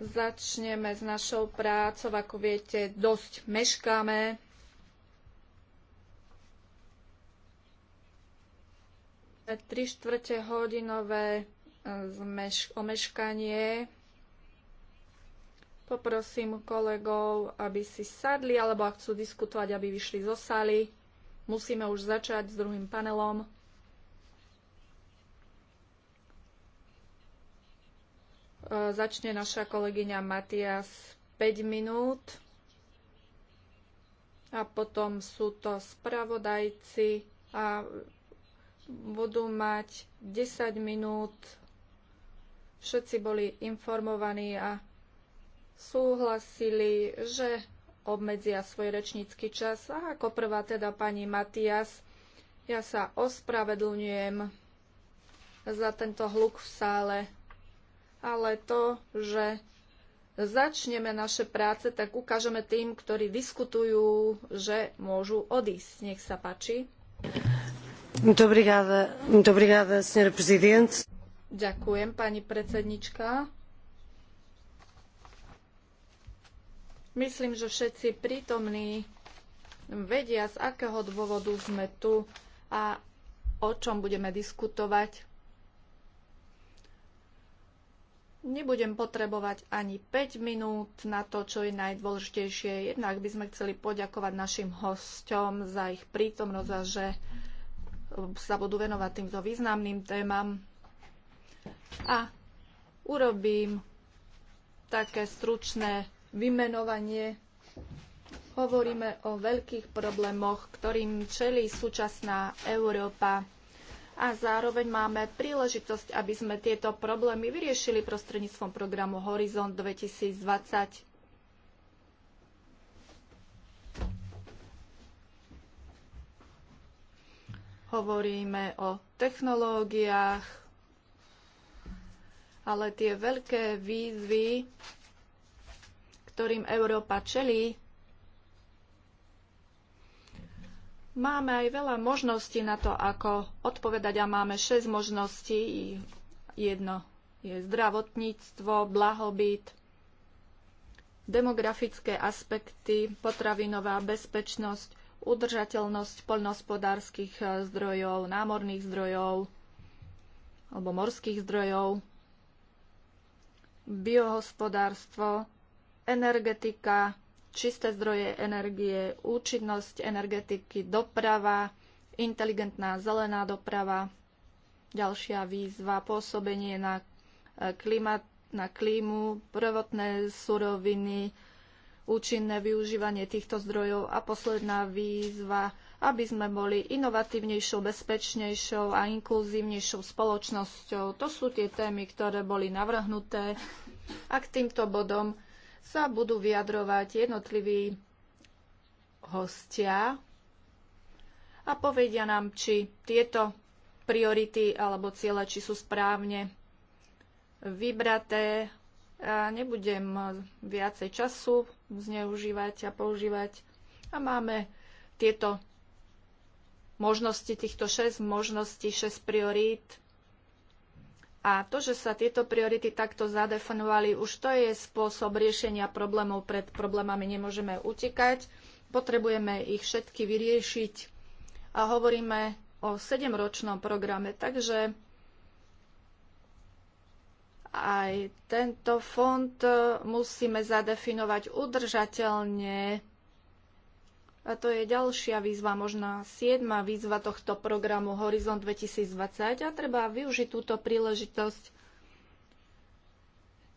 Začneme s našou prácou. Ako viete, dosť meškáme. tri štvrte hodinové zmeš- omeškanie. Poprosím kolegov, aby si sadli, alebo ak chcú diskutovať, aby vyšli zo sály. Musíme už začať s druhým panelom. E, začne naša kolegyňa Matias 5 minút a potom sú to spravodajci a budú mať 10 minút Všetci boli informovaní a súhlasili, že obmedzia svoj rečnícky čas. A ako prvá teda pani Matias, ja sa ospravedlňujem za tento hluk v sále, ale to, že začneme naše práce, tak ukážeme tým, ktorí diskutujú, že môžu odísť. Nech sa páči. Muito obrigada, muito obrigada, senhora presidente. Ďakujem, pani predsednička. Myslím, že všetci prítomní vedia, z akého dôvodu sme tu a o čom budeme diskutovať. Nebudem potrebovať ani 5 minút na to, čo je najdôležitejšie. Jednak by sme chceli poďakovať našim hosťom za ich prítomnosť a že sa budú venovať týmto významným témam a urobím také stručné vymenovanie. Hovoríme o veľkých problémoch, ktorým čelí súčasná Európa a zároveň máme príležitosť, aby sme tieto problémy vyriešili prostredníctvom programu Horizont 2020. Hovoríme o technológiách, ale tie veľké výzvy, ktorým Európa čelí, Máme aj veľa možností na to, ako odpovedať a máme 6 možností. Jedno je zdravotníctvo, blahobyt, demografické aspekty, potravinová bezpečnosť, udržateľnosť poľnohospodárskych eh, zdrojov, námorných zdrojov alebo morských zdrojov biohospodárstvo, energetika, čisté zdroje energie, účinnosť energetiky, doprava, inteligentná zelená doprava. Ďalšia výzva, pôsobenie na, e, klimat, na klímu, prvotné suroviny, účinné využívanie týchto zdrojov a posledná výzva, aby sme boli inovatívnejšou, bezpečnejšou a inkluzívnejšou spoločnosťou. To sú tie témy, ktoré boli navrhnuté a k týmto bodom sa budú vyjadrovať jednotliví hostia a povedia nám, či tieto priority alebo ciele, či sú správne vybraté. Ja nebudem viacej času zneužívať a používať. A máme tieto možnosti, týchto 6 možností, 6 priorít. A to, že sa tieto priority takto zadefinovali, už to je spôsob riešenia problémov. Pred problémami nemôžeme utekať, potrebujeme ich všetky vyriešiť. A hovoríme o 7-ročnom programe, takže aj tento fond e, musíme zadefinovať udržateľne. A to je ďalšia výzva, možná siedma výzva tohto programu Horizont 2020 a treba využiť túto príležitosť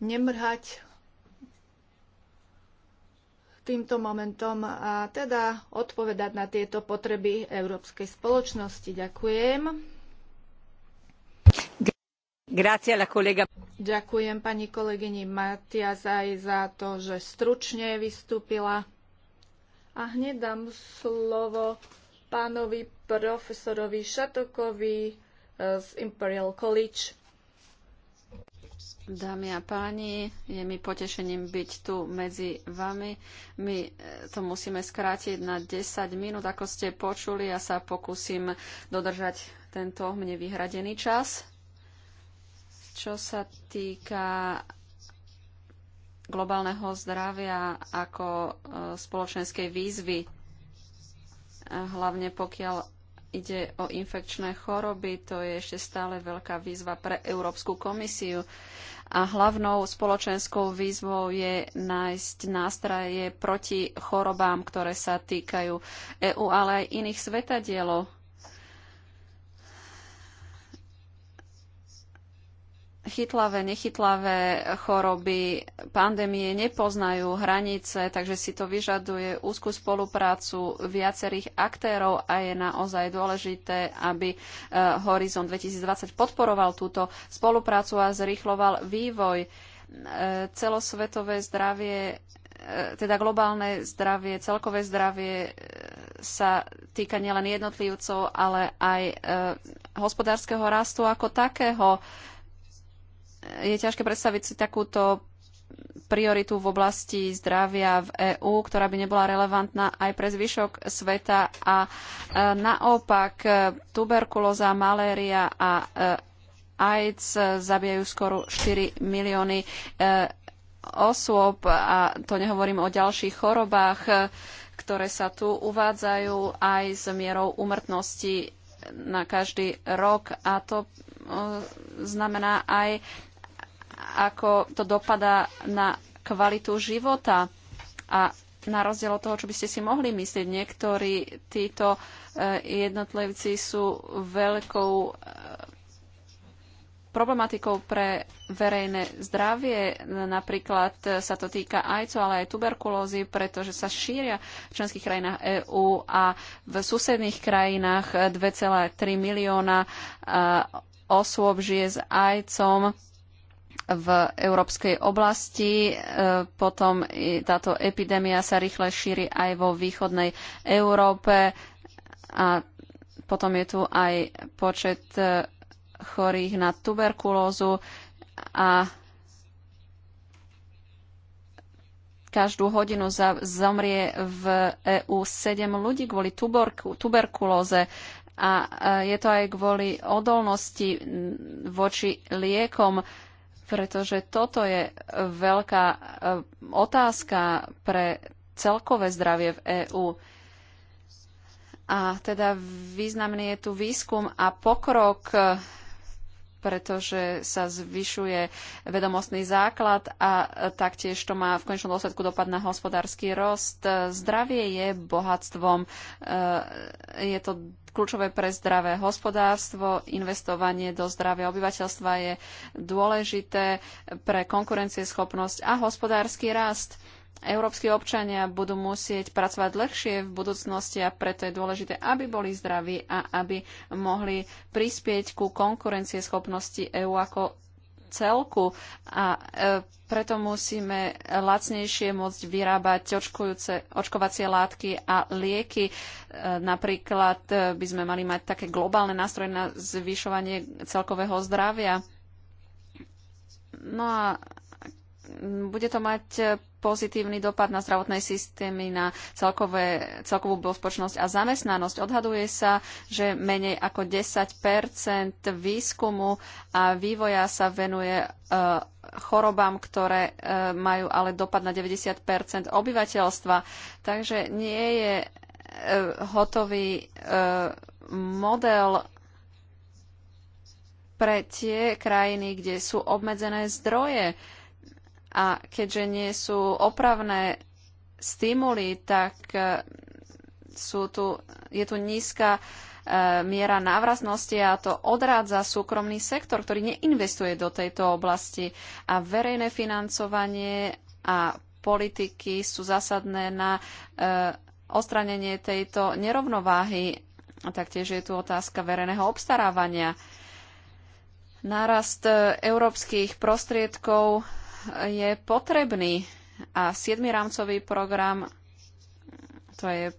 nemrhať týmto momentom a teda odpovedať na tieto potreby európskej spoločnosti. Ďakujem. Ďakujem pani kolegyni matiasovej za to, že stručne vystúpila. A hneď dám slovo pánovi profesorovi Šatokovi eh, z Imperial College. Dámy a páni, je mi potešením byť tu medzi vami. My eh, to musíme skrátiť na 10 minút, ako ste počuli. Ja sa pokúsim dodržať tento mne vyhradený čas. Čo sa týka globálneho zdravia ako e, spoločenskej výzvy, e, hlavne pokiaľ ide o infekčné choroby, to je ešte stále veľká výzva pre Európsku komisiu. A hlavnou spoločenskou výzvou je nájsť nástraje proti chorobám, ktoré sa týkajú EÚ, ale aj iných svetadielov chytlavé, nechytlavé choroby, pandémie nepoznajú hranice, takže si to vyžaduje úzkú spoluprácu viacerých aktérov a je naozaj dôležité, aby e, Horizon 2020 podporoval túto spoluprácu a zrýchloval vývoj. E, celosvetové zdravie, e, teda globálne zdravie, celkové zdravie sa týka nielen jednotlivcov, ale aj hospodárskeho rastu ako takého je ťažké predstaviť si takúto prioritu v oblasti zdravia v EÚ, ktorá by nebola relevantná aj pre zvyšok sveta a e, naopak e, tuberkulóza, maléria a e, AIDS zabijajú skoro 4 milióny osôb a to nehovorím o ďalších chorobách, ktoré sa tu uvádzajú aj s mierou úmrtnosti na každý rok a to znamená aj ako to dopadá na kvalitu života. A na rozdiel od toho, čo by ste si mohli myslieť, niektorí títo eh, jednotlivci sú veľkou eh, problematikou pre verejné zdravie. Napríklad eh, sa to týka ajcu, ale aj tuberkulózy, pretože sa šíria v členských krajinách EÚ a v susedných krajinách 2,3 milióna osôb žije s ajcom v európskej oblasti. E, potom táto epidémia sa rýchle šíri aj vo východnej Európe a potom je tu aj počet e, chorých na tuberkulózu a každú hodinu zomrie v EÚ 7 ľudí kvôli tuberkulóze a e, je to aj kvôli odolnosti voči liekom pretože toto je e, veľká e, otázka pre celkové zdravie v EÚ. A teda významný je tu výskum a pokrok, e, pretože sa zvyšuje vedomostný základ a taktiež to má v konečnom dôsledku dopad na hospodársky rost. Zdravie je bohatstvom, je to kľúčové pre zdravé hospodárstvo. Investovanie do zdravia obyvateľstva je dôležité pre konkurencieschopnosť a hospodársky rast. Európsky občania budú musieť pracovať dlhšie v budúcnosti a preto je dôležité, aby boli zdraví a aby mohli prispieť ku konkurencieschopnosti EÚ ako celku a e, preto musíme lacnejšie môcť vyrábať očkujúce, očkovacie látky a lieky. E, napríklad e, by sme mali mať také globálne nástroje na zvyšovanie celkového zdravia. No a bude to mať pozitívny dopad na zdravotné systémy, na celkové, celkovú bezpočnosť a zamestnanosť. Odhaduje sa, že menej ako 10 výskumu a vývoja sa venuje e, chorobám, ktoré e, majú ale dopad na 90 obyvateľstva. Takže nie je e, hotový model pre tie krajiny, kde sú obmedzené zdroje. Uh, a keďže nie sú opravné stimuly, tak e, sú tu, je tu nízka e, miera návraznosti a to odrádza súkromný sektor, ktorý neinvestuje do tejto oblasti. A verejné financovanie a politiky sú zásadné na e, ostranenie tejto nerovnováhy. A taktiež je tu otázka verejného obstarávania. Nárast európskych prostriedkov je potrebný. A 7. rámcový program to je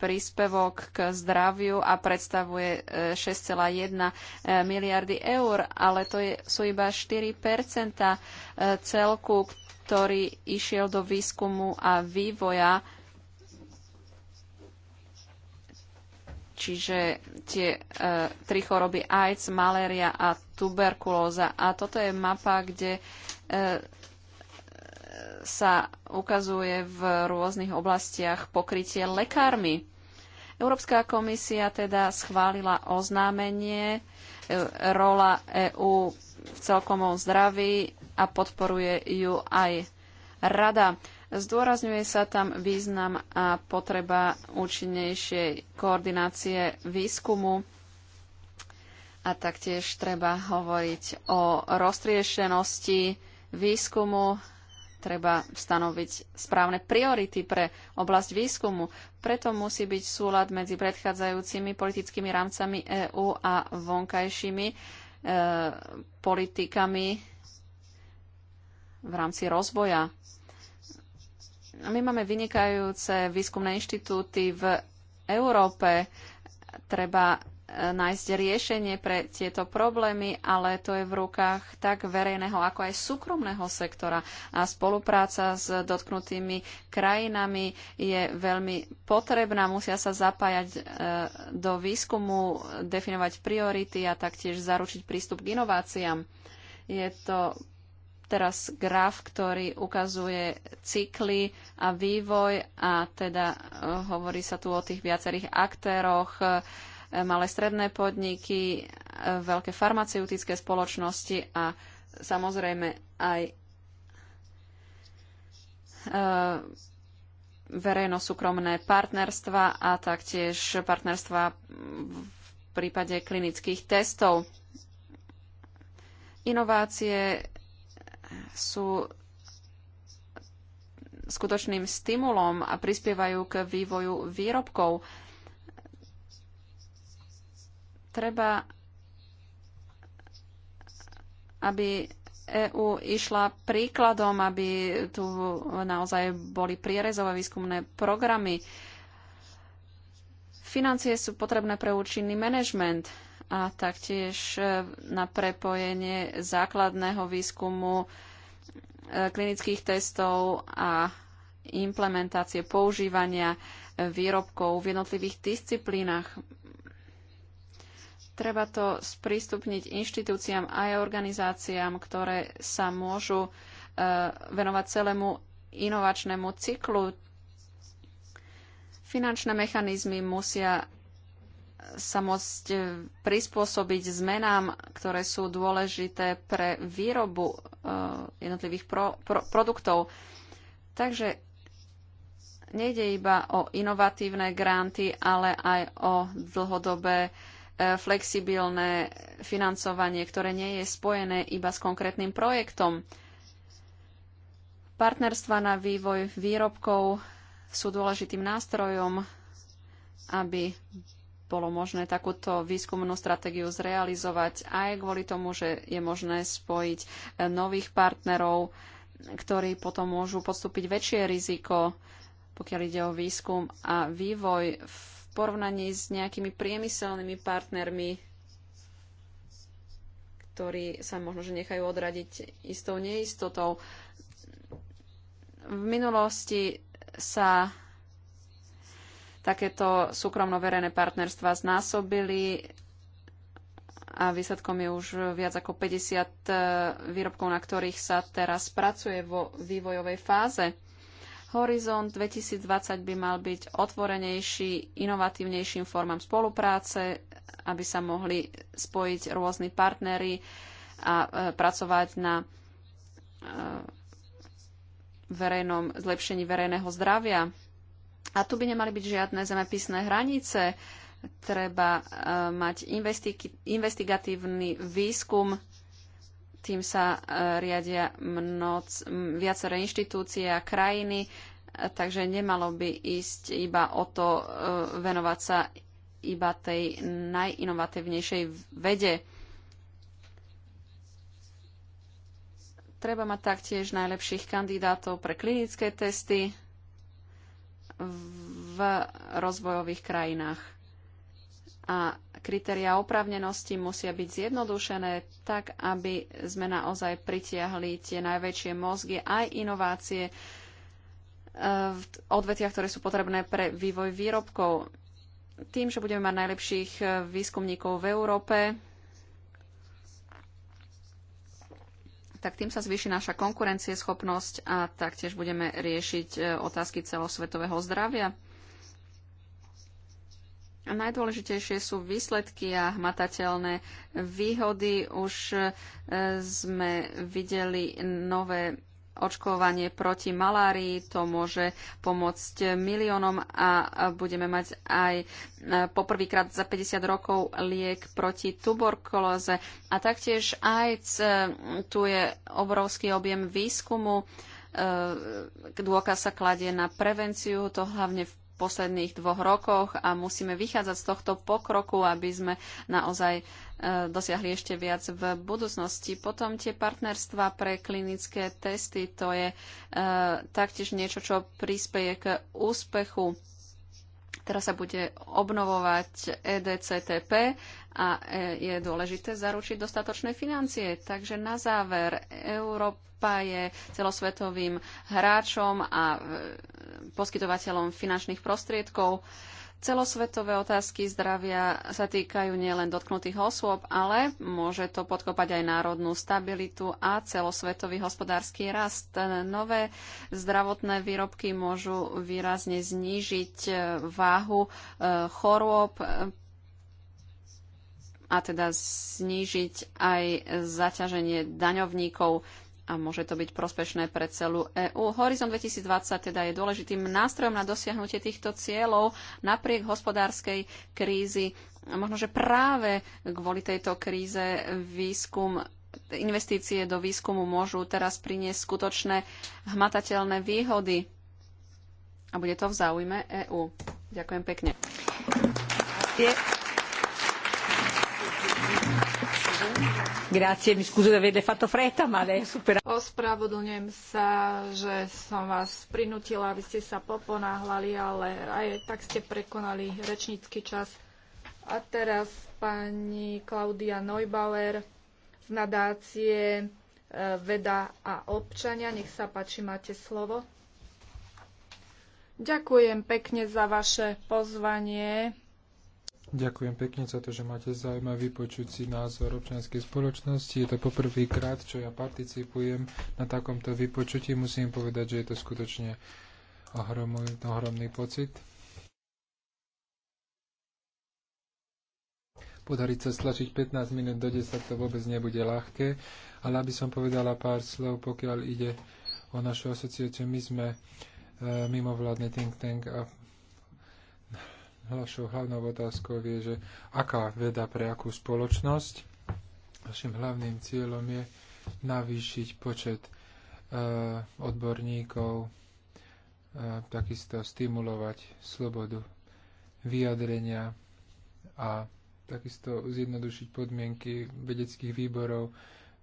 príspevok k zdraviu a predstavuje 6,1 e, e, miliardy eur, ale to je, sú iba 4 e, celku, ktorý išiel do výskumu a vývoja. Čiže tie e, tri choroby AIDS, maléria a tuberkulóza. A toto je mapa, kde e, sa ukazuje v rôznych oblastiach pokrytie lekármi. Európska komisia teda schválila oznámenie e, rola EÚ v celkom zdraví a podporuje ju aj rada. Zdôrazňuje sa tam význam a potreba účinnejšej koordinácie výskumu a taktiež treba hovoriť o roztriešenosti výskumu, treba stanoviť správne priority pre oblasť výskumu. Preto musí byť súlad medzi predchádzajúcimi politickými rámcami EÚ a vonkajšími e, politikami v rámci rozvoja. My máme vynikajúce výskumné inštitúty v Európe. Treba nájsť riešenie pre tieto problémy, ale to je v rukách tak verejného, ako aj súkromného sektora. A spolupráca s dotknutými krajinami je veľmi potrebná. Musia sa zapájať e, do výskumu, definovať priority a taktiež zaručiť prístup k inováciám. Je to teraz graf, ktorý ukazuje cykly a vývoj a teda e, hovorí sa tu o tých viacerých aktéroch, E, malé stredné podniky, e, veľké farmaceutické spoločnosti a samozrejme aj e, verejno-súkromné partnerstva a taktiež partnerstva v prípade klinických testov. Inovácie sú skutočným stimulom a prispievajú k vývoju výrobkov. Treba, aby EÚ išla príkladom, aby tu naozaj boli prierezové výskumné programy. Financie sú potrebné pre účinný manažment a taktiež e, na prepojenie základného výskumu e, klinických testov a implementácie používania výrobkov v jednotlivých disciplínach. Treba to sprístupniť inštitúciám aj organizáciám, ktoré sa môžu e, venovať celému inovačnému cyklu. Finančné mechanizmy musia sa môcť e, prispôsobiť zmenám, ktoré sú dôležité pre výrobu e, jednotlivých pro, pro, produktov. Takže nejde iba o inovatívne granty, ale aj o dlhodobé flexibilné financovanie, ktoré nie je spojené iba s konkrétnym projektom. Partnerstva na vývoj výrobkov sú dôležitým nástrojom, aby bolo možné takúto výskumnú stratégiu zrealizovať aj kvôli tomu, že je možné spojiť e, nových partnerov, ktorí potom môžu podstúpiť väčšie riziko, pokiaľ ide o výskum a vývoj v porovnaní s nejakými priemyselnými partnermi, ktorí sa možno, že nechajú odradiť istou neistotou. V minulosti sa takéto súkromno-verejné partnerstva znásobili a výsledkom je už viac ako 50 eh, výrobkov, na ktorých sa teraz pracuje vo vývojovej fáze. Horizont 2020 by mal byť otvorenejší, inovatívnejším formám spolupráce, aby sa mohli spojiť rôzni partnery a e, pracovať na e, verejnom, zlepšení verejného zdravia. A tu by nemali byť žiadne zemepisné hranice. Treba e, mať investigatívny výskum tým sa e, riadia mnoc, viaceré inštitúcie a krajiny, e, takže nemalo by ísť iba o to e, venovať sa iba tej najinovatívnejšej vede. Treba mať taktiež najlepších kandidátov pre klinické testy v rozvojových krajinách. A Kritéria oprávnenosti musia byť zjednodušené tak, aby sme naozaj pritiahli tie najväčšie mozgy aj inovácie eh, v odvetiach, ktoré sú potrebné pre vývoj výrobkov. Tým, že budeme mať najlepších eh, výskumníkov v Európe, tak tým sa zvýši naša konkurencieschopnosť a taktiež budeme riešiť eh, otázky celosvetového zdravia. Najdôležitejšie sú výsledky a hmatateľné výhody. Už e, sme videli nové očkovanie proti malárii. To môže pomôcť miliónom a budeme mať aj e, poprvýkrát za 50 rokov liek proti tuberkulóze. A taktiež AIDS, e, tu je obrovský objem výskumu. Dôkaz sa kladie na prevenciu, to hlavne v posledných dvoch rokoch a musíme vychádzať z tohto pokroku, aby sme naozaj e, dosiahli ešte viac v budúcnosti. Potom tie partnerstva pre klinické testy, to je e, taktiež niečo, čo prispieje k úspechu Teraz sa bude obnovovať EDCTP a e, je dôležité zaručiť dostatočné financie. Takže na záver, Európa je celosvetovým hráčom a e, poskytovateľom finančných prostriedkov. Celosvetové otázky zdravia sa týkajú nielen dotknutých osôb, ale môže to podkopať aj národnú stabilitu a celosvetový hospodársky rast. Nové zdravotné výrobky môžu výrazne znížiť e, váhu chorôb, a teda znížiť aj zaťaženie daňovníkov a môže to byť prospešné pre celú EÚ. Horizon 2020 teda je dôležitým nástrojom na dosiahnutie týchto cieľov napriek hospodárskej krízy. Možno, že práve kvôli tejto kríze výskum investície do výskumu môžu teraz priniesť skutočné hmatateľné výhody. A bude to v záujme EÚ. Ďakujem pekne. Grazie, mi scuso di averle fatto fretta, ma lei Ospravedlňujem sa, že som vás prinútila, aby ste sa poponáhľali, ale aj tak ste prekonali rečnícky čas. A teraz pani Klaudia Neubauer z nadácie e, Veda a občania. Nech sa páči, máte slovo. Ďakujem pekne za vaše pozvanie. Ďakujem pekne za to, že máte zaujímavý počucí názor občianskej spoločnosti. Je to poprvýkrát, čo ja participujem na takomto vypočutí. Musím povedať, že je to skutočne ohromný, ohromný pocit. Podariť sa stlačiť 15 minút do 10 to vôbec nebude ľahké, ale aby som povedala pár slov, pokiaľ ide o našu asociáciu, my sme e, mimovládny think tank a našou hlavnou otázkou je, že aká veda pre akú spoločnosť. Našim hlavným cieľom je navýšiť počet e, odborníkov, e, takisto stimulovať slobodu vyjadrenia a takisto zjednodušiť podmienky vedeckých výborov,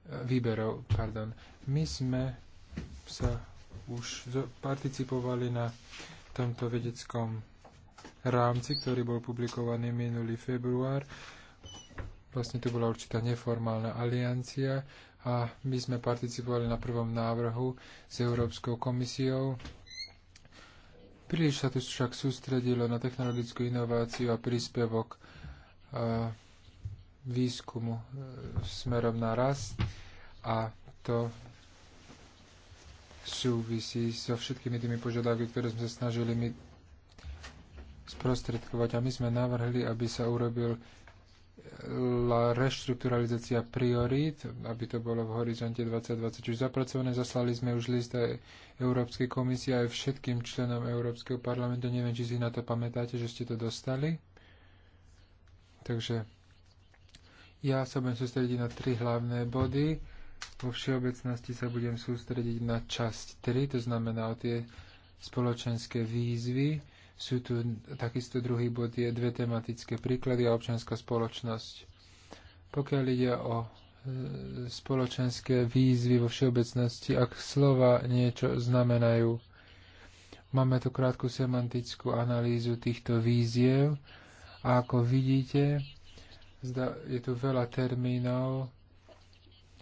e, výberov. Pardon. My sme sa už participovali na tomto vedeckom rámci, ktorý bol publikovaný minulý február. Vlastne tu bola určitá neformálna aliancia a my sme participovali na prvom návrhu s Európskou komisiou. Príliš sa tu však sústredilo na technologickú inováciu a príspevok a e, výskumu e, smerom na rast a to súvisí so všetkými tými požiadavky, ktoré sme sa snažili my sprostredkovať. A my sme navrhli, aby sa urobil eh, reštrukturalizácia priorít, aby to bolo v horizonte 2020 čiže zapracované. Zaslali sme už list aj Európskej komisie aj všetkým členom Európskeho parlamentu. Neviem, či si na to pamätáte, že ste to dostali. Takže ja sa budem sústrediť na tri hlavné body. Vo všeobecnosti sa budem sústrediť na časť 3, to znamená o tie spoločenské výzvy sú tu takisto druhý bod, je dve tematické príklady a občianská spoločnosť. Pokiaľ ide o e, spoločenské výzvy vo všeobecnosti, ak slova niečo znamenajú. Máme tu krátku semantickú analýzu týchto víziev a ako vidíte, je tu veľa termínov,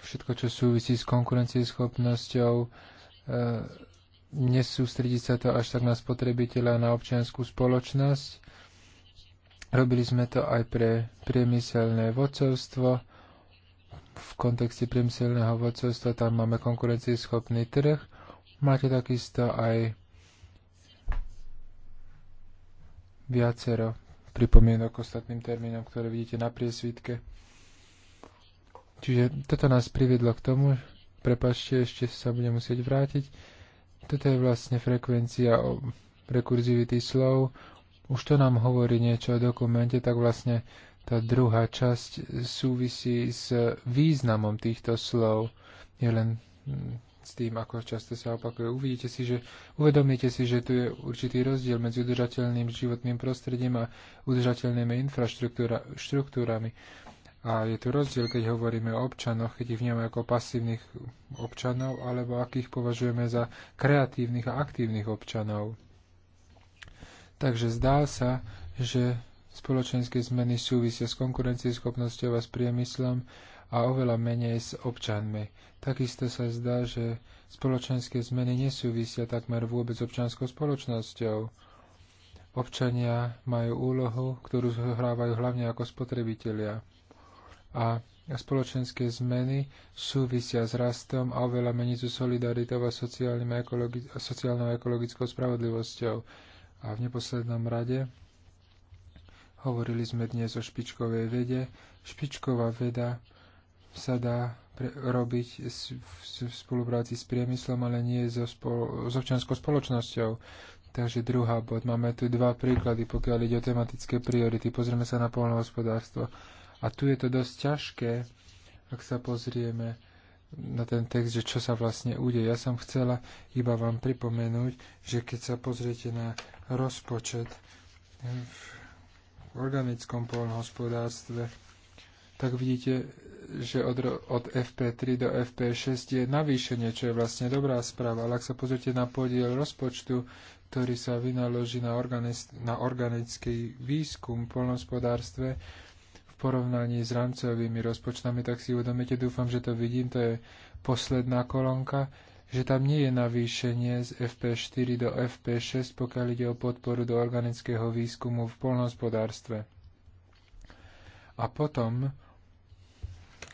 všetko, čo súvisí s konkurencieschopnosťou, e, nesústrediť sa to až tak na spotrebiteľa, na občianskú spoločnosť. Robili sme to aj pre priemyselné vodcovstvo. V kontexte priemyselného vodcovstva tam máme konkurencieschopný trh. Máte takisto aj viacero pripomienok ostatným termínom, ktoré vidíte na priesvitke. Čiže toto nás priviedlo k tomu, prepašte, ešte sa budem musieť vrátiť, toto je vlastne frekvencia o rekurzivity slov. Už to nám hovorí niečo o dokumente, tak vlastne tá druhá časť súvisí s významom týchto slov. Je len mm, s tým, ako často sa opakuje. Uvidíte si, že uvedomíte si, že tu je určitý rozdiel medzi udržateľným životným prostredím a udržateľnými infraštruktúrami. A je tu rozdiel, keď hovoríme o občanoch, keď ich vnímame ako pasívnych občanov, alebo ak ich považujeme za kreatívnych a aktívnych občanov. Takže zdá sa, že spoločenské zmeny súvisia s konkurencieschopnosťou a s priemyslom a oveľa menej s občanmi. Takisto sa zdá, že spoločenské zmeny nesúvisia takmer vôbec s občanskou spoločnosťou. Občania majú úlohu, ktorú zohrávajú hlavne ako spotrebitelia a spoločenské zmeny súvisia s rastom a oveľa menej so solidaritou a, a sociálnou a ekologickou spravodlivosťou. A v neposlednom rade hovorili sme dnes o špičkovej vede. Špičková veda sa dá pre- robiť v spolupráci s priemyslom, ale nie so, spol- s občianskou spoločnosťou. Takže druhá bod. Máme tu dva príklady, pokiaľ ide o tematické priority. Pozrieme sa na polnohospodárstvo. hospodárstvo a tu je to dosť ťažké, ak sa pozrieme na ten text, že čo sa vlastne ude. Ja som chcela iba vám pripomenúť, že keď sa pozriete na rozpočet v organickom poľnohospodárstve, tak vidíte, že od, od FP3 do FP6 je navýšenie, čo je vlastne dobrá správa. Ale ak sa pozrite na podiel rozpočtu, ktorý sa vynaloží na, organi- na organický výskum v poľnohospodárstve, v porovnaní s rámcovými rozpočtami, tak si uvedomíte, dúfam, že to vidím, to je posledná kolónka, že tam nie je navýšenie z FP4 do FP6, pokiaľ ide o podporu do organického výskumu v polnohospodárstve. A potom,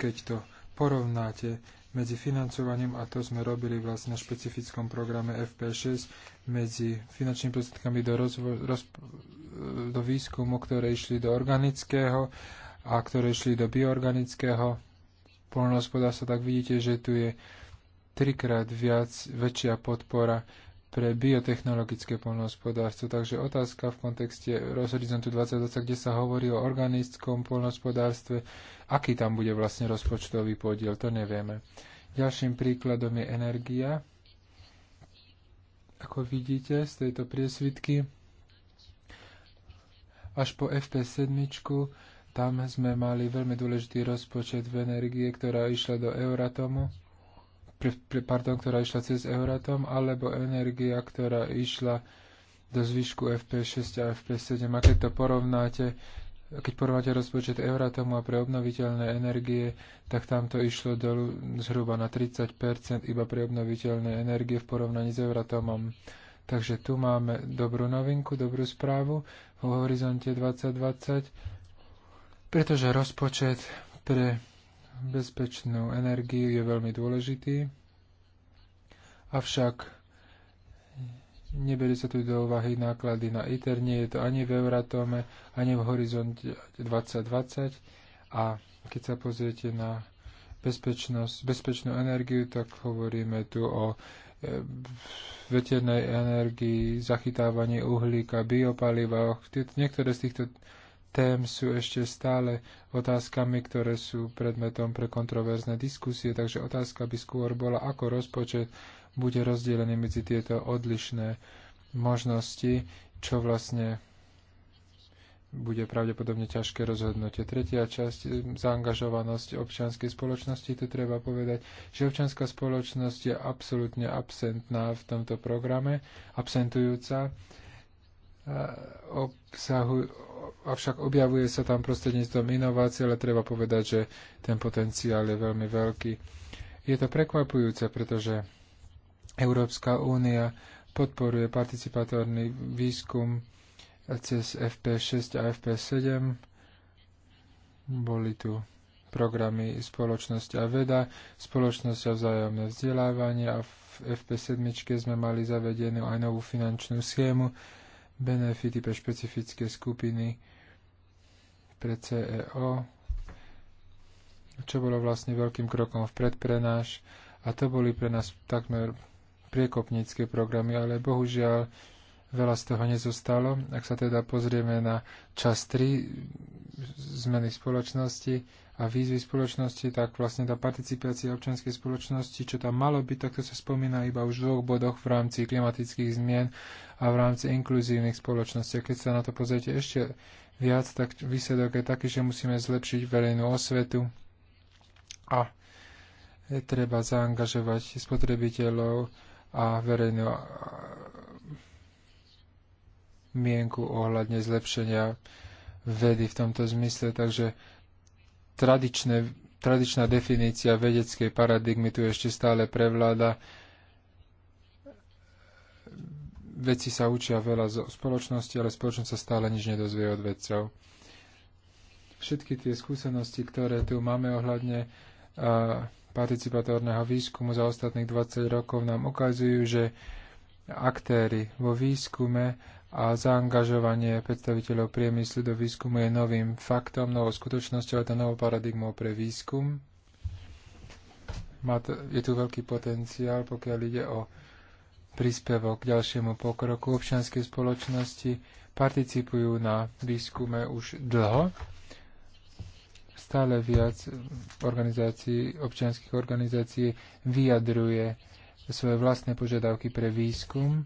keď to porovnáte medzi financovaním, a to sme robili vlastne na špecifickom programe FP6, medzi finančnými prostriedkami do, rozvo- roz- do výskumu, ktoré išli do organického a ktoré šli do bioorganického poľnohospodárstva, tak vidíte, že tu je trikrát viac väčšia podpora pre biotechnologické poľnohospodárstvo. Takže otázka v kontexte Rozhorizontu 2020, kde sa hovorí o organickom poľnohospodárstve, aký tam bude vlastne rozpočtový podiel, to nevieme. Ďalším príkladom je energia. Ako vidíte z tejto priesvitky, až po FP7 tam sme mali veľmi dôležitý rozpočet v energie, ktorá išla do Euratomu, pre, pre, pardon, ktorá išla cez Euratom, alebo energia, ktorá išla do zvyšku FP6 a FP7. A keď to porovnáte, keď porovnáte rozpočet Euratomu a pre obnoviteľné energie, tak tam to išlo do, zhruba na 30% iba pre obnoviteľné energie v porovnaní s Euratomom. Takže tu máme dobrú novinku, dobrú správu. V horizonte 2020 pretože rozpočet pre bezpečnú energiu je veľmi dôležitý, avšak neberie sa tu do úvahy náklady na ITER, nie je to ani v Euratome, ani v Horizonte 2020 a keď sa pozriete na bezpečnosť, bezpečnú energiu, tak hovoríme tu o e, veternej energii, zachytávanie uhlíka, biopalivách. Niektoré z týchto tém sú ešte stále otázkami, ktoré sú predmetom pre kontroverzné diskusie, takže otázka by skôr bola, ako rozpočet bude rozdelený medzi tieto odlišné možnosti, čo vlastne bude pravdepodobne ťažké rozhodnutie. Tretia časť, zaangažovanosť občianskej spoločnosti, tu treba povedať, že občianská spoločnosť je absolútne absentná v tomto programe, absentujúca, obsahu, avšak objavuje sa tam prostredníctvom inovácie, ale treba povedať, že ten potenciál je veľmi veľký. Je to prekvapujúce, pretože Európska únia podporuje participatórny výskum cez FP6 a FP7. Boli tu programy Spoločnosť a veda, Spoločnosť a vzájomné vzdelávanie a v FP7 sme mali zavedenú aj novú finančnú schému, benefity pre špecifické skupiny pre CEO, čo bolo vlastne veľkým krokom vpred pre náš. A to boli pre nás takmer priekopnícke programy, ale bohužiaľ veľa z toho nezostalo. Ak sa teda pozrieme na čas 3 zmeny spoločnosti a výzvy spoločnosti, tak vlastne tá participácia občianskej spoločnosti, čo tam malo byť, tak to sa spomína iba už v dvoch bodoch v rámci klimatických zmien a v rámci inkluzívnych spoločností. A keď sa na to pozriete ešte viac, tak výsledok je taký, že musíme zlepšiť verejnú osvetu a treba zaangažovať spotrebiteľov a verejnú mienku ohľadne zlepšenia vedy v tomto zmysle, takže tradičné, tradičná definícia vedeckej paradigmy tu ešte stále prevláda. Vedci sa učia veľa zo spoločnosti, ale spoločnosť sa stále nič nedozvie od vedcov. Všetky tie skúsenosti, ktoré tu máme ohľadne participatórneho výskumu za ostatných 20 rokov, nám ukazujú, že aktéry vo výskume a zaangažovanie predstaviteľov priemyslu do výskumu je novým faktom, novou skutočnosťou a to novou paradigmou pre výskum. Má to, je tu veľký potenciál, pokiaľ ide o príspevok k ďalšiemu pokroku. Občianskej spoločnosti participujú na výskume už dlho. Stále viac organizácií, občianských organizácií vyjadruje svoje vlastné požiadavky pre výskum, e,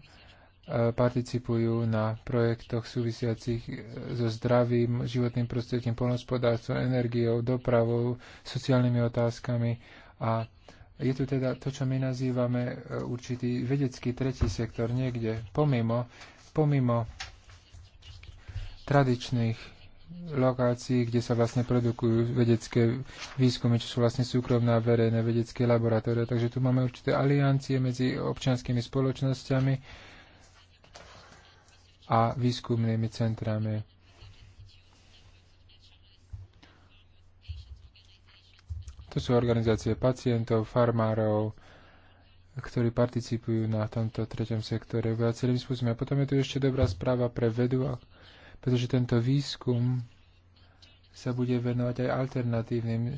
participujú na projektoch súvisiacich e, so zdravím, životným prostredím, polnospodárstvom, energiou, dopravou, sociálnymi otázkami a je tu teda to, čo my nazývame e, určitý vedecký tretí sektor niekde, pomimo, pomimo tradičných lokácií, kde sa vlastne produkujú vedecké výskumy, čo sú vlastne súkromné a verejné vedecké laboratórie. Takže tu máme určité aliancie medzi občianskými spoločnosťami a výskumnými centrami. To sú organizácie pacientov, farmárov, ktorí participujú na tomto treťom sektore viacerým spôsobom. A potom je tu ešte dobrá správa pre vedu, pretože tento výskum sa bude venovať aj alternatívnym e,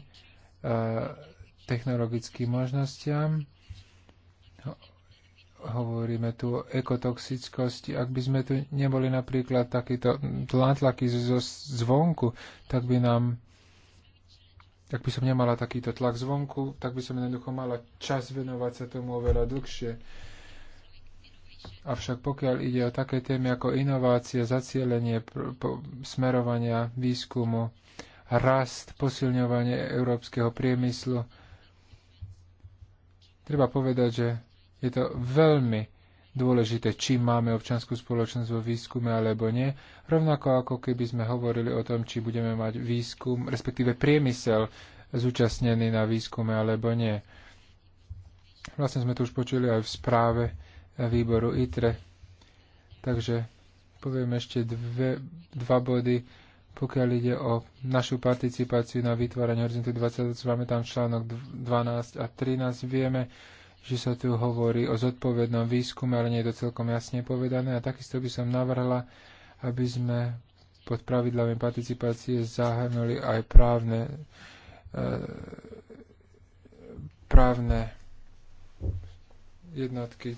technologickým možnostiam. Hovoríme tu o ekotoxickosti. Ak by sme tu neboli napríklad takýto tlaky zo zvonku, tak by nám ak by som nemala takýto tlak zvonku, tak by som jednoducho mala čas venovať sa tomu oveľa dlhšie. Avšak pokiaľ ide o také témy ako inovácie, zacielenie, smerovania výskumu, rast, posilňovanie európskeho priemyslu, treba povedať, že je to veľmi dôležité, či máme občanskú spoločnosť vo výskume alebo nie, rovnako ako keby sme hovorili o tom, či budeme mať výskum, respektíve priemysel zúčastnený na výskume alebo nie. Vlastne sme to už počuli aj v správe výboru ITRE. Takže poviem ešte dve, dva body, pokiaľ ide o našu participáciu na vytváranie Horizontu 20 Máme tam článok 12 a 13. Vieme, že sa tu hovorí o zodpovednom výskume, ale nie je to celkom jasne povedané. A takisto by som navrhla, aby sme pod pravidlami participácie zahrnuli aj právne, e, právne jednotky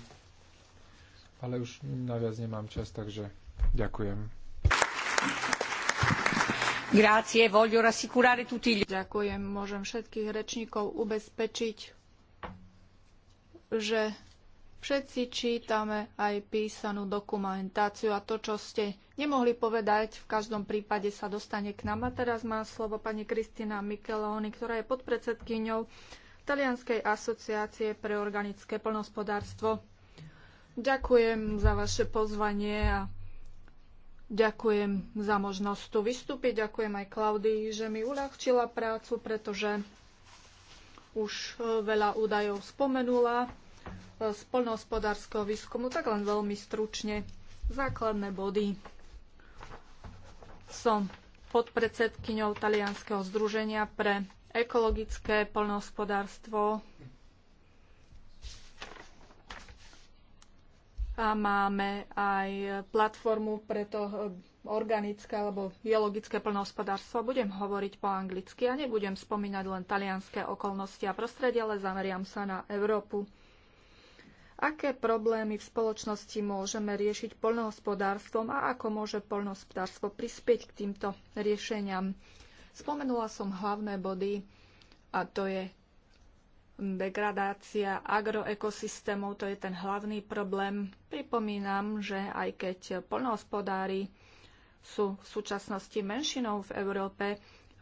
ale už naviac nemám čas, takže ďakujem. tutti. Ďakujem, môžem všetkých rečníkov ubezpečiť, že všetci čítame aj písanú dokumentáciu a to, čo ste nemohli povedať, v každom prípade sa dostane k nám. A teraz má slovo pani Kristina Micheloni, ktorá je podpredsedkyňou Talianskej asociácie pre organické plnospodárstvo. Ďakujem za vaše pozvanie a ďakujem za možnosť tu vystúpiť. Ďakujem aj Klaudii, že mi uľahčila prácu, pretože už e, veľa údajov spomenula e, z poľnohospodárskeho výskumu, tak len veľmi stručne základné body. Som podpredsedkyňou Talianského združenia pre ekologické poľnohospodárstvo a máme aj platformu pre to eh, organické alebo biologické plnohospodárstvo. Budem hovoriť po anglicky a nebudem spomínať len talianské okolnosti a prostredie, ale zameriam sa na Európu. Aké problémy v spoločnosti môžeme riešiť poľnohospodárstvom a ako môže poľnohospodárstvo prispieť k týmto riešeniam? Spomenula som hlavné body a to je degradácia agroekosystémov, to je ten hlavný problém. Pripomínam, že aj keď poľnohospodári sú v súčasnosti menšinou v Európe,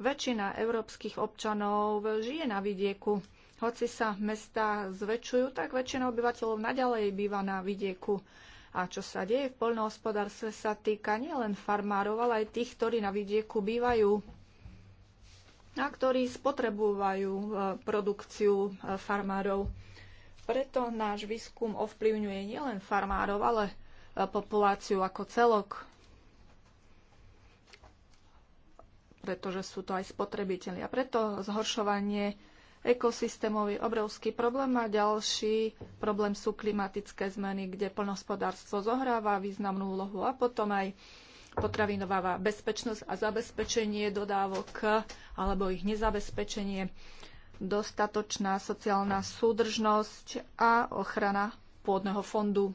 väčšina európskych občanov žije na vidieku. Hoci sa mesta zväčšujú, tak väčšina obyvateľov naďalej býva na vidieku. A čo sa deje v poľnohospodárstve sa týka nielen farmárov, ale aj tých, ktorí na vidieku bývajú a ktorí spotrebujú e, produkciu e, farmárov. Preto náš výskum ovplyvňuje nielen farmárov, ale e, populáciu ako celok, pretože sú to aj spotrebitelia. Preto zhoršovanie ekosystémov je obrovský problém a ďalší problém sú klimatické zmeny, kde plnospodárstvo zohráva významnú úlohu a potom aj potravinová bezpečnosť a zabezpečenie dodávok alebo ich nezabezpečenie, dostatočná sociálna súdržnosť a ochrana pôdneho fondu.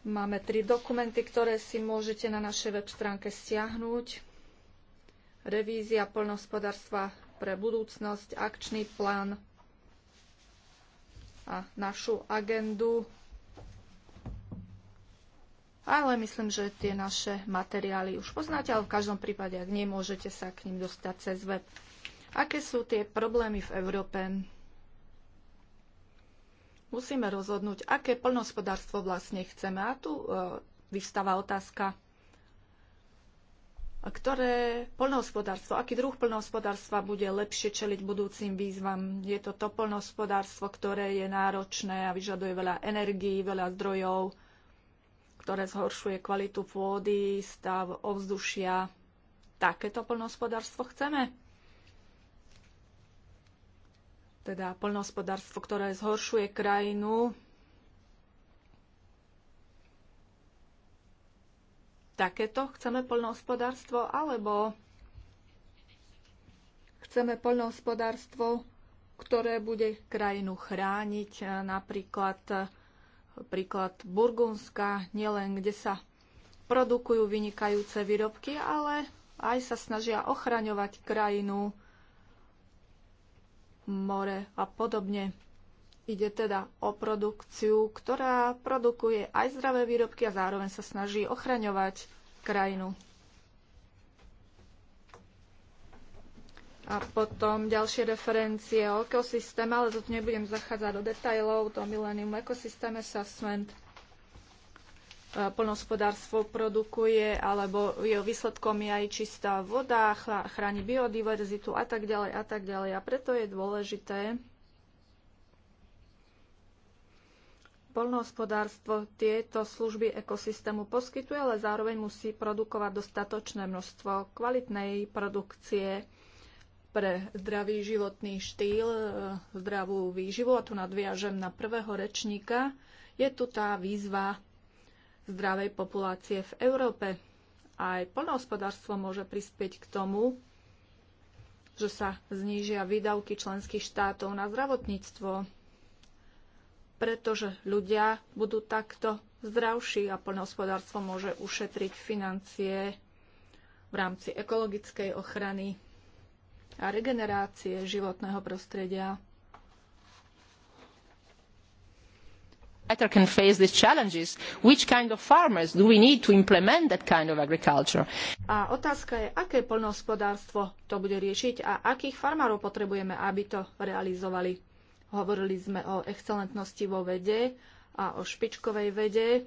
Máme tri dokumenty, ktoré si môžete na našej web stránke stiahnuť. Revízia poľnohospodárstva pre budúcnosť, akčný plán a našu agendu ale myslím, že tie naše materiály už poznáte, ale v každom prípade, ak nie, môžete sa k ním dostať cez web. Aké sú tie problémy v Európe? Musíme rozhodnúť, aké plnohospodárstvo vlastne chceme. A tu e, vystáva otázka, ktoré poľnohospodárstvo, aký druh poľnohospodárstva bude lepšie čeliť budúcim výzvam. Je to to poľnohospodárstvo, ktoré je náročné a vyžaduje veľa energií, veľa zdrojov, ktoré zhoršuje kvalitu pôdy, stav ovzdušia. Takéto plnohospodárstvo chceme? Teda plnohospodárstvo, ktoré zhoršuje krajinu, takéto chceme poľnohospodárstvo, alebo chceme poľnohospodárstvo, ktoré bude krajinu chrániť, napríklad príklad Burgundska, nielen kde sa produkujú vynikajúce výrobky, ale aj sa snažia ochraňovať krajinu, more a podobne. Ide teda o produkciu, ktorá produkuje aj zdravé výrobky a zároveň sa snaží ochraňovať krajinu. a potom ďalšie referencie o ekosystéme, ale to nebudem zachádzať do detajlov, to Millennium Ecosystem Assessment e, poľnohospodárstvo produkuje, alebo jeho výsledkom je aj čistá voda, chráni biodiverzitu a tak ďalej a tak ďalej. A preto je dôležité poľnohospodárstvo tieto služby ekosystému poskytuje, ale zároveň musí produkovať dostatočné množstvo kvalitnej produkcie, pre zdravý životný štýl, e, zdravú výživu. A tu nadviažem na prvého rečníka. Je tu tá výzva zdravej populácie v Európe. Aj poľnohospodárstvo môže prispieť k tomu, že sa znížia výdavky členských štátov na zdravotníctvo, pretože ľudia budú takto zdravší a poľnohospodárstvo môže ušetriť financie v rámci ekologickej ochrany a regenerácie životného prostredia. can face these challenges which kind of farmers do we need to implement that kind of agriculture a otázka je aké poľnohospodárstvo to bude riešiť a akých farmárov potrebujeme aby to realizovali hovorili sme o excelentnosti vo vede a o špičkovej vede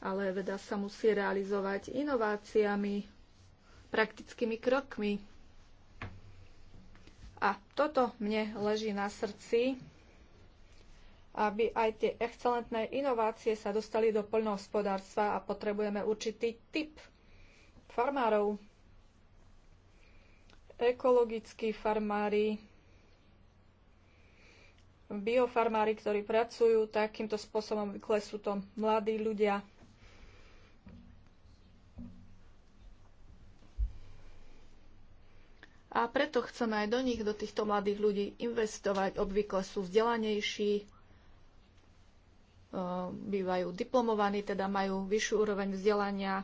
ale veda sa musí realizovať inováciami praktickými krokmi a toto mne leží na srdci, aby aj tie excelentné inovácie sa dostali do poľnohospodárstva a potrebujeme určitý typ farmárov. Ekologickí farmári, biofarmári, ktorí pracujú takýmto spôsobom, vykle sú to mladí ľudia. a preto chceme aj do nich, do týchto mladých ľudí investovať. Obvykle sú vzdelanejší, e, bývajú diplomovaní, teda majú vyššiu úroveň vzdelania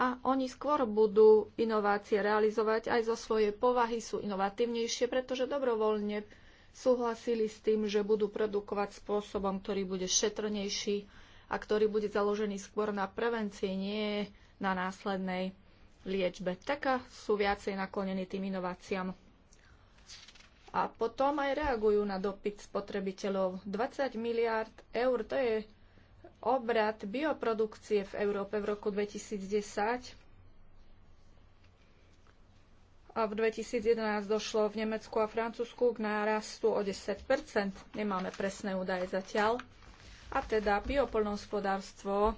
a oni skôr budú inovácie realizovať aj zo svojej povahy, sú inovatívnejšie, pretože dobrovoľne súhlasili s tým, že budú produkovať spôsobom, ktorý bude šetrnejší a ktorý bude založený skôr na prevencii, nie na následnej liečbe, tak sú viacej naklonení tým inováciám. A potom aj reagujú na dopyt spotrebiteľov. 20 miliard eur, to je obrad bioprodukcie v Európe v roku 2010. A v 2011 došlo v Nemecku a Francúzsku k nárastu o 10 Nemáme presné údaje zatiaľ. A teda bioplnohospodárstvo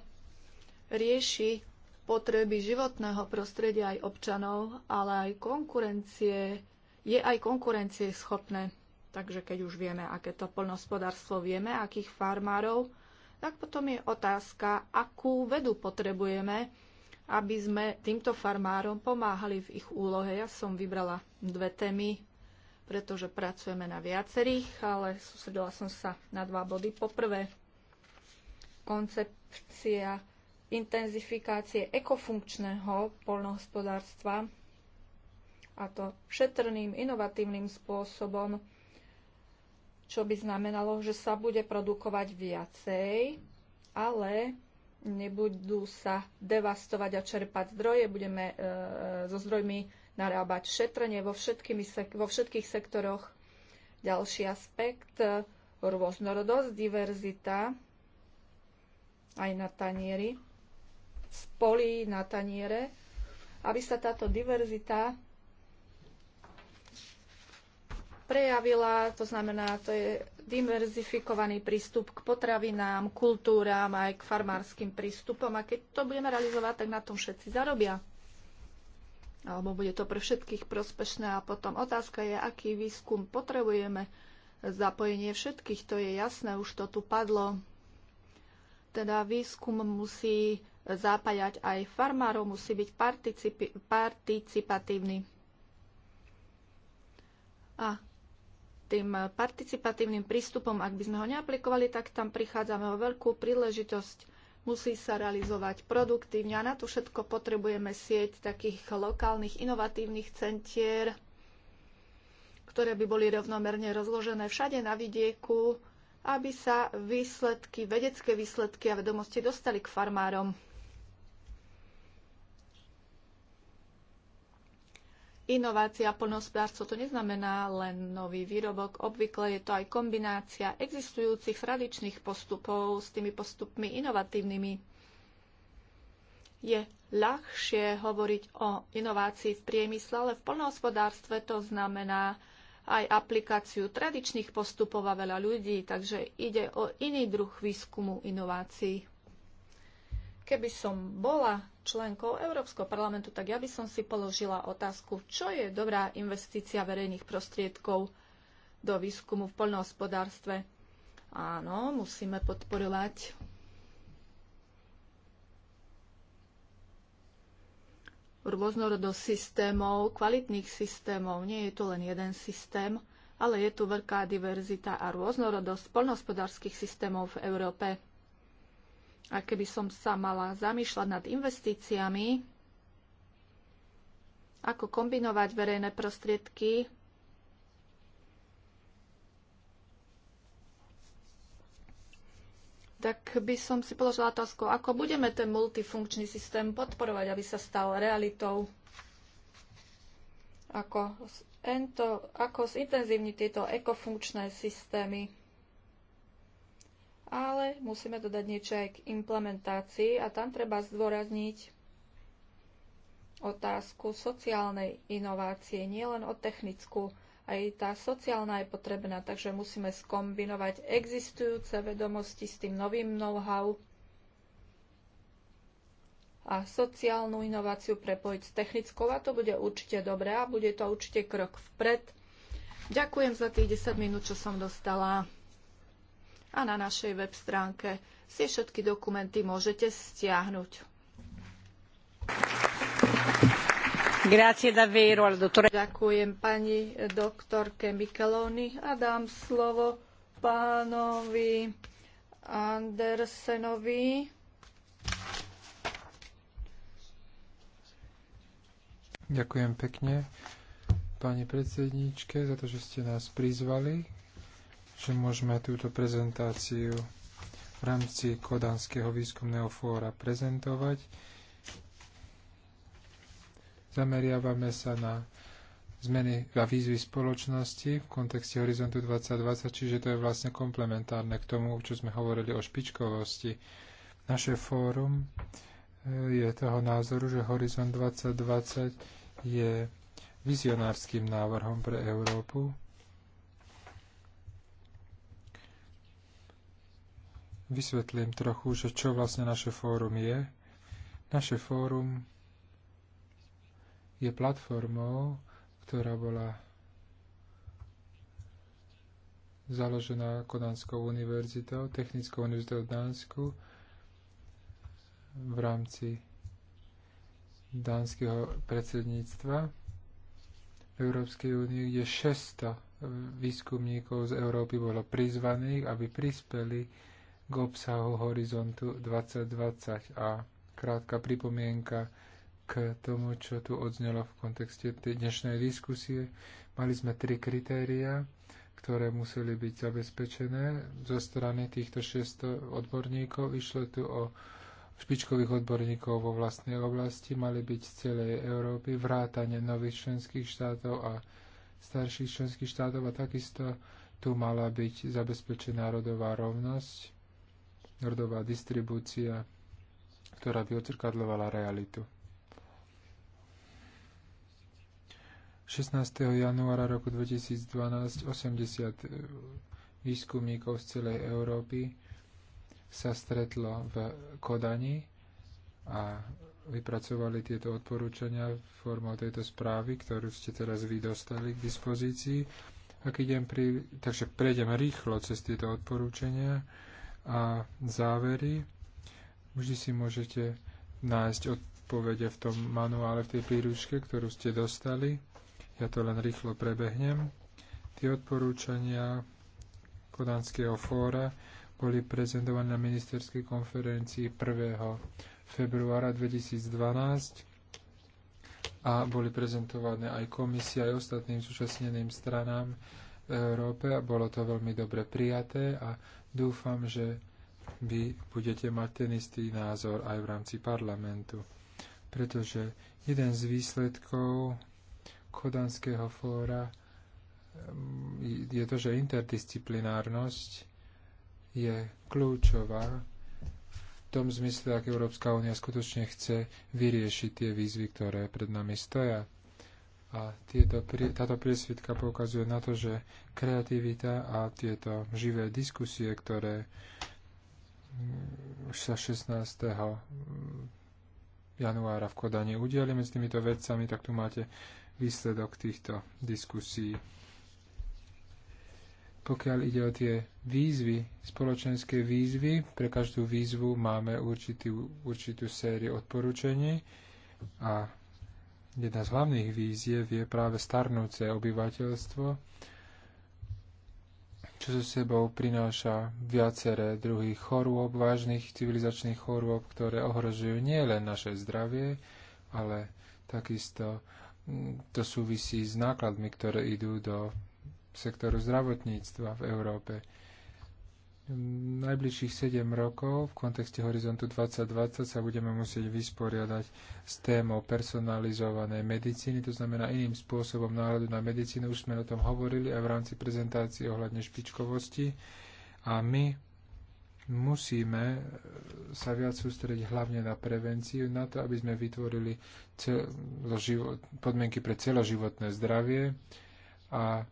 rieši potreby životného prostredia aj občanov, ale aj konkurencie, je aj konkurencie schopné. Takže keď už vieme, aké to poľnohospodárstvo vieme, akých farmárov, tak potom je otázka, akú vedu potrebujeme, aby sme týmto farmárom pomáhali v ich úlohe. Ja som vybrala dve témy, pretože pracujeme na viacerých, ale sústredila som sa na dva body. Poprvé, koncepcia intenzifikácie ekofunkčného poľnohospodárstva a to šetrným, inovatívnym spôsobom, čo by znamenalo, že sa bude produkovať viacej, ale nebudú sa devastovať a čerpať zdroje, budeme e, e so zdrojmi narábať šetrenie vo, vo všetkých sektoroch. Ďalší aspekt, rôznorodosť, diverzita aj na tanieri z polí na taniere, aby sa táto diverzita prejavila, to znamená, to je diverzifikovaný prístup k potravinám, kultúram aj k farmárskym prístupom a keď to budeme realizovať, tak na tom všetci zarobia. Alebo bude to pre všetkých prospešné a potom otázka je, aký výskum potrebujeme. Zapojenie všetkých, to je jasné, už to tu padlo. Teda výskum musí zapájať aj farmárov, musí byť participi- participatívny. A tým participatívnym prístupom, ak by sme ho neaplikovali, tak tam prichádzame o veľkú príležitosť. Musí sa realizovať produktívne a na to všetko potrebujeme sieť takých lokálnych inovatívnych centier, ktoré by boli rovnomerne rozložené všade na vidieku, aby sa výsledky, vedecké výsledky a vedomosti dostali k farmárom. Inovácia a poľnohospodárstvo to neznamená len nový výrobok, obvykle je to aj kombinácia existujúcich tradičných postupov s tými postupmi inovatívnymi. Je ľahšie hovoriť o inovácii v priemysle, ale v poľnohospodárstve to znamená aj aplikáciu tradičných postupov a veľa ľudí, takže ide o iný druh výskumu inovácií. Keby som bola členkou Európskeho parlamentu, tak ja by som si položila otázku, čo je dobrá investícia verejných prostriedkov do výskumu v poľnohospodárstve. Áno, musíme podporovať rôznorodosť systémov, kvalitných systémov. Nie je to len jeden systém, ale je tu veľká diverzita a rôznorodosť poľnohospodárskych systémov v Európe. A keby som sa mala zamýšľať nad investíciami, ako kombinovať verejné prostriedky tak by som si položila otázku, ako budeme ten multifunkčný systém podporovať, aby sa stal realitou. Ako, ento, ako zintenzívni tieto ekofunkčné systémy. Ale musíme dodať niečo aj k implementácii a tam treba zdôrazniť otázku sociálnej inovácie, nielen o technickú aj tá sociálna je potrebná, takže musíme skombinovať existujúce vedomosti s tým novým know-how a sociálnu inováciu prepojiť s technickou a to bude určite dobré a bude to určite krok vpred. Ďakujem za tých 10 minút, čo som dostala. A na našej web stránke si všetky dokumenty môžete stiahnuť. Ďakujem pani doktorke Micheloni a dám slovo pánovi Andersenovi. Ďakujem pekne pani predsedníčke za to, že ste nás prizvali, že môžeme túto prezentáciu v rámci Kodanského výskumného fóra prezentovať. Zameriavame sa na zmeny a výzvy spoločnosti v kontexte Horizontu 2020, čiže to je vlastne komplementárne k tomu, čo sme hovorili o špičkovosti. Naše fórum e, je toho názoru, že Horizont 2020 je vizionárským návrhom pre Európu. Vysvetlím trochu, že čo vlastne naše fórum je. Naše fórum je platformou, ktorá bola založená Kodanskou univerzitou, Technickou univerzitou v Dánsku v rámci dánskeho predsedníctva v Európskej únie, kde 600 výskumníkov z Európy bolo prizvaných, aby prispeli k obsahu Horizontu 2020. A krátka pripomienka k tomu, čo tu odznelo v kontexte dnešnej diskusie. Mali sme tri kritéria, ktoré museli byť zabezpečené zo strany týchto 600 odborníkov. Išlo tu o špičkových odborníkov vo vlastnej oblasti, mali byť z celej Európy, vrátane nových členských štátov a starších členských štátov a takisto tu mala byť zabezpečená rodová rovnosť, rodová distribúcia, ktorá by odzrkadlovala realitu. 16. januára roku 2012 80 e, výskumníkov z celej Európy sa stretlo v Kodani a vypracovali tieto odporúčania formou tejto správy, ktorú ste teraz vy dostali k dispozícii. Ak idem pri... Takže prejdem rýchlo cez tieto odporúčania a závery. Vždy si môžete nájsť odpovede v tom manuále, v tej príručke, ktorú ste dostali ja to len rýchlo prebehnem. Tie odporúčania Kodanského fóra boli prezentované na ministerskej konferencii 1. februára 2012 a boli prezentované aj Komisia aj ostatným súčasneným stranám v Európe a bolo to veľmi dobre prijaté a dúfam, že vy budete mať ten istý názor aj v rámci parlamentu. Pretože jeden z výsledkov Kodanského fóra ehm, je to, že interdisciplinárnosť je kľúčová v tom zmysle, ak Európska únia skutočne chce vyriešiť tie výzvy, ktoré pred nami stoja. A tieto, táto priesvitka poukazuje na to, že kreativita a tieto živé diskusie, ktoré mm, už sa 16. Mm, januára v Kodani udiali medzi týmito vedcami, tak tu máte výsledok týchto diskusí. Pokiaľ ide o tie výzvy, spoločenské výzvy, pre každú výzvu máme určitý, určitú sériu odporúčení a jedna z hlavných výziev je práve starnúce obyvateľstvo, čo so sebou prináša viaceré druhých chorôb, vážnych civilizačných chorôb, ktoré ohrozujú nielen naše zdravie, ale takisto to súvisí s nákladmi, ktoré idú do sektoru zdravotníctva v Európe. najbližších 7 rokov v kontexte Horizontu 2020 sa budeme musieť vysporiadať s témou personalizovanej medicíny, to znamená iným spôsobom náhľadu na medicínu. Už sme o tom hovorili aj v rámci prezentácie ohľadne špičkovosti. A my musíme sa viac sústrediť hlavne na prevenciu, na to, aby sme vytvorili podmienky pre celoživotné zdravie a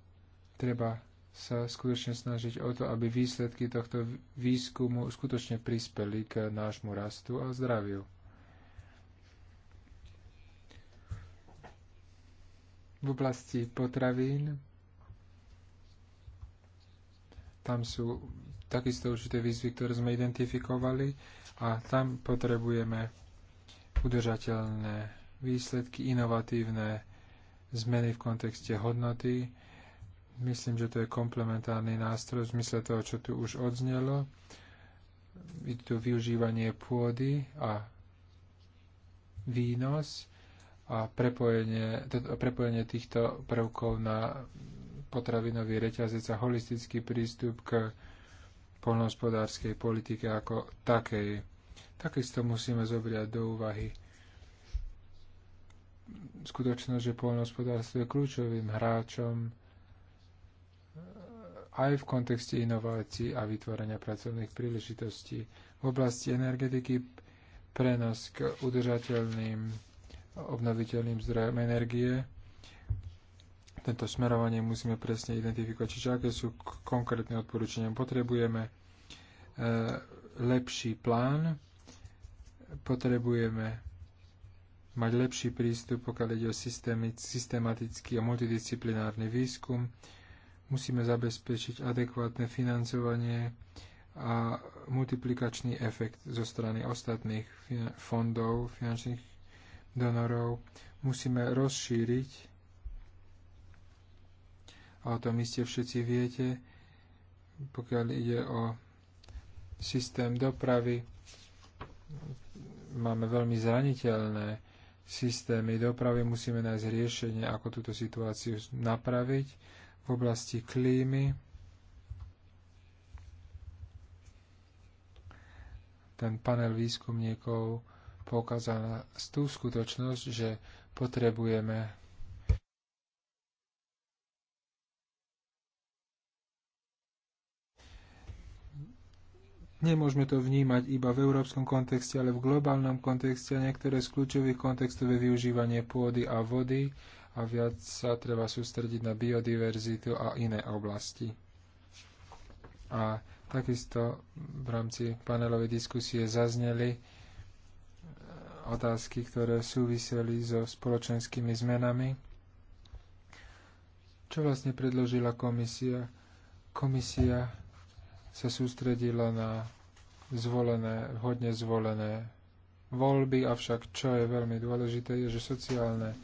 treba sa skutočne snažiť o to, aby výsledky tohto výskumu skutočne prispeli k nášmu rastu a zdraviu. V oblasti potravín tam sú takisto určité výzvy, ktoré sme identifikovali a tam potrebujeme udržateľné výsledky, inovatívne zmeny v kontexte hodnoty. Myslím, že to je komplementárny nástroj v zmysle toho, čo tu už odznelo. Je tu využívanie pôdy a výnos a prepojenie, to, prepojenie týchto prvkov na potravinový reťazec a holistický prístup k poľnohospodárskej politike ako takej. Takisto musíme zobrať do úvahy skutočnosť, že poľnohospodárstvo je kľúčovým hráčom aj v kontexte inovácií a vytvorenia pracovných príležitostí. V oblasti energetiky prenos k udržateľným obnoviteľným zdrojom energie tento smerovanie musíme presne identifikovať, čiže aké sú konkrétne odporúčania. Potrebujeme e, lepší plán, potrebujeme mať lepší prístup, pokiaľ ide o systematický a multidisciplinárny výskum. Musíme zabezpečiť adekvátne financovanie a multiplikačný efekt zo strany ostatných fondov, finančných donorov. Musíme rozšíriť a o tom iste všetci viete, pokiaľ ide o systém dopravy, máme veľmi zraniteľné systémy dopravy, musíme nájsť riešenie, ako túto situáciu napraviť v oblasti klímy. Ten panel výskumníkov poukázal na tú skutočnosť, že potrebujeme Nemôžeme to vnímať iba v európskom kontexte, ale v globálnom kontexte a niektoré z kľúčových kontextov je využívanie pôdy a vody a viac sa treba sústrediť na biodiverzitu a iné oblasti. A takisto v rámci panelovej diskusie zazneli eh, otázky, ktoré súviseli so spoločenskými zmenami. Čo vlastne predložila komisia? Komisia sa sústredila na zvolené, vhodne zvolené voľby, avšak čo je veľmi dôležité, je, že sociálne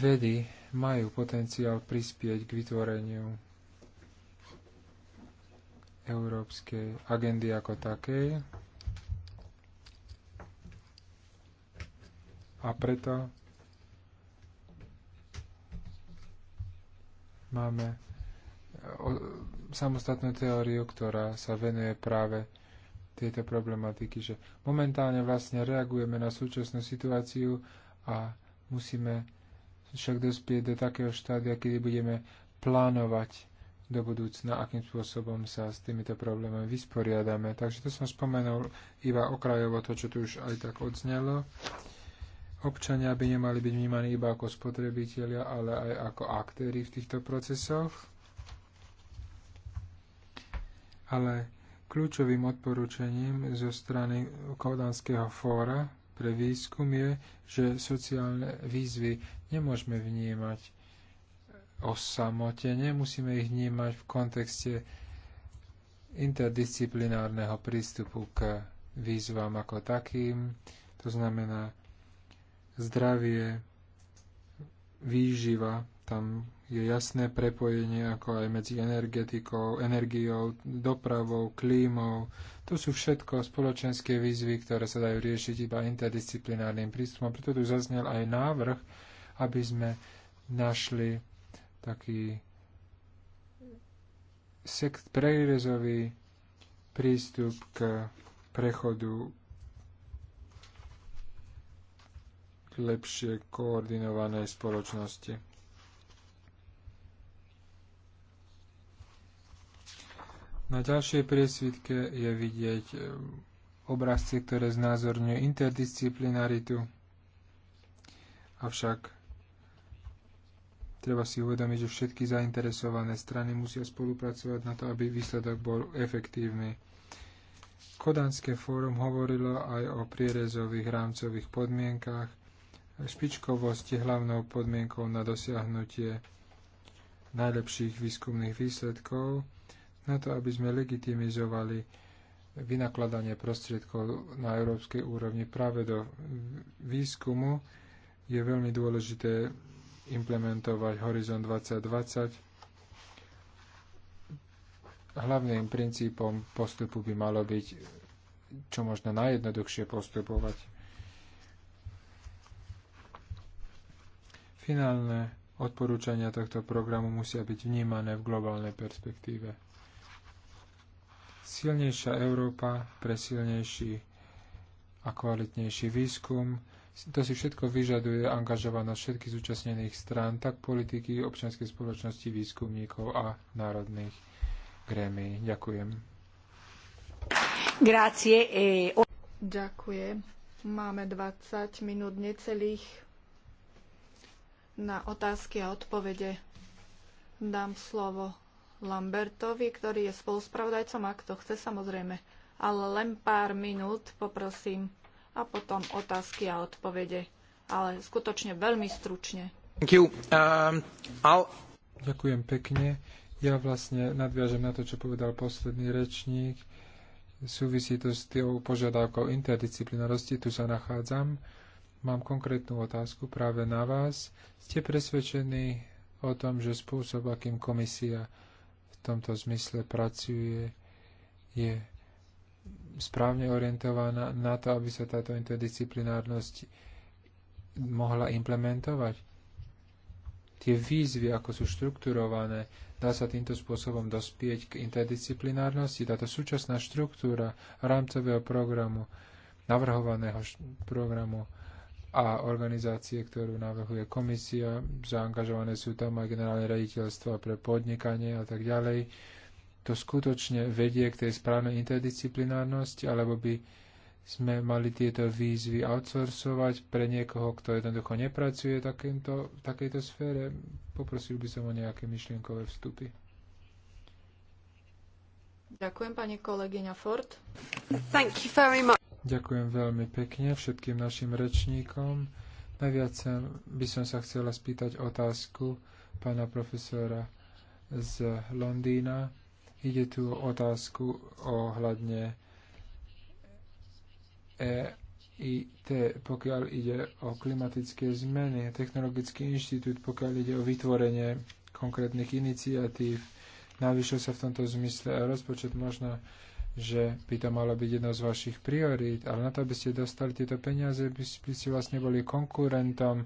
vedy majú potenciál prispieť k vytvoreniu európskej agendy ako takej. A preto máme samostatnú teóriu, ktorá sa venuje práve tejto problematiky, že momentálne vlastne reagujeme na súčasnú situáciu a musíme však dospieť do takého štádia, kedy budeme plánovať do budúcna, akým spôsobom sa s týmito problémami vysporiadame. Takže to som spomenul iba okrajovo to, čo tu už aj tak odznelo. Občania by nemali byť vnímaní iba ako spotrebitelia, ale aj ako aktéry v týchto procesoch ale kľúčovým odporúčaním zo strany Kodanského fóra pre výskum je, že sociálne výzvy nemôžeme vnímať osamotene, musíme ich vnímať v kontexte interdisciplinárneho prístupu k výzvam ako takým, to znamená zdravie, výživa, tam je jasné prepojenie ako aj medzi energetikou, energiou, dopravou, klímou. To sú všetko spoločenské výzvy, ktoré sa dajú riešiť iba interdisciplinárnym prístupom. Preto tu zaznel aj návrh, aby sme našli taký sekt prerezový prístup k prechodu k lepšie koordinovanej spoločnosti. Na ďalšej priesvitke je vidieť e, obrazce, ktoré znázorňujú interdisciplinaritu. Avšak treba si uvedomiť, že všetky zainteresované strany musia spolupracovať na to, aby výsledok bol efektívny. Kodanské fórum hovorilo aj o prierezových rámcových podmienkach, špičkovosti hlavnou podmienkou na dosiahnutie najlepších výskumných výsledkov na to, aby sme legitimizovali vynakladanie prostriedkov na európskej úrovni práve do výskumu, je veľmi dôležité implementovať Horizon 2020. Hlavným princípom postupu by malo byť čo možno najjednoduchšie postupovať. Finálne odporúčania tohto programu musia byť vnímané v globálnej perspektíve. Silnejšia Európa pre silnejší a kvalitnejší výskum. To si všetko vyžaduje angažovanosť všetkých zúčastnených strán, tak politiky, občianskej spoločnosti, výskumníkov a národných grémy. Ďakujem. Grácie. E, Ďakujem. Máme 20 minút necelých na otázky a odpovede. Dám slovo Lambertovi, ktorý je spoluspravodajcom ak to chce samozrejme. Ale len pár minút poprosím a potom otázky a odpovede. Ale skutočne veľmi stručne. Um, Ďakujem pekne. Ja vlastne nadviažem na to, čo povedal posledný rečník. Súvisí to s tou požiadavkou interdisciplinárosti, tu sa nachádzam. Mám konkrétnu otázku práve na vás. Ste presvedčení o tom, že spôsob, akým komisia tomto zmysle pracuje, je správne orientovaná na to, aby sa táto interdisciplinárnosť mohla implementovať. Tie výzvy, ako sú štrukturované, dá sa týmto spôsobom dospieť k interdisciplinárnosti. Táto súčasná štruktúra rámcového programu, navrhovaného programu, a organizácie, ktorú navrhuje komisia. Zaangažované sú tam aj generálne raditeľstva pre podnikanie a tak ďalej. To skutočne vedie k tej správnej interdisciplinárnosti, alebo by sme mali tieto výzvy outsourcovať pre niekoho, kto jednoducho nepracuje takýmto, v takejto sfére. Poprosil by som o nejaké myšlienkové vstupy. Ďakujem, pani kolegyňa Ford. Thank you very much. Ďakujem veľmi pekne všetkým našim rečníkom. Najviac by som sa chcela spýtať otázku pána profesora z Londýna. Ide tu o otázku ohľadne EIT, pokiaľ ide o klimatické zmeny, Technologický inštitút, pokiaľ ide o vytvorenie konkrétnych iniciatív. Navyšil sa v tomto zmysle aj rozpočet. Možno že by to malo byť jedno z vašich priorít, ale na to, aby ste dostali tieto peniaze, by, by ste vlastne boli konkurentom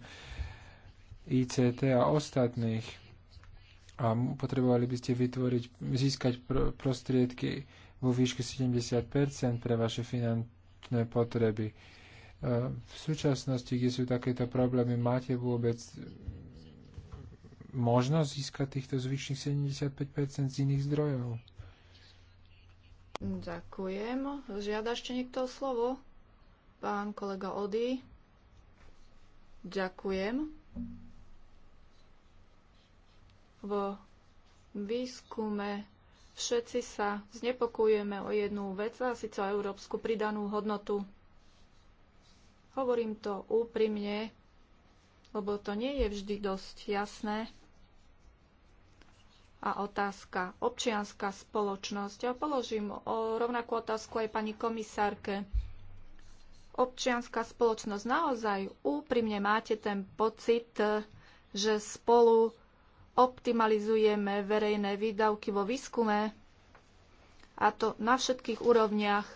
ICT a ostatných a potrebovali by ste vytvoriť, získať pr- prostriedky vo výške 70% pre vaše finančné potreby. E, v súčasnosti, kde sú takéto problémy, máte vôbec možnosť získať týchto zvyšných 75% z iných zdrojov? Ďakujem. Žiada ešte niekto slovo? Pán kolega Ody. Ďakujem. Vo výskume všetci sa znepokojujeme o jednu vec, a síce o európsku pridanú hodnotu. Hovorím to úprimne, lebo to nie je vždy dosť jasné a otázka občianská spoločnosť. Ja položím o rovnakú otázku aj pani komisárke. Občianská spoločnosť naozaj úprimne máte ten pocit, že spolu optimalizujeme verejné výdavky vo výskume a to na všetkých úrovniach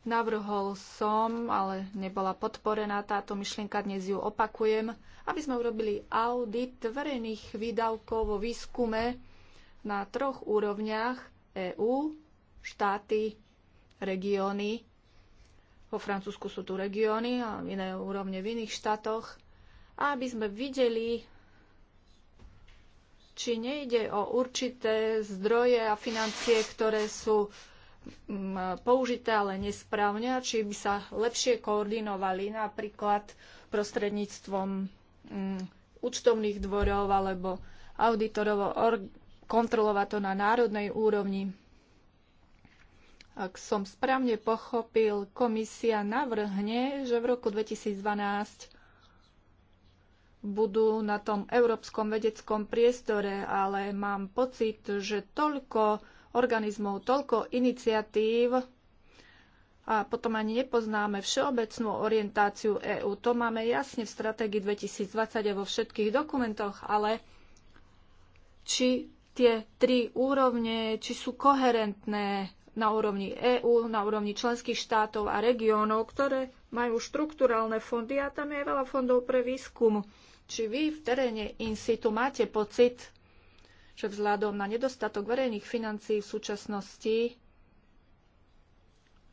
Navrhol som, ale nebola podporená táto myšlienka, dnes ju opakujem, aby sme urobili audit verejných výdavkov vo výskume na troch úrovniach EÚ, štáty, regióny. Vo Francúzsku sú tu regióny a iné úrovne v iných štátoch. A aby sme videli, či nejde o určité zdroje a financie, ktoré sú použité, ale nesprávne a či by sa lepšie koordinovali napríklad prostredníctvom účtovných dvorov alebo auditorov, kontrolovať to na národnej úrovni. Ak som správne pochopil, komisia navrhne, že v roku 2012 budú na tom európskom vedeckom priestore, ale mám pocit, že toľko organizmov, toľko iniciatív a potom ani nepoznáme všeobecnú orientáciu EÚ. To máme jasne v stratégii 2020 a vo všetkých dokumentoch, ale či tie tri úrovne, či sú koherentné na úrovni EÚ, na úrovni členských štátov a regiónov, ktoré majú štrukturálne fondy a tam je veľa fondov pre výskum. Či vy v teréne in situ máte pocit, že vzhľadom na nedostatok verejných financií v súčasnosti,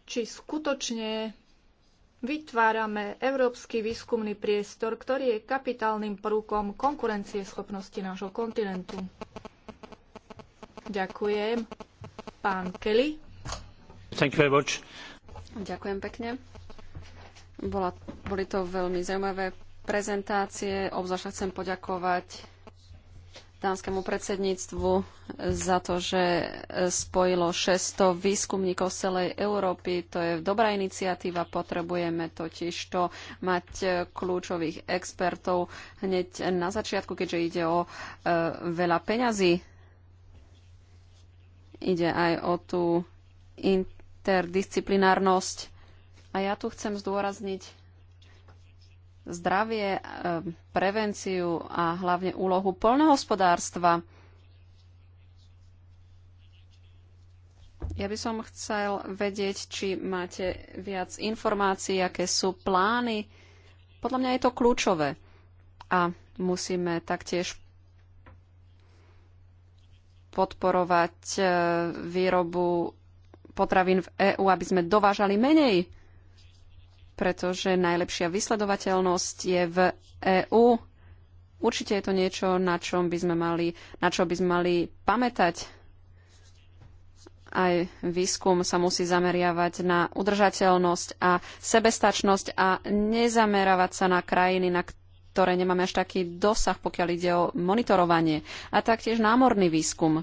či skutočne vytvárame európsky výskumný priestor, ktorý je kapitálnym konkurencie konkurencieschopnosti nášho kontinentu. Ďakujem. Pán Kelly. Thank you very much. Ďakujem pekne. Bola, boli to veľmi zaujímavé prezentácie. Obzvlášť chcem poďakovať dánskému predsedníctvu za to, že e, spojilo 600 výskumníkov z celej Európy. To je dobrá iniciatíva, potrebujeme totiž to mať e, kľúčových expertov hneď na začiatku, keďže ide o e, veľa peňazí. Ide aj o tú interdisciplinárnosť. A ja tu chcem zdôrazniť zdravie, e, prevenciu a hlavne úlohu polnohospodárstva. Ja by som chcel vedieť, či máte viac informácií, aké sú plány. Podľa mňa je to kľúčové. A musíme taktiež podporovať e, výrobu potravín v EÚ, aby sme dovážali menej pretože najlepšia vysledovateľnosť je v EÚ. Určite je to niečo, na, čom by sme mali, na čo by sme mali pamätať. Aj výskum sa musí zameriavať na udržateľnosť a sebestačnosť a nezamerávať sa na krajiny, na ktoré nemáme až taký dosah, pokiaľ ide o monitorovanie. A taktiež námorný výskum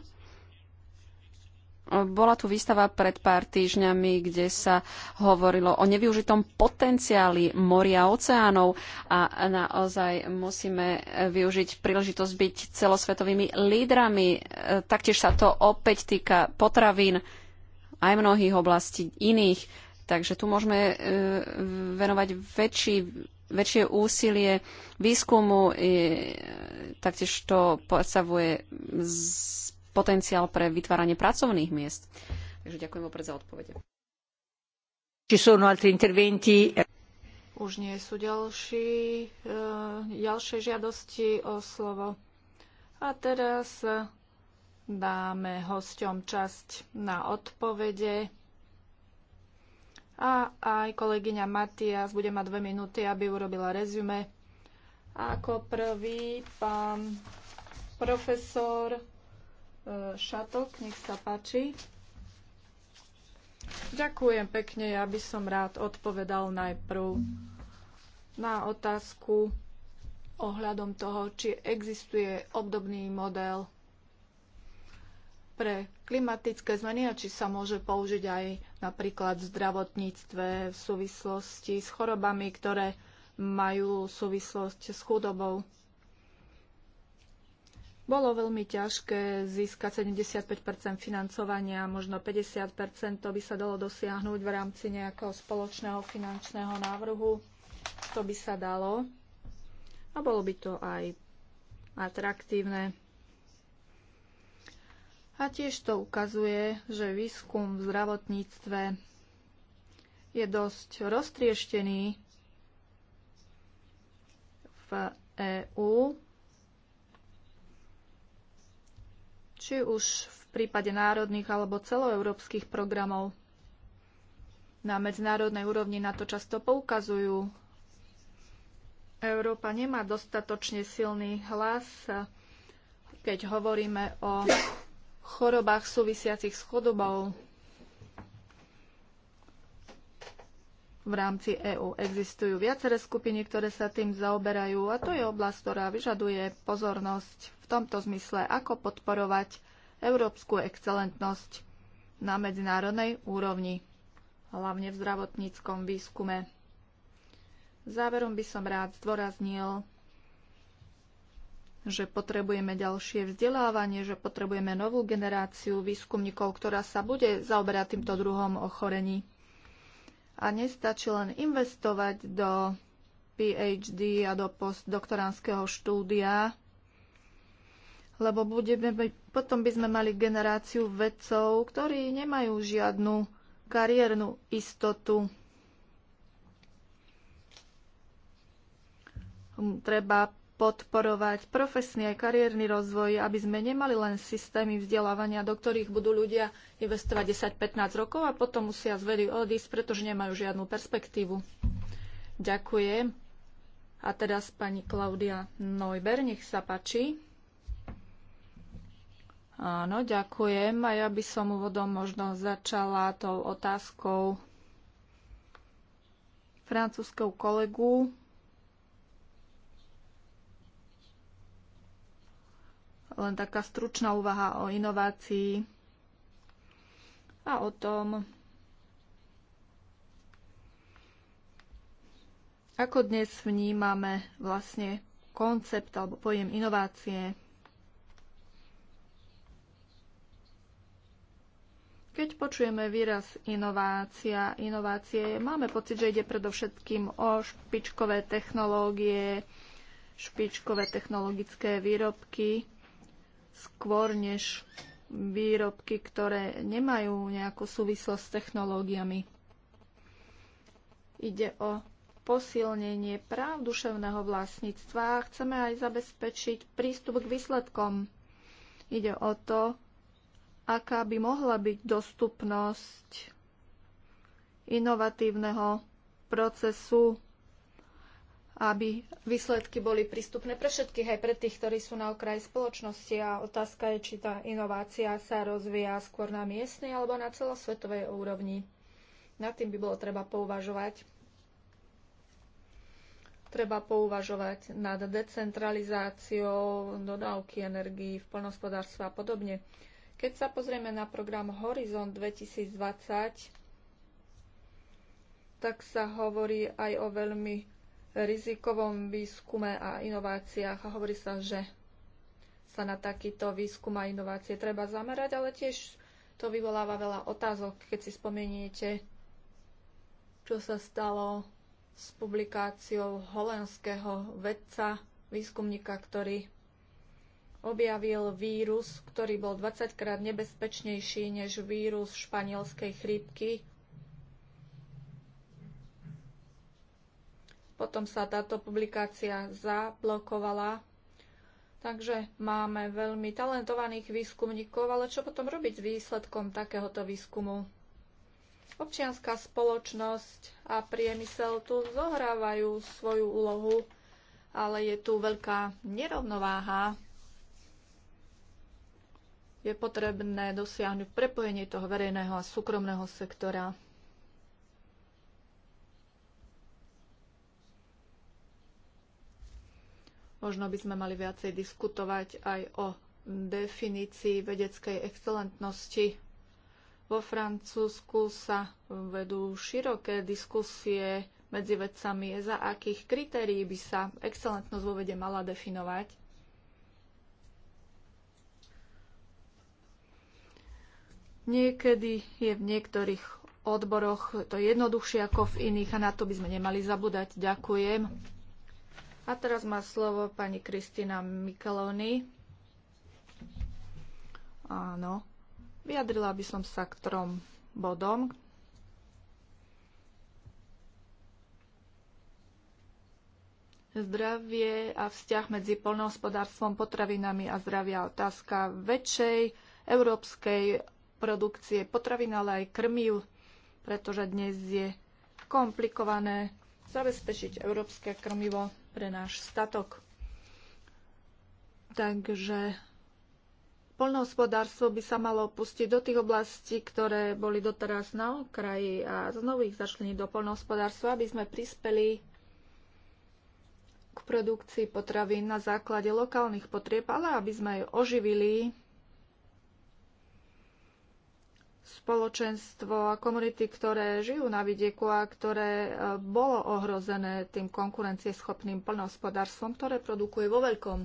bola tu výstava pred pár týždňami, kde sa hovorilo o nevyužitom potenciáli moria a oceánov a naozaj musíme využiť príležitosť byť celosvetovými lídrami. E, taktiež sa to opäť týka potravín aj mnohých oblastí iných. Takže tu môžeme e, venovať väčší väčšie úsilie výskumu, je, taktiež to predstavuje potenciál pre vytváranie pracovných miest. Takže ďakujem vopred za odpovede. Či sú altri interventi? Už nie sú ďalší, e, ďalšie žiadosti o slovo. A teraz eh, dáme hosťom časť na odpovede. A aj kolegyňa Matias bude mať dve minúty, aby urobila rezume. Ako prvý pán profesor E, Šatok, nech sa páči. Ďakujem pekne, ja by som rád odpovedal najprv na otázku ohľadom toho, či existuje obdobný model pre klimatické zmeny a či sa môže použiť aj napríklad v zdravotníctve v súvislosti s chorobami, ktoré majú súvislosť s chudobou. Bolo veľmi ťažké získať 75 financovania, možno 50 to by sa dalo dosiahnuť v rámci nejakého spoločného finančného návrhu. To by sa dalo a bolo by to aj atraktívne. A tiež to ukazuje, že výskum v zdravotníctve je dosť roztrieštený v EÚ či už v prípade národných alebo celoeurópskych programov. Na medzinárodnej úrovni na to často poukazujú. Európa nemá dostatočne silný hlas, keď hovoríme o chorobách súvisiacich s chudobou. V rámci EÚ existujú viaceré skupiny, ktoré sa tým zaoberajú a to je oblasť, ktorá vyžaduje pozornosť v tomto zmysle, ako podporovať európsku excelentnosť na medzinárodnej úrovni, hlavne v zdravotníckom výskume. Záverom by som rád zdôraznil, že potrebujeme ďalšie vzdelávanie, že potrebujeme novú generáciu výskumníkov, ktorá sa bude zaoberať týmto druhom ochorení. A nestačí len investovať do PhD a do postdoktoránskeho štúdia, lebo budeme, potom by sme mali generáciu vedcov, ktorí nemajú žiadnu kariérnu istotu. Treba podporovať profesný aj kariérny rozvoj, aby sme nemali len systémy vzdelávania, do ktorých budú ľudia investovať 10-15 rokov a potom musia z vedy odísť, pretože nemajú žiadnu perspektívu. Ďakujem. A teraz pani Klaudia Neuber, nech sa páči. Áno, ďakujem. A ja by som úvodom možno začala tou otázkou francúzskou kolegu. Len taká stručná úvaha o inovácii a o tom, ako dnes vnímame vlastne koncept alebo pojem inovácie. Keď počujeme výraz inovácia, inovácie, máme pocit, že ide predovšetkým o špičkové technológie, špičkové technologické výrobky, skôr než výrobky, ktoré nemajú nejakú súvislosť s technológiami. Ide o posilnenie práv duševného vlastníctva a chceme aj zabezpečiť prístup k výsledkom. Ide o to, aká by mohla byť dostupnosť inovatívneho procesu, aby výsledky boli prístupné pre všetkých, aj pre tých, ktorí sú na okraji spoločnosti. A otázka je, či tá inovácia sa rozvíja skôr na miestnej alebo na celosvetovej úrovni. Nad tým by bolo treba pouvažovať. Treba pouvažovať nad decentralizáciou dodávky energií v plnospodárstve a podobne. Keď sa pozrieme na program Horizon 2020, tak sa hovorí aj o veľmi rizikovom výskume a inováciách a hovorí sa, že sa na takýto výskum a inovácie treba zamerať, ale tiež to vyvoláva veľa otázok, keď si spomeniete, čo sa stalo s publikáciou holandského vedca, výskumníka, ktorý objavil vírus, ktorý bol 20 krát nebezpečnejší než vírus španielskej chrípky. Potom sa táto publikácia zablokovala. Takže máme veľmi talentovaných výskumníkov, ale čo potom robiť s výsledkom takéhoto výskumu? Občianská spoločnosť a priemysel tu zohrávajú svoju úlohu, ale je tu veľká nerovnováha je potrebné dosiahnuť prepojenie toho verejného a súkromného sektora. Možno by sme mali viacej diskutovať aj o definícii vedeckej excelentnosti. Vo Francúzsku sa vedú široké diskusie medzi vedcami, za akých kritérií by sa excelentnosť vo vede mala definovať. Niekedy je v niektorých odboroch to jednoduchšie ako v iných a na to by sme nemali zabúdať. Ďakujem. A teraz má slovo pani Kristina Mikaloni. Áno. Vyjadrila by som sa k trom bodom, zdravie a vzťah medzi polnohospodárstvom, potravinami a zdravia otázka väčšej európskej produkcie potravín, ale aj krmiv, pretože dnes je komplikované zabezpečiť európske krmivo pre náš statok. Takže Poľnohospodárstvo by sa malo pustiť do tých oblastí, ktoré boli doteraz na okraji a znovu ich začali do poľnohospodárstva, aby sme prispeli k produkcii potravín na základe lokálnych potrieb, ale aby sme aj oživili spoločenstvo a komunity, ktoré žijú na vidieku a ktoré e, bolo ohrozené tým konkurencieschopným plnohospodárstvom, ktoré produkuje vo veľkom.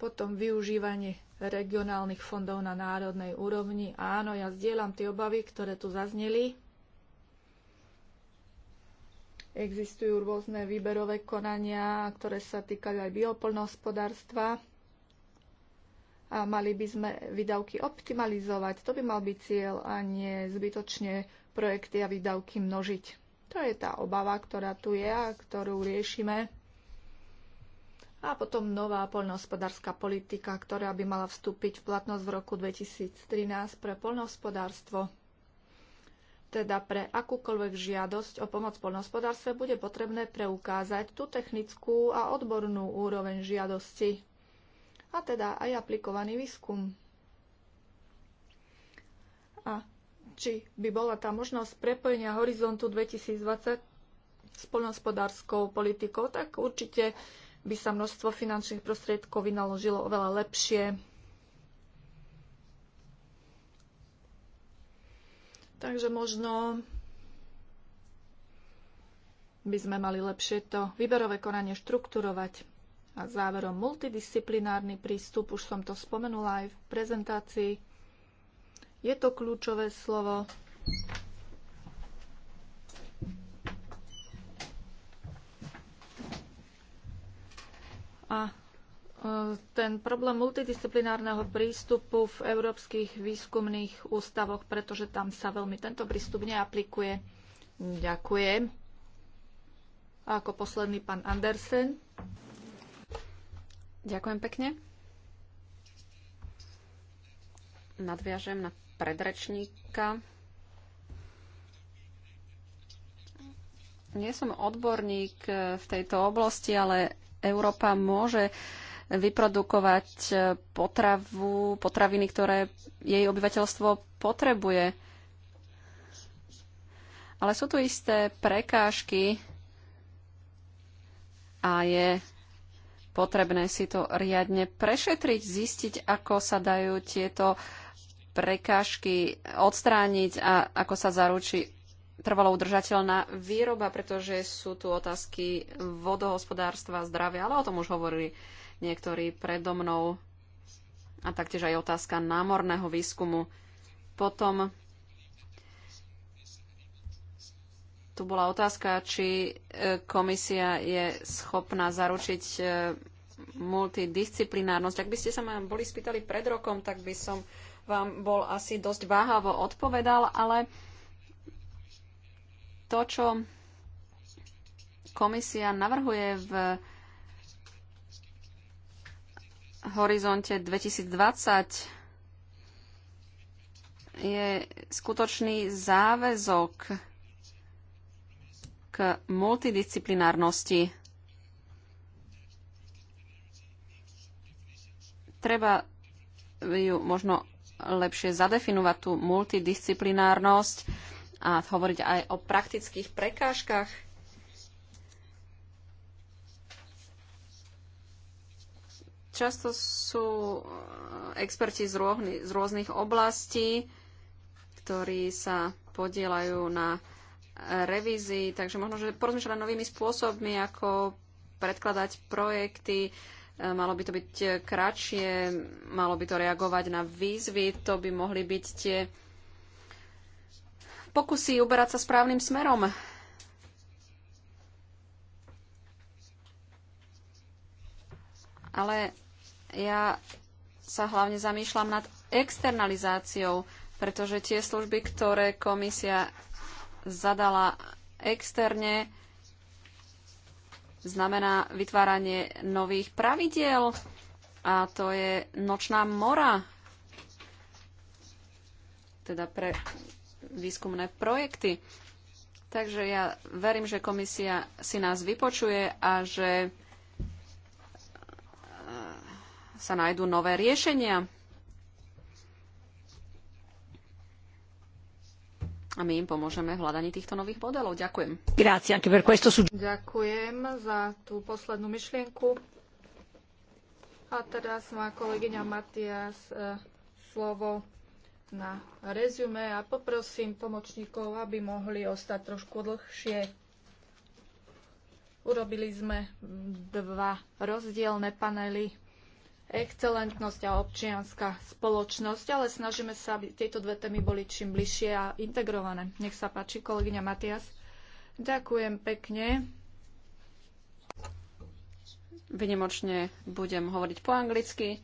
Potom využívanie regionálnych fondov na národnej úrovni. Áno, ja zdieľam tie obavy, ktoré tu zazneli. Existujú rôzne výberové konania, ktoré sa týkajú aj bioplnohospodárstva a mali by sme výdavky optimalizovať. To by mal byť cieľ a nie zbytočne projekty a výdavky množiť. To je tá obava, ktorá tu je a ktorú riešime. A potom nová poľnohospodárska politika, ktorá by mala vstúpiť v platnosť v roku 2013 pre poľnohospodárstvo. Teda pre akúkoľvek žiadosť o pomoc poľnohospodárstve bude potrebné preukázať tú technickú a odbornú úroveň žiadosti a teda aj aplikovaný výskum. A či by bola tá možnosť prepojenia horizontu 2020 s poľnohospodárskou politikou, tak určite by sa množstvo finančných prostriedkov vynaložilo oveľa lepšie. Takže možno by sme mali lepšie to výberové konanie štrukturovať. A záverom multidisciplinárny prístup, už som to spomenula aj v prezentácii. Je to kľúčové slovo. A e, ten problém multidisciplinárneho prístupu v európskych výskumných ústavoch, pretože tam sa veľmi tento prístup neaplikuje. Ďakujem. A ako posledný pán Andersen. Ďakujem pekne. Nadviažem na predrečníka. Nie som odborník v tejto oblasti, ale Európa môže vyprodukovať potravu, potraviny, ktoré jej obyvateľstvo potrebuje. Ale sú tu isté prekážky a je potrebné si to riadne prešetriť, zistiť, ako sa dajú tieto prekážky odstrániť a ako sa zaručí trvalo udržateľná výroba, pretože sú tu otázky vodohospodárstva, zdravia, ale o tom už hovorili niektorí predo mnou. A taktiež aj otázka námorného výskumu. Potom tu bola otázka, či e, komisia je schopná zaručiť e, multidisciplinárnosť. Ak by ste sa ma boli spýtali pred rokom, tak by som vám bol asi dosť váhavo odpovedal, ale to, čo komisia navrhuje v horizonte 2020, je skutočný záväzok multidisciplinárnosti. Treba ju možno lepšie zadefinovať tú multidisciplinárnosť a hovoriť aj o praktických prekážkach. Často sú eh, experti z, z rôznych oblastí, ktorí sa podielajú na revízii, takže možno, že porozmýšľať novými spôsobmi, ako predkladať projekty, e, malo by to byť kratšie, malo by to reagovať na výzvy, to by mohli byť tie pokusy uberať sa správnym smerom. Ale ja sa hlavne zamýšľam nad externalizáciou, pretože tie služby, ktoré komisia zadala externe, znamená vytváranie nových pravidiel a to je nočná mora, teda pre výskumné projekty. Takže ja verím, že komisia si nás vypočuje a že e, sa nájdú nové riešenia. a my im pomôžeme v hľadaní týchto nových modelov. Ďakujem. Ďakujem za tú poslednú myšlienku. A teraz má kolegyňa Matias e, slovo na rezume a poprosím pomočníkov, aby mohli ostať trošku dlhšie. Urobili sme dva rozdielne panely excelentnosť a občianská spoločnosť, ale snažíme sa, aby tieto dve témy boli čím bližšie a integrované. Nech sa páči, kolegyňa Matias. Ďakujem pekne. Vynimočne budem hovoriť po anglicky,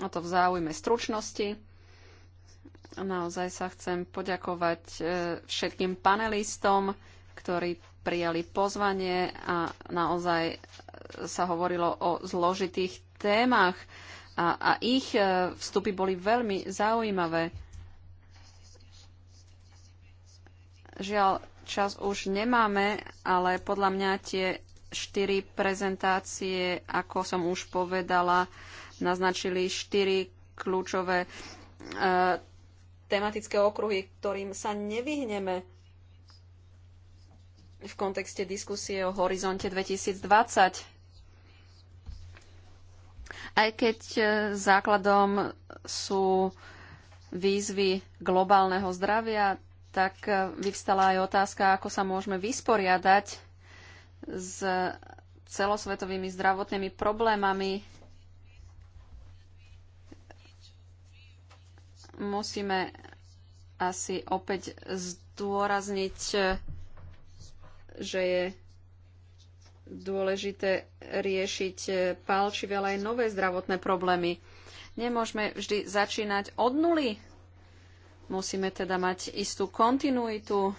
a to v záujme stručnosti. Naozaj sa chcem poďakovať e, všetkým panelistom, ktorí prijali pozvanie a naozaj sa hovorilo o zložitých témach a, a ich e, vstupy boli veľmi zaujímavé. Žiaľ, čas už nemáme, ale podľa mňa tie štyri prezentácie, ako som už povedala, naznačili štyri kľúčové e, tematické okruhy, ktorým sa nevyhneme v kontexte diskusie o horizonte 2020 aj keď e, základom sú výzvy globálneho zdravia, tak e, vyvstala aj otázka, ako sa môžeme vysporiadať s celosvetovými zdravotnými problémami. Musíme asi opäť zdôrazniť, e, že je dôležité riešiť e, palčivé, ale aj nové zdravotné problémy. Nemôžeme vždy začínať od nuly. Musíme teda mať istú kontinuitu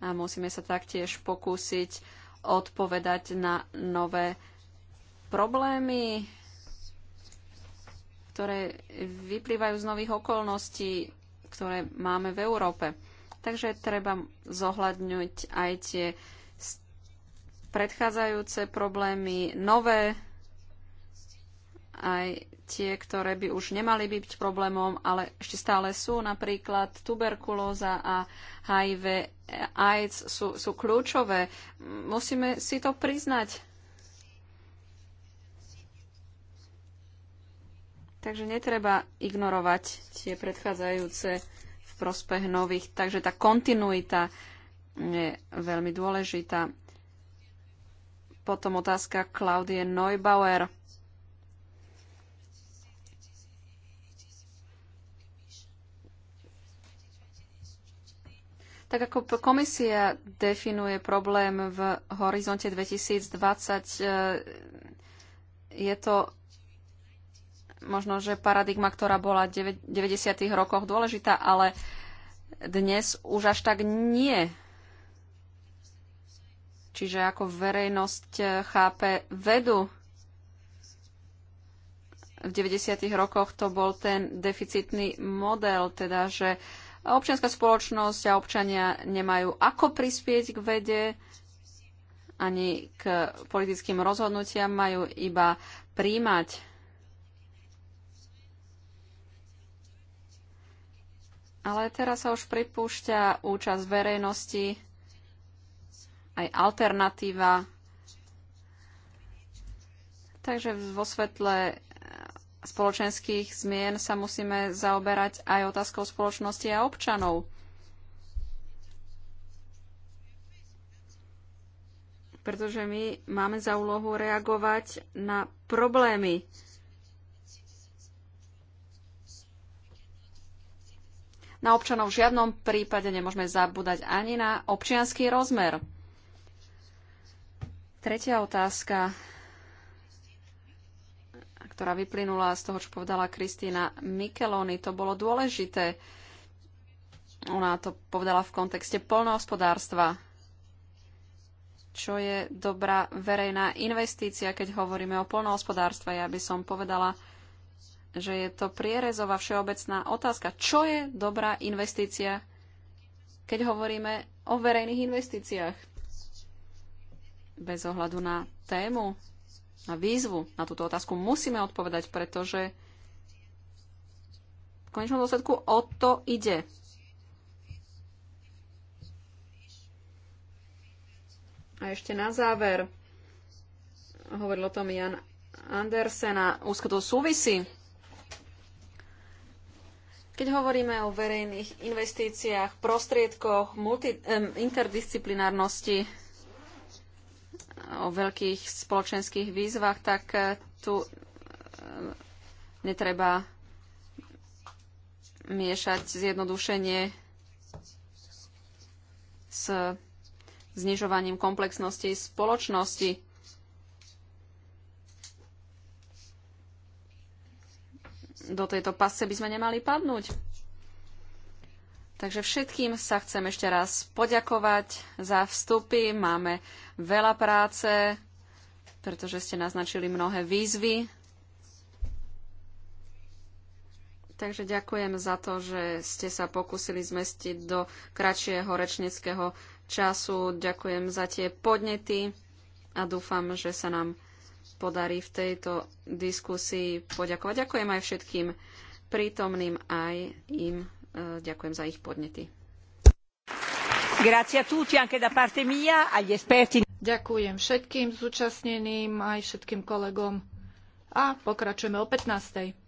a musíme sa taktiež pokúsiť odpovedať na nové problémy, ktoré vyplývajú z nových okolností, ktoré máme v Európe. Takže treba zohľadňuť aj tie predchádzajúce problémy, nové, aj tie, ktoré by už nemali byť problémom, ale ešte stále sú, napríklad tuberkulóza a HIV, AIDS sú, sú kľúčové. Musíme si to priznať. Takže netreba ignorovať tie predchádzajúce v prospech nových. Takže tá kontinuita je veľmi dôležitá. Potom otázka Klaudie Neubauer. Tak ako komisia definuje problém v horizonte 2020, e, je to možno, že paradigma, ktorá bola v 90. rokoch dôležitá, ale dnes už až tak nie. Čiže ako verejnosť eh, chápe vedu. V 90. rokoch to bol ten deficitný model, teda že občianská spoločnosť a občania nemajú ako prispieť k vede, ani k politickým rozhodnutiam, majú iba príjmať. Ale teraz sa už pripúšťa účasť verejnosti aj alternatíva. Takže vo svetle e, spoločenských zmien sa musíme zaoberať aj otázkou spoločnosti a občanov. Pretože my máme za úlohu reagovať na problémy. Na občanov v žiadnom prípade nemôžeme zabúdať ani na občianský rozmer. Tretia otázka, ktorá vyplynula z toho, čo povedala Kristýna Mikelony, to bolo dôležité. Ona to povedala v kontexte polnohospodárstva. Čo je dobrá verejná investícia, keď hovoríme o polnohospodárstve? Ja by som povedala, že je to prierezová všeobecná otázka. Čo je dobrá investícia, keď hovoríme o verejných investíciách? bez ohľadu na tému, na výzvu, na túto otázku musíme odpovedať, pretože v konečnom dôsledku o to ide. A ešte na záver, hovoril o tom Jan Andersen a úzko to súvisí. Keď hovoríme o verejných investíciách, prostriedkoch, multi, eh, interdisciplinárnosti, o veľkých spoločenských výzvach, tak eh, tu eh, netreba miešať zjednodušenie s znižovaním komplexnosti spoločnosti. Do tejto pasce by sme nemali padnúť. Takže všetkým sa chcem ešte raz poďakovať za vstupy. Máme veľa práce, pretože ste naznačili mnohé výzvy. Takže ďakujem za to, že ste sa pokúsili zmestiť do kratšieho rečneckého času. Ďakujem za tie podnety a dúfam, že sa nám podarí v tejto diskusii poďakovať. Ďakujem aj všetkým prítomným, aj im Eh, ďakujem za ich podnety. Ďakujem všetkým zúčastneným aj všetkým kolegom a pokračujeme o 15.